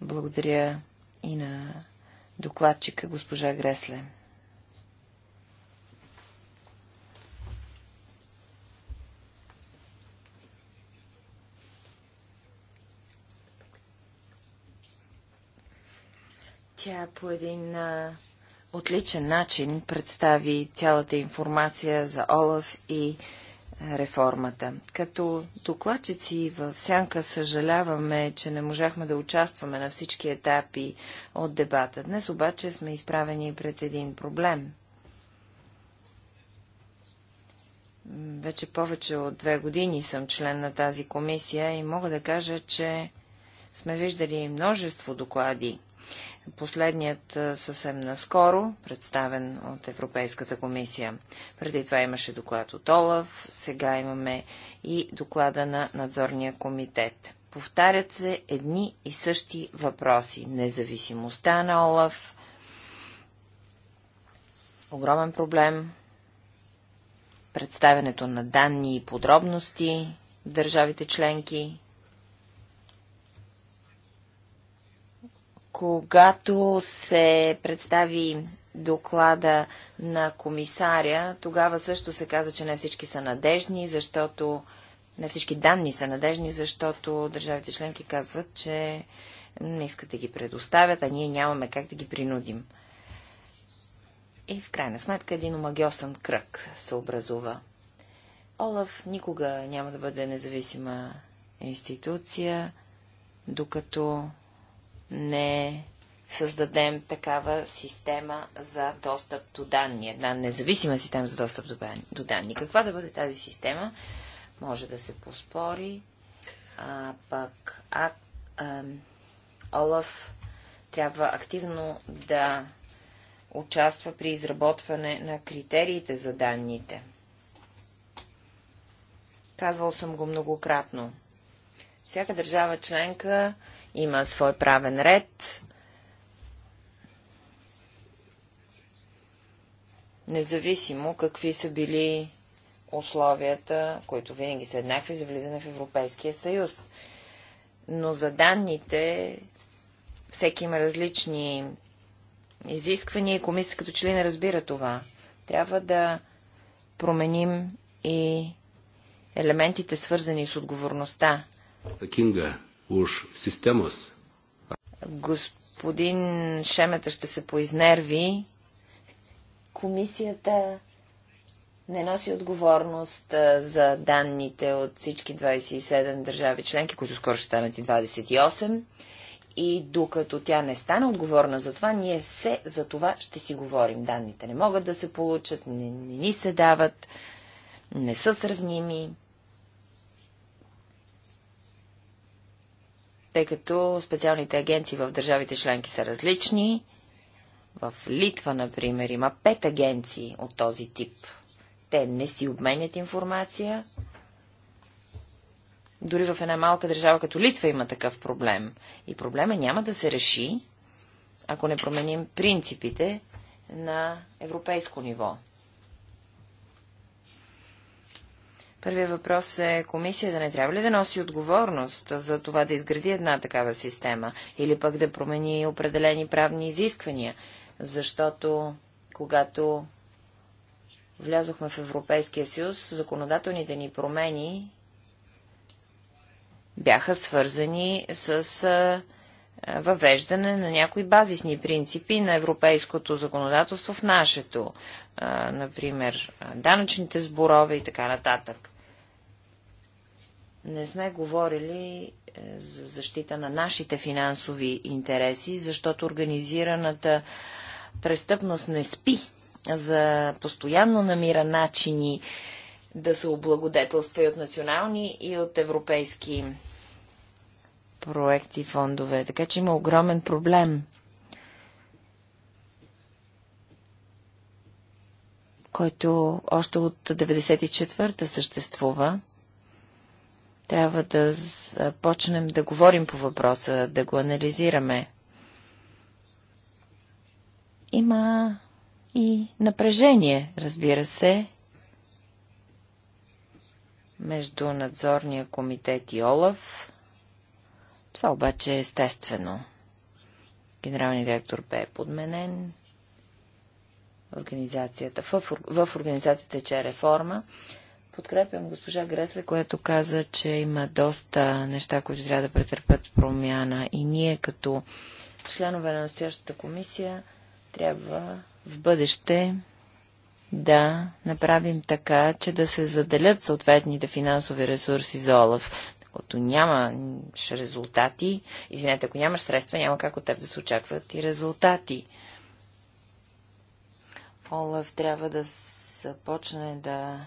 Благодаря и на докладчика госпожа Гресле. Тя по един а, отличен начин представи цялата информация за Олаф и реформата. Като докладчици в Сянка съжаляваме, че не можахме да участваме на всички етапи от дебата. Днес обаче сме изправени пред един проблем. Вече повече от две години съм член на тази комисия и мога да кажа, че сме виждали множество доклади Последният съвсем наскоро, представен от Европейската комисия. Преди това имаше доклад от Олаф, сега имаме и доклада на надзорния комитет. Повтарят се едни и същи въпроси. Независимостта на Олаф, огромен проблем, представенето на данни и подробности в държавите членки, Когато се представи доклада на комисаря, тогава също се каза, че не всички са надежни, защото не всички данни са надежни, защото държавите членки казват, че не искат да ги предоставят, а ние нямаме как да ги принудим. И в крайна сметка един омагиосен кръг се образува. Олаф никога няма да бъде независима институция, докато не създадем такава система за достъп до данни, една независима система за достъп до данни. Каква да бъде тази система? Може да се поспори. А, пък а, а, Олаф трябва активно да участва при изработване на критериите за данните. Казвал съм го многократно. Всяка държава членка има свой правен ред. Независимо какви са били условията, които винаги са еднакви за влизане в Европейския съюз. Но за данните всеки има различни изисквания и комисията като че ли не разбира това. Трябва да променим и елементите, свързани с отговорността. Кинга už sistemos. Господин Шемета ще се поизнерви. Комисията не носи отговорност за данните от всички 27 държави членки, които скоро ще станат и 28. И докато тя не стане отговорна за това, ние все за това ще си говорим. Данните не могат да се получат, не, не ни се дават, не са сравними. тъй като специалните агенции в държавите членки са различни. В Литва, например, има пет агенции от този тип. Те не си обменят информация. Дори в една малка държава като Литва има такъв проблем. И проблема няма да се реши, ако не променим принципите на европейско ниво. Първият въпрос е комисията не трябва ли да носи отговорност за това да изгради една такава система или пък да промени определени правни изисквания, защото когато влязохме в Европейския съюз, законодателните ни промени бяха свързани с въвеждане на някои базисни принципи на европейското законодателство в нашето, например, данъчните сборове и така нататък не сме говорили е, за защита на нашите финансови интереси, защото организираната престъпност не спи, за постоянно намира начини да се облагодетелства и от национални, и от европейски проекти, фондове. Така че има огромен проблем. който още от 94-та съществува трябва да започнем да говорим по въпроса, да го анализираме. Има и напрежение, разбира се, между надзорния комитет и Олаф. Това обаче е естествено. Генералният директор бе подменен. Организацията. В, в организацията че е реформа. Подкрепям госпожа Гресле, която каза, че има доста неща, които трябва да претърпят промяна. И ние като членове на настоящата комисия трябва в бъдеще да направим така, че да се заделят съответните финансови ресурси за ОЛАФ. Ако нямаш резултати, извинете, ако нямаш средства, няма как от теб да се очакват и резултати. Олаф трябва да започне да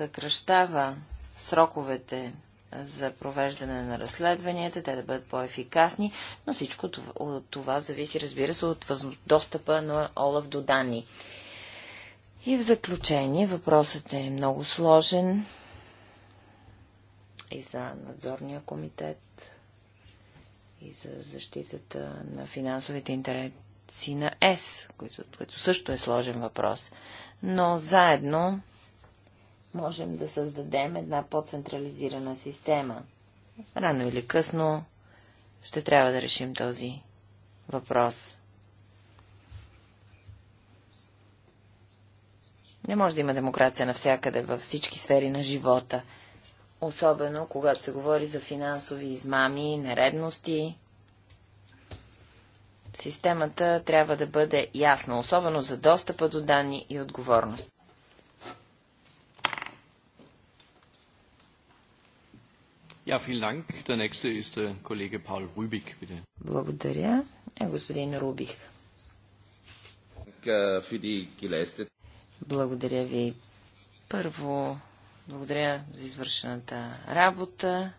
съкръщава сроковете за провеждане на разследванията, те да бъдат по-ефикасни, но всичко това, това зависи, разбира се, от достъпа на Олаф до данни. И в заключение, въпросът е много сложен и за надзорния комитет, и за защитата на финансовите интереси на ЕС, който, който също е сложен въпрос. Но заедно можем да създадем една по-централизирана система. Рано или късно ще трябва да решим този въпрос. Не може да има демокрация навсякъде, във всички сфери на живота. Особено, когато се говори за финансови измами, нередности. Системата трябва да бъде ясна, особено за достъпа до данни и отговорност. Äh, благодаря. Е, господин Рубих. Äh, благодаря ви. Първо, благодаря за извършената работа.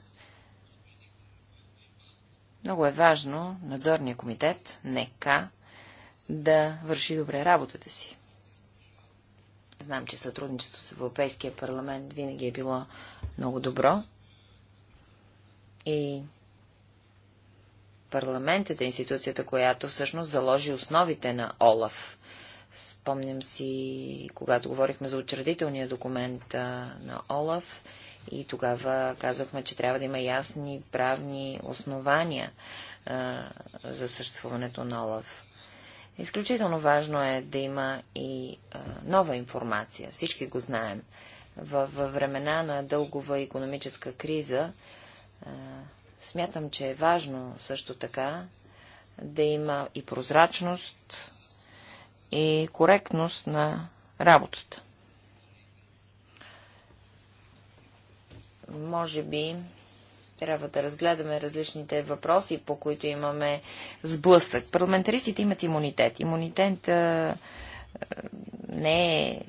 Много е важно надзорния комитет, Ка, да върши добре работата си. Знам, че сътрудничеството с Европейския парламент винаги е било много добро. И парламентът е институцията, която всъщност заложи основите на Олаф. Спомням си, когато говорихме за учредителния документ на Олаф и тогава казахме, че трябва да има ясни правни основания а, за съществуването на Олаф. Изключително важно е да има и а, нова информация. Всички го знаем. Във времена на дългова економическа криза е, смятам, че е важно също така да има и прозрачност, и коректност на работата. Може би трябва да разгледаме различните въпроси, по които имаме сблъсък. Парламентаристите имат имунитет. Имунитет е, не е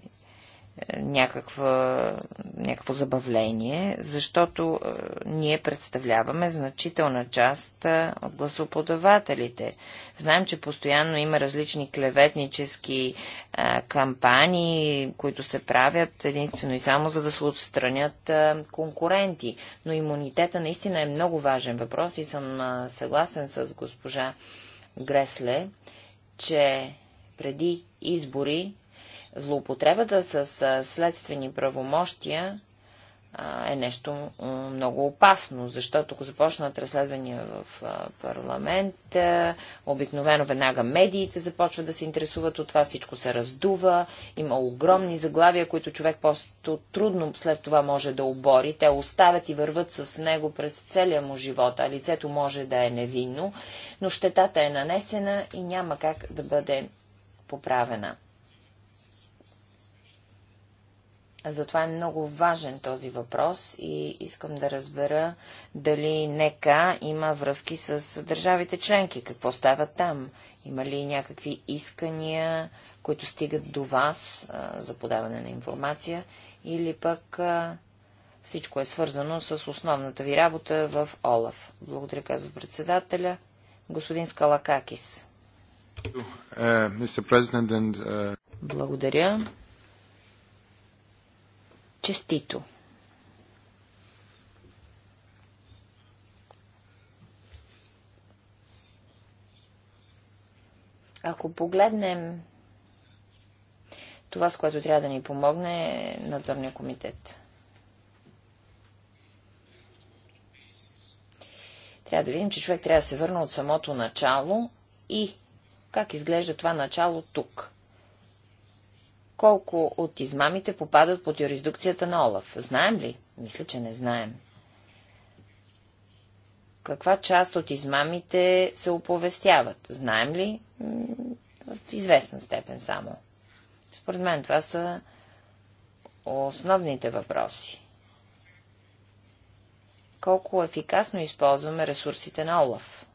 някаква, някакво забавление, защото е, ние представляваме значителна част е, от гласоподавателите. Знаем, че постоянно има различни клеветнически е, кампании, които се правят единствено и само за да се отстранят конкуренти. Но имунитета наистина е много важен въпрос и съм съгласен с госпожа Гресле, че преди избори Злоупотребата с следствени правомощия е нещо много опасно, защото ако започнат разследвания в парламент, обикновено веднага медиите започват да се интересуват от това, всичко се раздува, има огромни заглавия, които човек просто трудно след това може да обори. Те оставят и върват с него през целия му живот, а лицето може да е невинно, но щетата е нанесена и няма как да бъде поправена. Затова е много важен този въпрос и искам да разбера дали НК има връзки с държавите членки, какво става там. Има ли някакви искания, които стигат до вас а, за подаване на информация или пък а, всичко е свързано с основната ви работа в ОЛАФ. Благодаря, казва председателя. Господин Скалакакис. Uh, uh, Благодаря. Честито! Ако погледнем това, с което трябва да ни помогне е надзорния комитет. Трябва да видим, че човек трябва да се върне от самото начало и как изглежда това начало тук. Колко от измамите попадат под юрисдикцията на Олаф? Знаем ли? Мисля, че не знаем. Каква част от измамите се оповестяват? Знаем ли? В известна степен само. Според мен това са основните въпроси. Колко ефикасно използваме ресурсите на Олаф?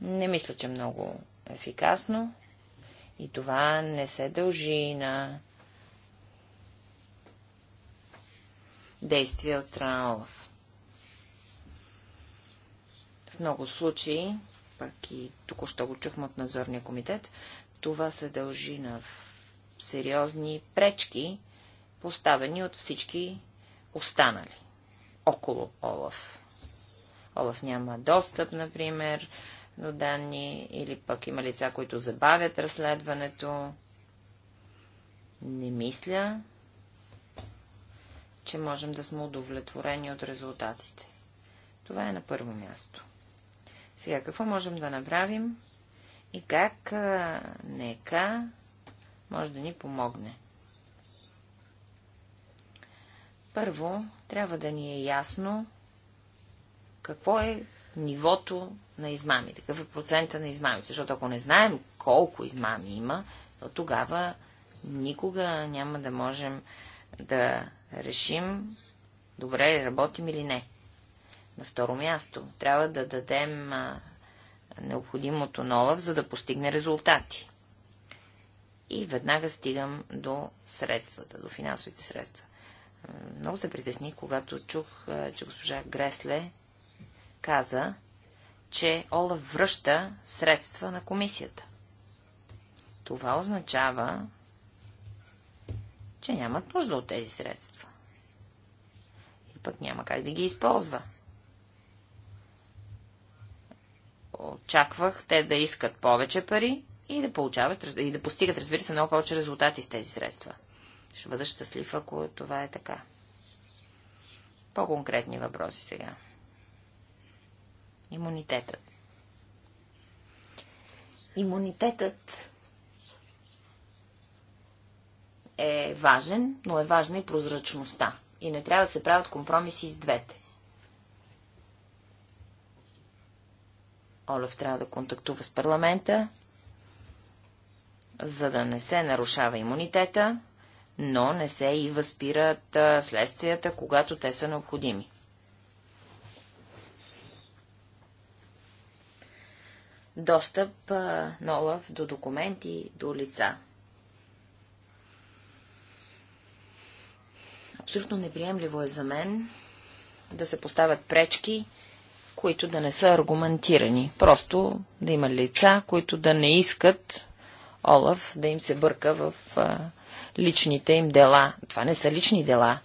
Не мисля, че много ефикасно. И това не се дължи на действия от страна ОЛАФ. В много случаи, пак и току-що го чухме от надзорния комитет, това се дължи на сериозни пречки, поставени от всички останали около Олаф. Олаф няма достъп, например, до данни или пък има лица, които забавят разследването. Не мисля, че можем да сме удовлетворени от резултатите. Това е на първо място. Сега какво можем да направим и как нека може да ни помогне? Първо, трябва да ни е ясно какво е нивото на измами, такъв е процента на измами. Защото ако не знаем колко измами има, то тогава никога няма да можем да решим добре ли работим или не. На второ място, трябва да дадем необходимото нолъв, за да постигне резултати. И веднага стигам до средствата, до финансовите средства. Много се притесних, когато чух, че госпожа Гресле каза, че Ола връща средства на комисията. Това означава, че нямат нужда от тези средства. И пък няма как да ги използва. Очаквах те да искат повече пари и да получават, и да постигат, разбира се, много повече резултати с тези средства. Ще бъда щастлив, ако това е така. По-конкретни въпроси сега. Имунитетът. Имунитетът е важен, но е важна и прозрачността. И не трябва да се правят компромиси с двете. Олев трябва да контактува с парламента, за да не се нарушава имунитета, но не се и възпират следствията, когато те са необходими. достъп на ОЛАФ до документи, до лица. Абсолютно неприемливо е за мен да се поставят пречки, които да не са аргументирани. Просто да има лица, които да не искат Олаф да им се бърка в личните им дела. Това не са лични дела.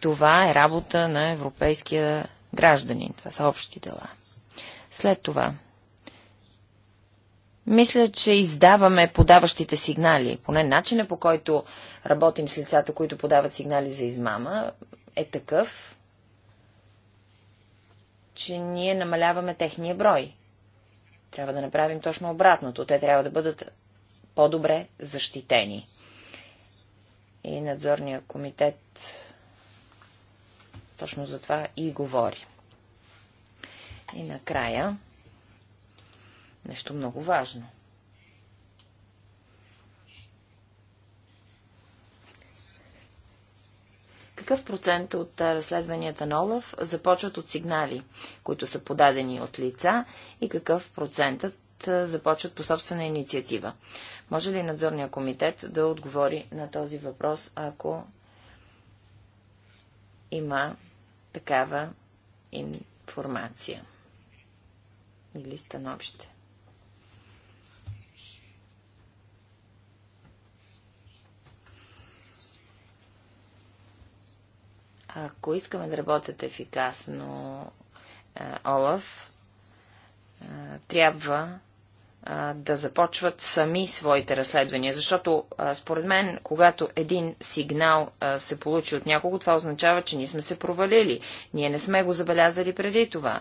Това е работа на европейския гражданин. Това са общи дела. След това. Мисля, че издаваме подаващите сигнали. Поне начинът по който работим с лицата, които подават сигнали за измама, е такъв, че ние намаляваме техния брой. Трябва да направим точно обратното. Те трябва да бъдат по-добре защитени. И надзорния комитет точно за това и говори. И накрая Нещо много важно. Какъв процент от разследванията на Олаф започват от сигнали, които са подадени от лица и какъв процентът започват по собствена инициатива? Може ли надзорния комитет да отговори на този въпрос, ако има такава информация или становище? Ако искаме да работят ефикасно е, Олаф, е, трябва е, да започват сами своите разследвания. Защото, според мен, когато един сигнал се получи от някого, това означава, че ние сме се провалили. Ние не сме го забелязали преди това.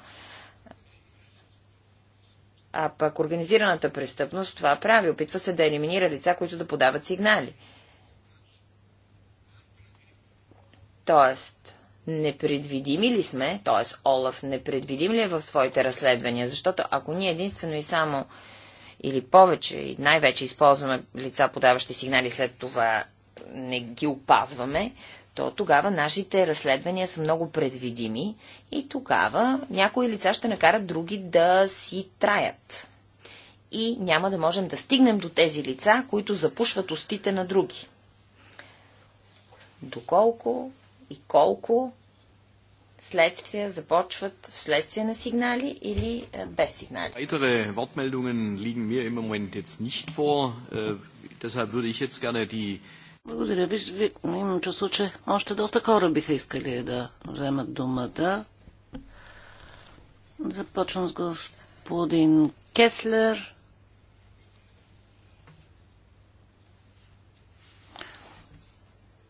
А пък организираната престъпност това прави. Опитва се да елиминира лица, които да подават сигнали. Тоест, непредвидими ли сме, т.е. Олаф непредвидим ли е в своите разследвания, защото ако ние единствено и само или повече и най-вече използваме лица, подаващи сигнали, след това не ги опазваме, то тогава нашите разследвания са много предвидими и тогава някои лица ще накарат други да си траят. И няма да можем да стигнем до тези лица, които запушват устите на други. Доколко и колко следствия започват вследствие на сигнали или е, без сигнали. Weitere Wortmeldungen liegen mir im Moment jetzt nicht vor. Е, deshalb würde ich jetzt gerne die благодаря. Виж, имам чувство, че още доста хора биха искали да вземат думата. Започвам с господин Кеслер.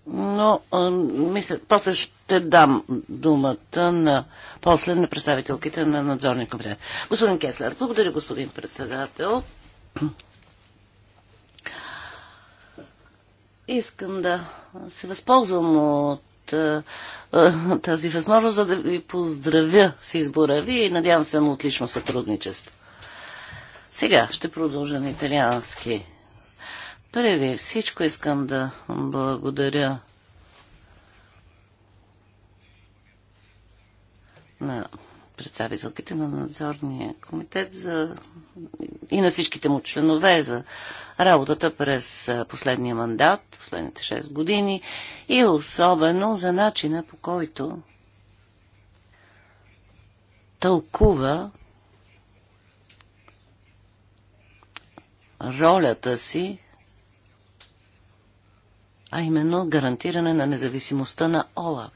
но а, мисля, после ще дам думата на после на представителките на надзорния комитет. Господин Кеслер, благодаря, господин председател. Искам да се възползвам от а, тази възможност, за да ви поздравя с избора ви и надявам се на отлично сътрудничество. Сега ще продължа на италиански. Преди всичко искам да благодаря на представителките на надзорния комитет за... и на всичките му членове за работата през последния мандат, последните 6 години и особено за начина по който тълкува ролята си а именно гарантиране на независимостта на ОЛАВ.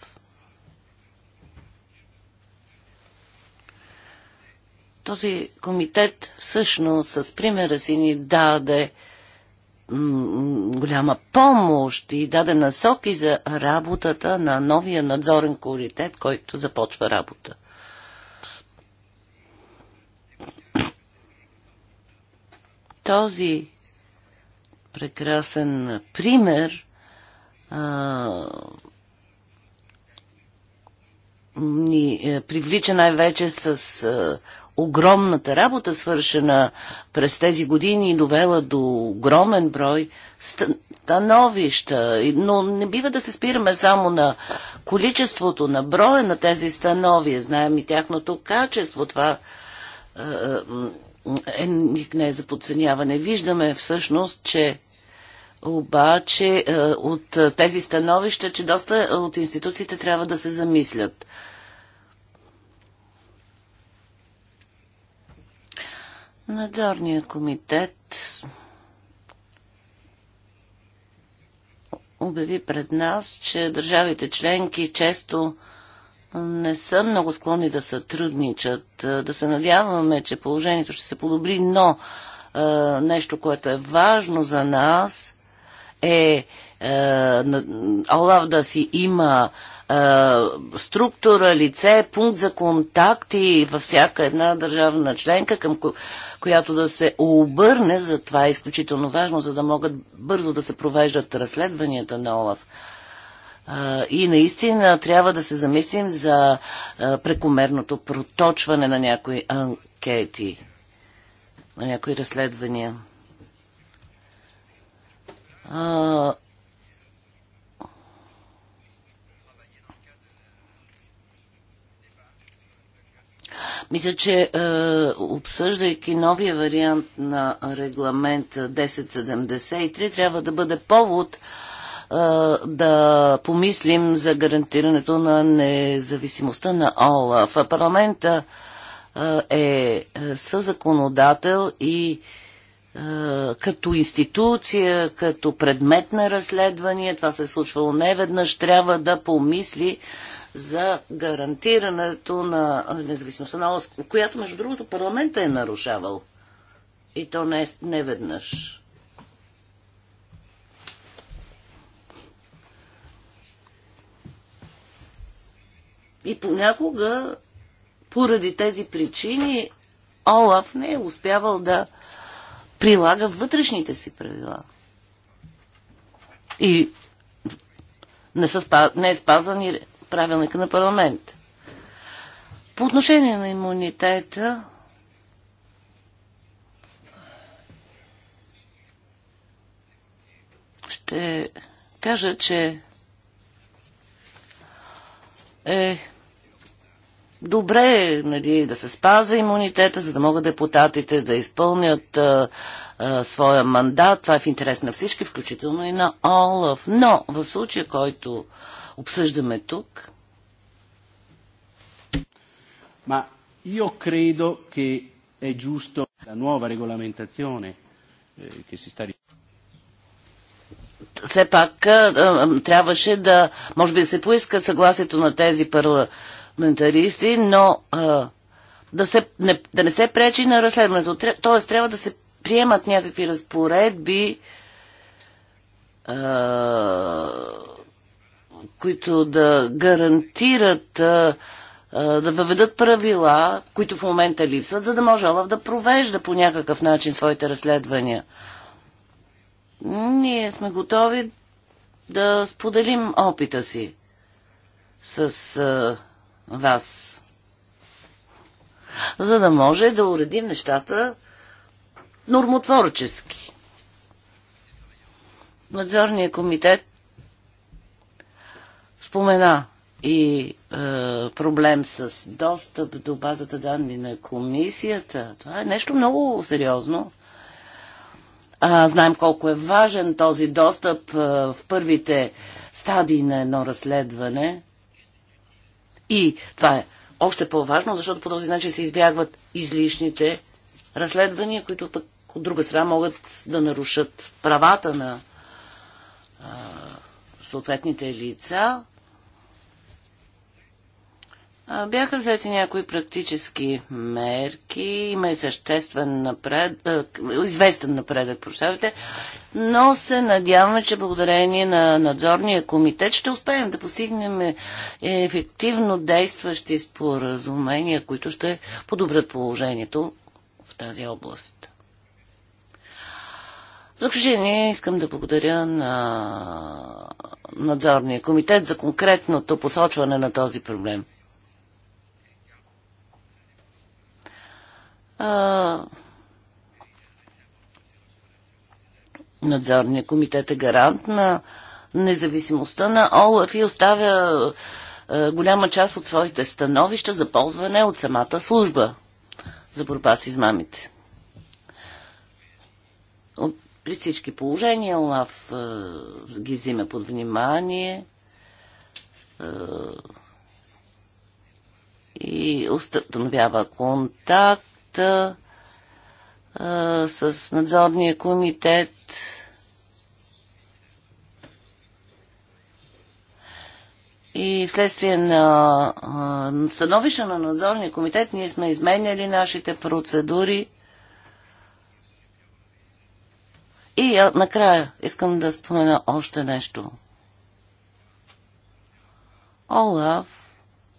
Този комитет всъщност с примера си ни даде голяма помощ и даде насоки за работата на новия надзорен комитет, който започва работа. Този прекрасен пример а, ни е, привлича най-вече с а, е, огромната работа, свършена през тези години, довела до огромен брой становища. Но не бива да се спираме само на количеството, на броя на тези становия. Знаем и тяхното качество. Това е, е, е не е за подценяване. Виждаме всъщност, че обаче е, от е, тези становища, че доста от институциите трябва да се замислят. Надзорният комитет обяви пред нас, че държавите членки често не са много склонни да сътрудничат. Е, да се надяваме, че положението ще се подобри, но нещо, което е важно за нас е, е Олаф да си има е, структура, лице, пункт за контакти във всяка една държавна членка, към ко която да се обърне, за това е изключително важно, за да могат бързо да се провеждат разследванията на Олаф. Е, и наистина трябва да се замислим за е, прекомерното проточване на някои анкети, на някои разследвания а, Мисля, че е, обсъждайки новия вариант на регламент 1073, трябва да бъде повод е, да помислим за гарантирането на независимостта на ОЛАФ. Парламента е, е съзаконодател и е, като институция, като предмет на разследвания, това се е случвало не веднъж. трябва да помисли за гарантирането на независимостта на ОСКО, която, между другото, парламента е нарушавал. И то не, не веднъж. И понякога, поради тези причини, Олаф не е успявал да прилага вътрешните си правила. И не, са спа... не е спазван и правилника на парламент. По отношение на имунитета, ще кажа, че е добре е, нали, да се спазва имунитета, за да могат депутатите да изпълнят а, а, своя мандат. Това е в интерес на всички, включително и на Олаф. Но в случая, който обсъждаме тук. Ма, io credo che è giusto la nuova regolamentazione eh, che si sta все пак трябваше да, може би да се поиска съгласието на тези първа документаристи, но а, да, се, не, да не се пречи на разследването. Т.е. трябва да се приемат някакви разпоредби, а, които да гарантират, а, а, да въведат правила, които в момента липсват, за да може Олаф да провежда по някакъв начин своите разследвания. Ние сме готови да споделим опита си с а, вас. За да може да уредим нещата нормотворчески. Надзорният комитет спомена и е, проблем с достъп до базата данни на комисията. Това е нещо много сериозно. А, знаем колко е важен този достъп е, в първите стадии на едно разследване. И това е още по-важно, защото по този начин се избягват излишните разследвания, които пък от друга страна могат да нарушат правата на а, съответните лица. А, бяха взети някои практически мерки, има и съществен напред, а, известен напредък, прощавайте, но се надяваме, че благодарение на надзорния комитет ще успеем да постигнем е, ефективно действащи споразумения, които ще подобрят положението в тази област. В заключение искам да благодаря на надзорния комитет за конкретното посочване на този проблем. Надзорния комитет е гарант на независимостта на ОЛАФ и оставя е, голяма част от своите становища за ползване от самата служба за борба с измамите. От, при всички положения ОЛАФ е, ги взима под внимание е, и установява контакт е, с надзорния комитет и вследствие на становища на надзорния комитет ние сме изменяли нашите процедури. И накрая искам да спомена още нещо. Олаф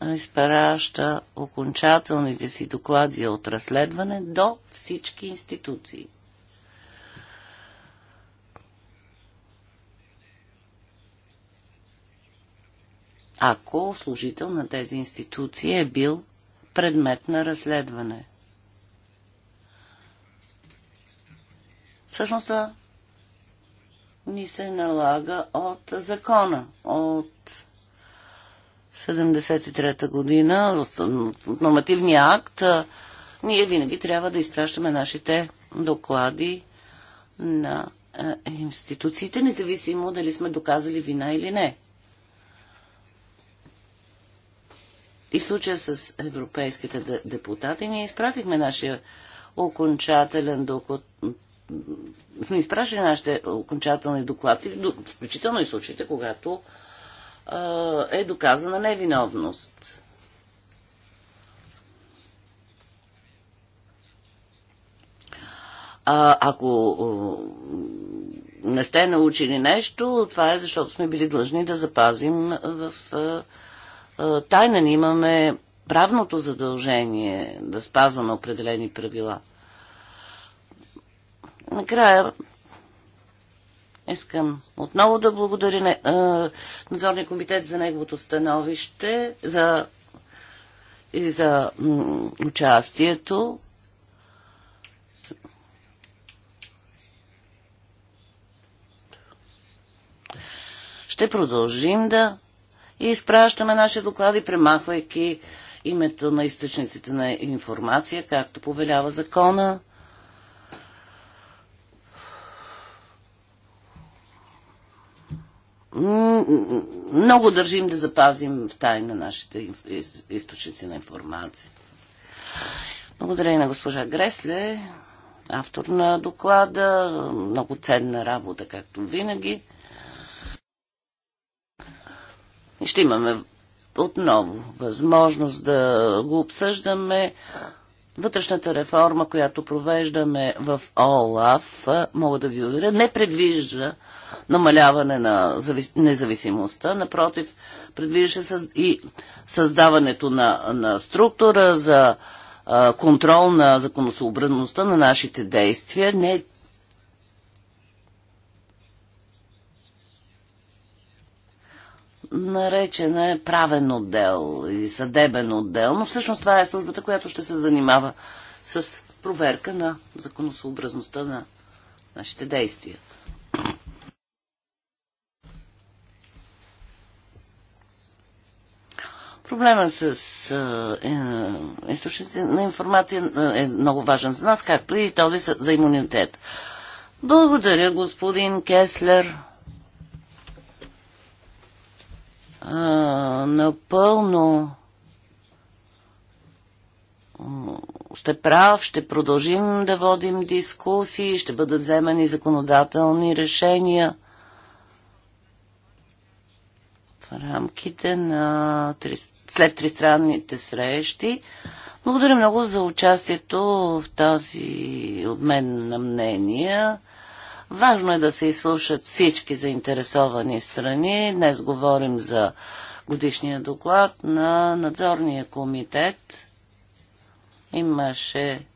изпраща окончателните си доклади от разследване до всички институции. ако служител на тези институции е бил предмет на разследване. Всъщност ни се налага от закона, от 73-та година, от нормативния акт. Ние винаги трябва да изпращаме нашите доклади на институциите, независимо дали сме доказали вина или не. И в случая с европейските депутати ние изпратихме нашия окончателен доклад, сме изпращали нашите окончателни доклади, включително и случаите, когато е доказана невиновност. А, ако не сте научили нещо, това е защото сме били длъжни да запазим в е, тайна. Ние имаме правното задължение да спазваме определени правила. Накрая искам отново да благодаря на, е, надзорния комитет за неговото становище за, и за участието. Ще продължим да и изпращаме наши доклади, премахвайки името на източниците на информация, както повелява закона. Много държим да запазим в тайна нашите източници на информация. Благодаря и на госпожа Гресле, автор на доклада. Много ценна работа, както винаги. Ще имаме отново възможност да го обсъждаме. Вътрешната реформа, която провеждаме в ОЛАФ, мога да ви уверя, не предвижда намаляване на независимостта. Напротив, предвижда и създаването на, на структура за контрол на законосъобразността на нашите действия. Не наречен е правен отдел или съдебен отдел, но всъщност това е службата, която ще се занимава с проверка на законосъобразността на нашите действия. Проблема с е, е, на информация е много важен за нас, както и този за имунитет. Благодаря, господин Кеслер. напълно ще прав, ще продължим да водим дискусии, ще бъдат вземани законодателни решения в рамките на три, след тристранните срещи. Благодаря много за участието в тази обмен на мнения. Важно е да се изслушат всички заинтересовани страни. Днес говорим за годишния доклад на надзорния комитет. Имаше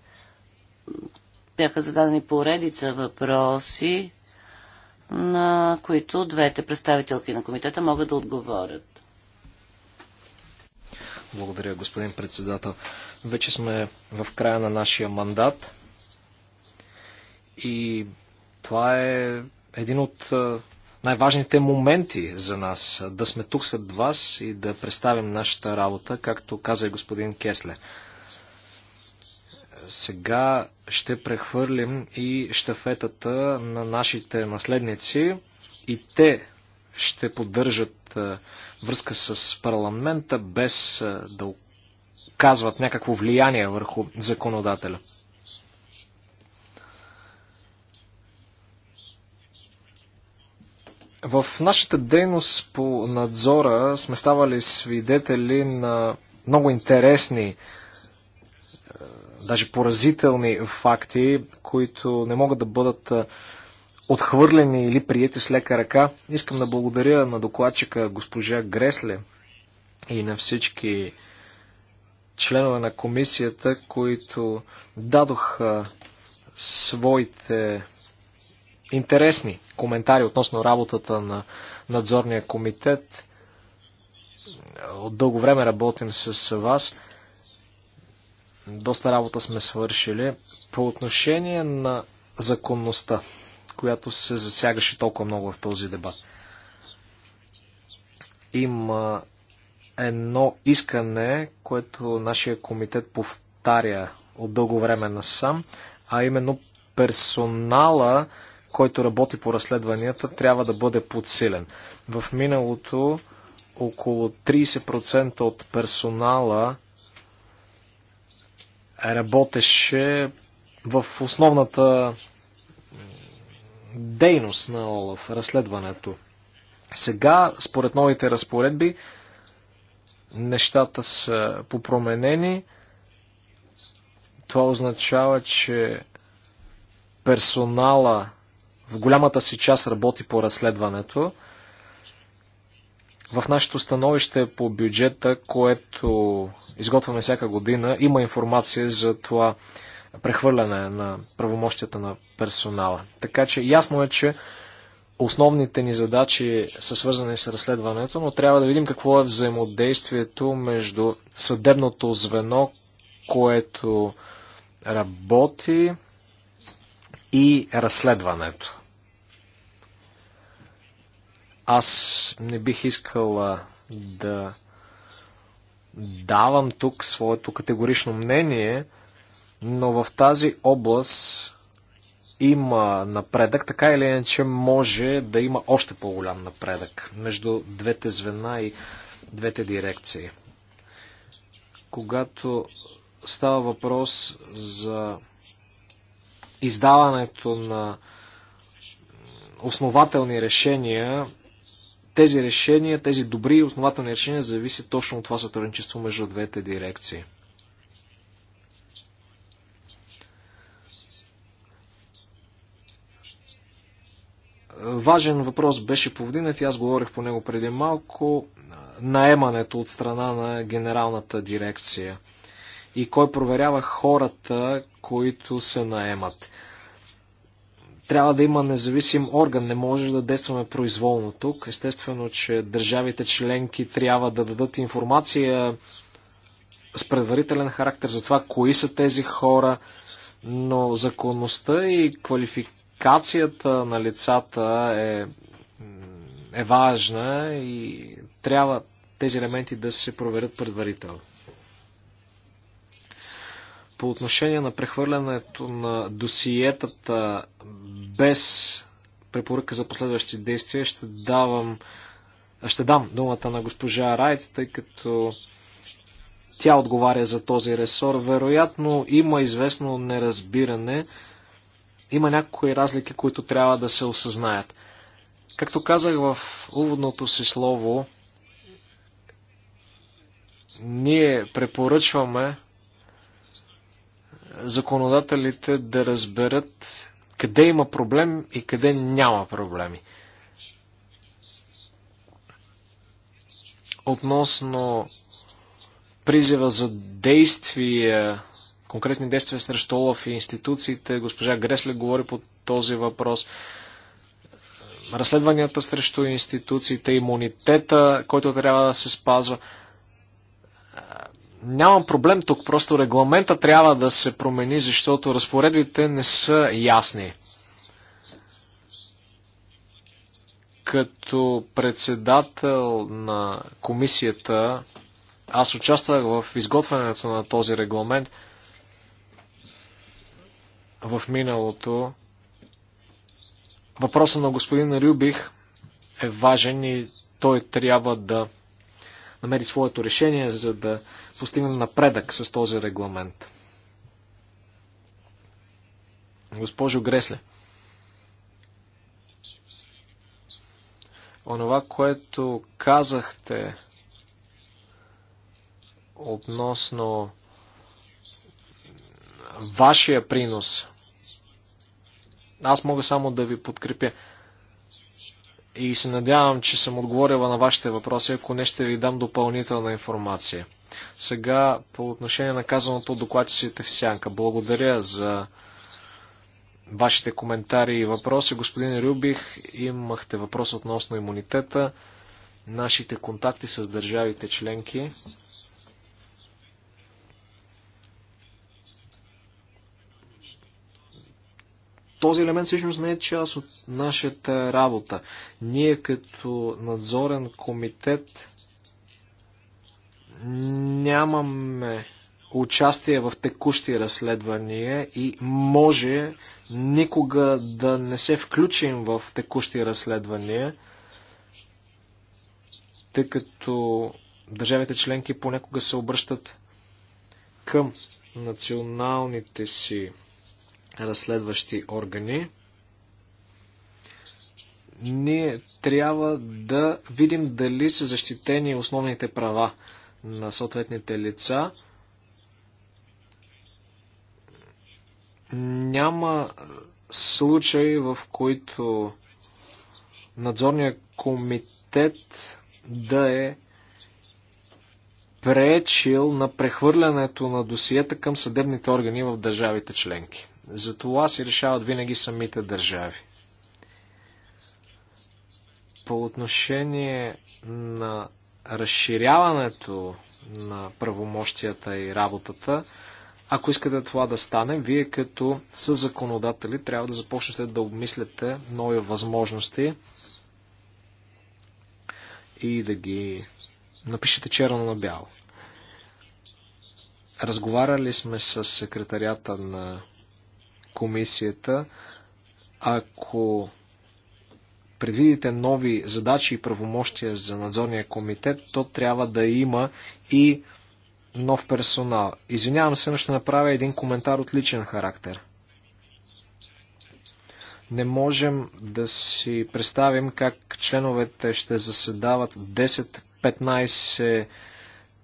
бяха зададени поредица въпроси, на които двете представителки на комитета могат да отговорят. Благодаря, господин председател. Вече сме в края на нашия мандат и това е един от най-важните моменти за нас. Да сме тук след вас и да представим нашата работа, както каза и господин Кесле. Сега ще прехвърлим и щафетата на нашите наследници и те ще поддържат връзка с парламента без да оказват някакво влияние върху законодателя. В нашата дейност по надзора сме ставали свидетели на много интересни, е, даже поразителни факти, които не могат да бъдат е, отхвърлени или приети с лека ръка. Искам да благодаря на докладчика госпожа Гресле и на всички членове на комисията, които дадоха своите интересни коментари относно работата на надзорния комитет. От дълго време работим с вас. Доста работа сме свършили. По отношение на законността, която се засягаше толкова много в този дебат. Има едно искане, което нашия комитет повтаря от дълго време насам, а именно персонала, който работи по разследванията, трябва да бъде подсилен. В миналото около 30% от персонала работеше в основната дейност на Олаф, разследването. Сега, според новите разпоредби, нещата са попроменени. Това означава, че персонала в голямата си част работи по разследването. В нашето становище по бюджета, което изготвяме всяка година, има информация за това прехвърляне на правомощията на персонала. Така че ясно е, че основните ни задачи са свързани с разследването, но трябва да видим какво е взаимодействието между съдебното звено, което работи и разследването. Аз не бих а, да давам тук своето категорично мнение, но в тази област има напредък, така или иначе може да има още по-голям напредък между двете звена и двете дирекции. Когато става въпрос за издаването на основателни решения, тези решения, тези добри и основателни решения зависи точно от това сътрудничество между двете дирекции. Важен въпрос беше повдигнат и аз говорих по него преди малко. Наемането от страна на генералната дирекция и кой проверява хората, които се наемат трябва да има независим орган. Не може да действаме произволно тук. Естествено, че държавите членки трябва да дадат информация с предварителен характер за това, кои са тези хора, но законността и квалификацията на лицата е, е важна и трябва тези елементи да се проверят предварително по отношение на прехвърлянето на досиетата без препоръка за последващи действия, ще давам ще дам думата на госпожа Райт, тъй като тя отговаря за този ресор. Вероятно има известно неразбиране. Има някои разлики, които трябва да се осъзнаят. Както казах в уводното си слово, ние препоръчваме законодателите да разберат къде има проблем и къде няма проблеми. Относно призива за действия, конкретни действия срещу Олаф и институциите, госпожа Гресле говори по този въпрос разследванията срещу институциите, имунитета, който трябва да се спазва. Нямам проблем тук, просто регламента трябва да се промени, защото разпоредбите не са ясни. Като председател на комисията, аз участвах в изготвянето на този регламент в миналото. Въпросът на господин Рюбих е важен и той трябва да намери своето решение, за да постигнем напредък с този регламент. Госпожо Гресле, онова, което казахте относно вашия принос, аз мога само да ви подкрепя и се надявам, че съм отговорила на вашите въпроси. Ако не, ще ви дам допълнителна информация. Сега по отношение на казаното от докладчиците в Сянка. Благодаря за вашите коментари и въпроси. Господин Рюбих, имахте въпрос относно имунитета, нашите контакти с държавите членки. този елемент всъщност не е част от нашата работа. Ние като надзорен комитет нямаме участие в текущи разследвания и може никога да не се включим в текущи разследвания, тъй като държавите членки понякога се обръщат към националните си разследващи органи. Ние трябва да видим дали са защитени основните права на съответните лица. Няма случаи, в които надзорният комитет да е пречил на прехвърлянето на досиета към съдебните органи в държавите членки. За това си решават винаги самите държави. По отношение на разширяването на правомощията и работата, ако искате това да стане, вие като със законодатели трябва да започнете да обмисляте нови възможности и да ги напишете черно на бяло. Разговаряли сме с секретарята на комисията, ако предвидите нови задачи и правомощия за надзорния комитет, то трябва да има и нов персонал. Извинявам се, но ще направя един коментар от личен характер. Не можем да си представим как членовете ще заседават 10-15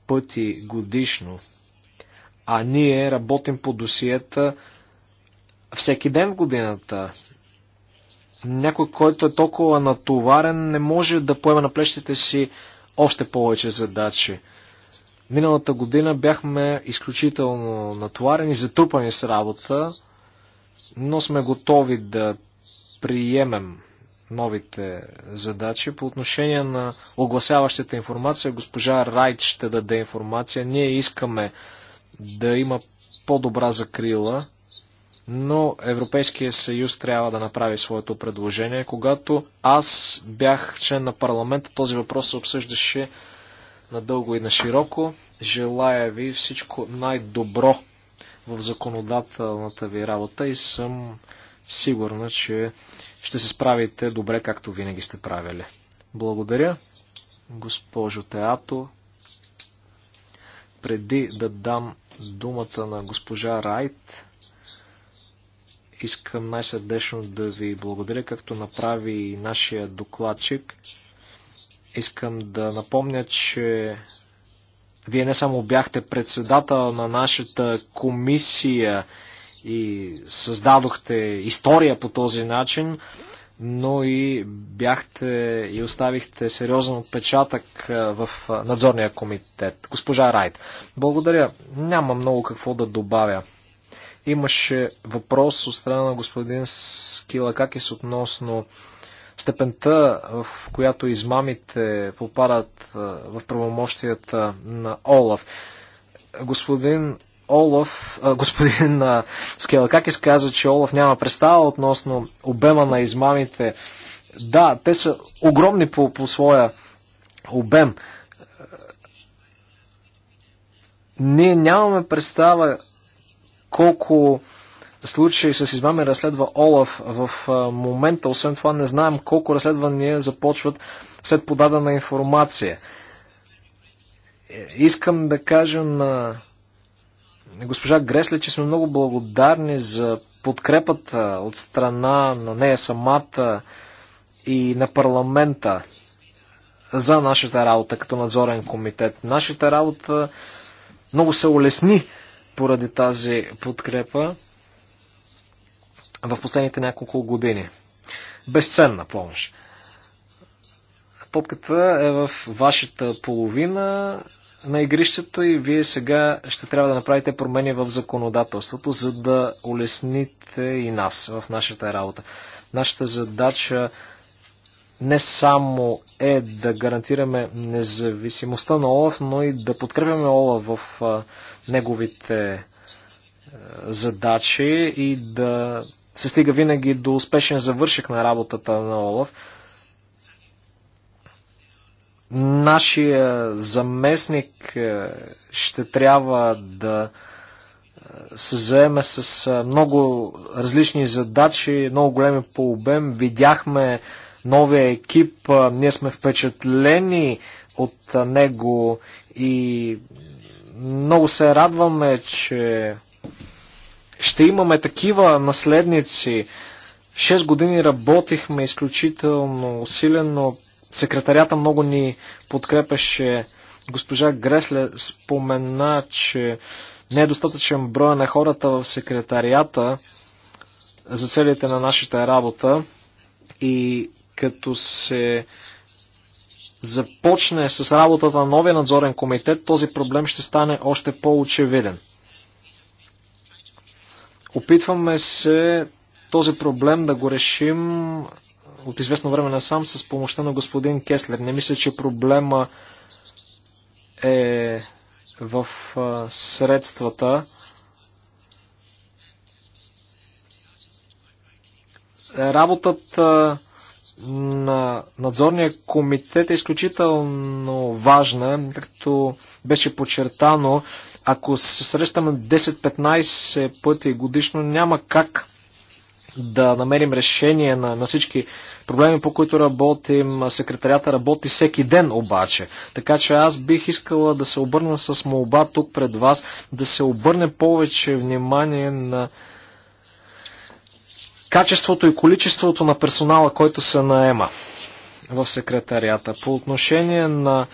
пъти годишно, а ние работим по досиета всеки ден в годината. Някой, който е толкова натоварен, не може да поема на плещите си още повече задачи. Миналата година бяхме изключително натоварени, затрупани с работа, но сме готови да приемем новите задачи. По отношение на огласяващата информация, госпожа Райт ще даде информация. Ние искаме да има по-добра закрила но Европейския съюз трябва да направи своето предложение. Когато аз бях член на парламента, този въпрос се обсъждаше надълго и на широко. Желая ви всичко най-добро в законодателната ви работа и съм сигурна, че ще се справите добре, както винаги сте правили. Благодаря, госпожо Теато. Преди да дам думата на госпожа Райт, Искам най-сърдечно да ви благодаря, както направи и нашия докладчик. Искам да напомня, че вие не само бяхте председател на нашата комисия и създадохте история по този начин, но и бяхте и оставихте сериозен отпечатък в надзорния комитет. Госпожа Райт, благодаря. Няма много какво да добавя. Имаше въпрос от страна на господин Скилакакис относно степента, в която измамите попадат в правомощията на Олаф. Господин Олаф, господин Скелакакис каза, че Олаф няма представа относно обема на измамите. Да, те са огромни по, по своя обем. Ние нямаме представа колко случаи с измами разследва Олаф в момента. Освен това не знаем колко разследвания започват след подадена информация. Е, искам да кажа на госпожа Гресле, че сме много благодарни за подкрепата от страна на нея самата и на парламента за нашата работа като надзорен комитет. Нашата работа много се улесни поради тази подкрепа в последните няколко години. Безценна помощ. Топката е в вашата половина на игрището и вие сега ще трябва да направите промени в законодателството, за да улесните и нас в нашата работа. Нашата задача не само е да гарантираме независимостта на ОЛАФ, но и да подкрепяме ОЛАФ в неговите задачи и да се стига винаги до успешен завършек на работата на ОЛАФ. Нашия заместник ще трябва да се заеме с много различни задачи, много големи по обем. Видяхме новия екип. Ние сме впечатлени от него и много се радваме, че ще имаме такива наследници. Шест години работихме изключително усилено. Секретарята много ни подкрепеше. Госпожа Гресле спомена, че не е достатъчен броя на хората в секретарията за целите на нашата работа и като се започне с работата на новия надзорен комитет, този проблем ще стане още по-очевиден. Опитваме се този проблем да го решим от известно време насам с помощта на господин Кеслер. Не мисля, че проблема е в средствата. Работата на надзорния комитет е изключително важна, както беше подчертано, ако се срещаме 10-15 пъти годишно, няма как да намерим решение на, на всички проблеми, по които работим. Секретарията работи всеки ден обаче. Така че аз бих искала да се обърна с молба тук пред вас, да се обърне повече внимание на качеството и количеството на персонала, който се наема в секретарията. По отношение на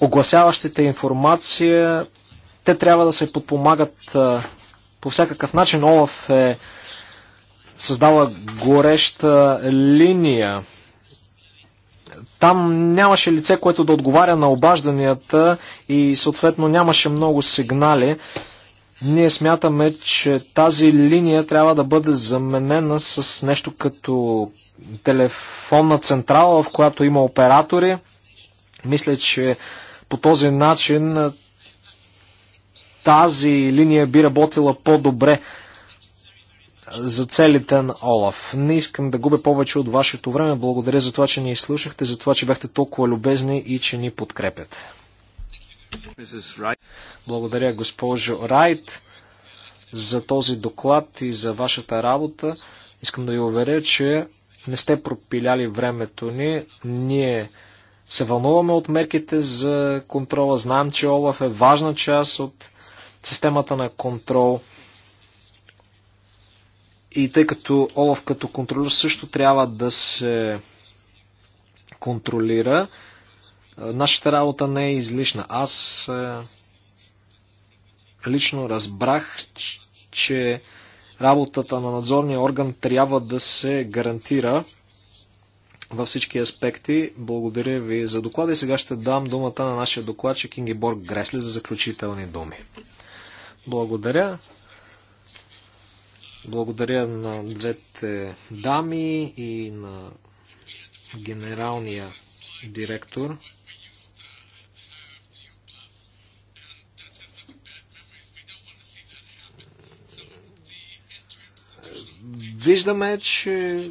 огласяващите информация, те трябва да се подпомагат по всякакъв начин. Олаф е създала гореща линия. Там нямаше лице, което да отговаря на обажданията и съответно нямаше много сигнали. Ние смятаме, че тази линия трябва да бъде заменена с нещо като телефонна централа, в която има оператори. Мисля, че по този начин тази линия би работила по-добре за целите на Олаф. Не искам да губя повече от вашето време. Благодаря за това, че ни изслушахте, за това, че бяхте толкова любезни и че ни подкрепят. Благодаря, госпожо Райт, за този доклад и за вашата работа. Искам да ви уверя, че не сте пропиляли времето ни. Ние се вълнуваме от мерките за контрола. Знам, че Олаф е важна част от системата на контрол. И тъй като Олаф като контролер също трябва да се контролира, Нашата работа не е излишна. Аз е, лично разбрах, че работата на надзорния орган трябва да се гарантира във всички аспекти. Благодаря ви за доклада и сега ще дам думата на нашия докладчик Борг Гресле за заключителни думи. Благодаря. Благодаря на двете дами и на генералния директор. Виждаме, че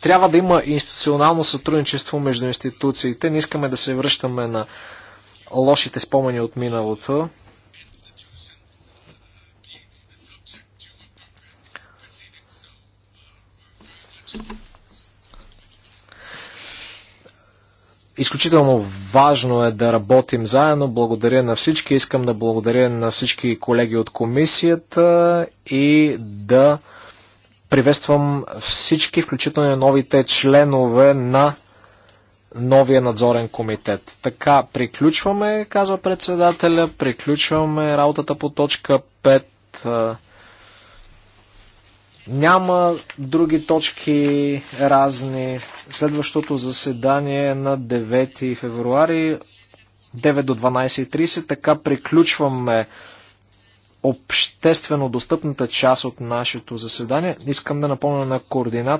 трябва да има институционално сътрудничество между институциите. Не искаме да се връщаме на лошите спомени от миналото. Thank you. Изключително важно е да работим заедно. Благодаря на всички. Искам да благодаря на всички колеги от комисията и да приветствам всички, включително и новите членове на новия надзорен комитет. Така, приключваме, казва председателя, приключваме работата по точка 5. Няма други точки разни. Следващото заседание е на 9 февруари 9 до 12.30. Така приключваме обществено достъпната част от нашето заседание. Искам да напомня на координат.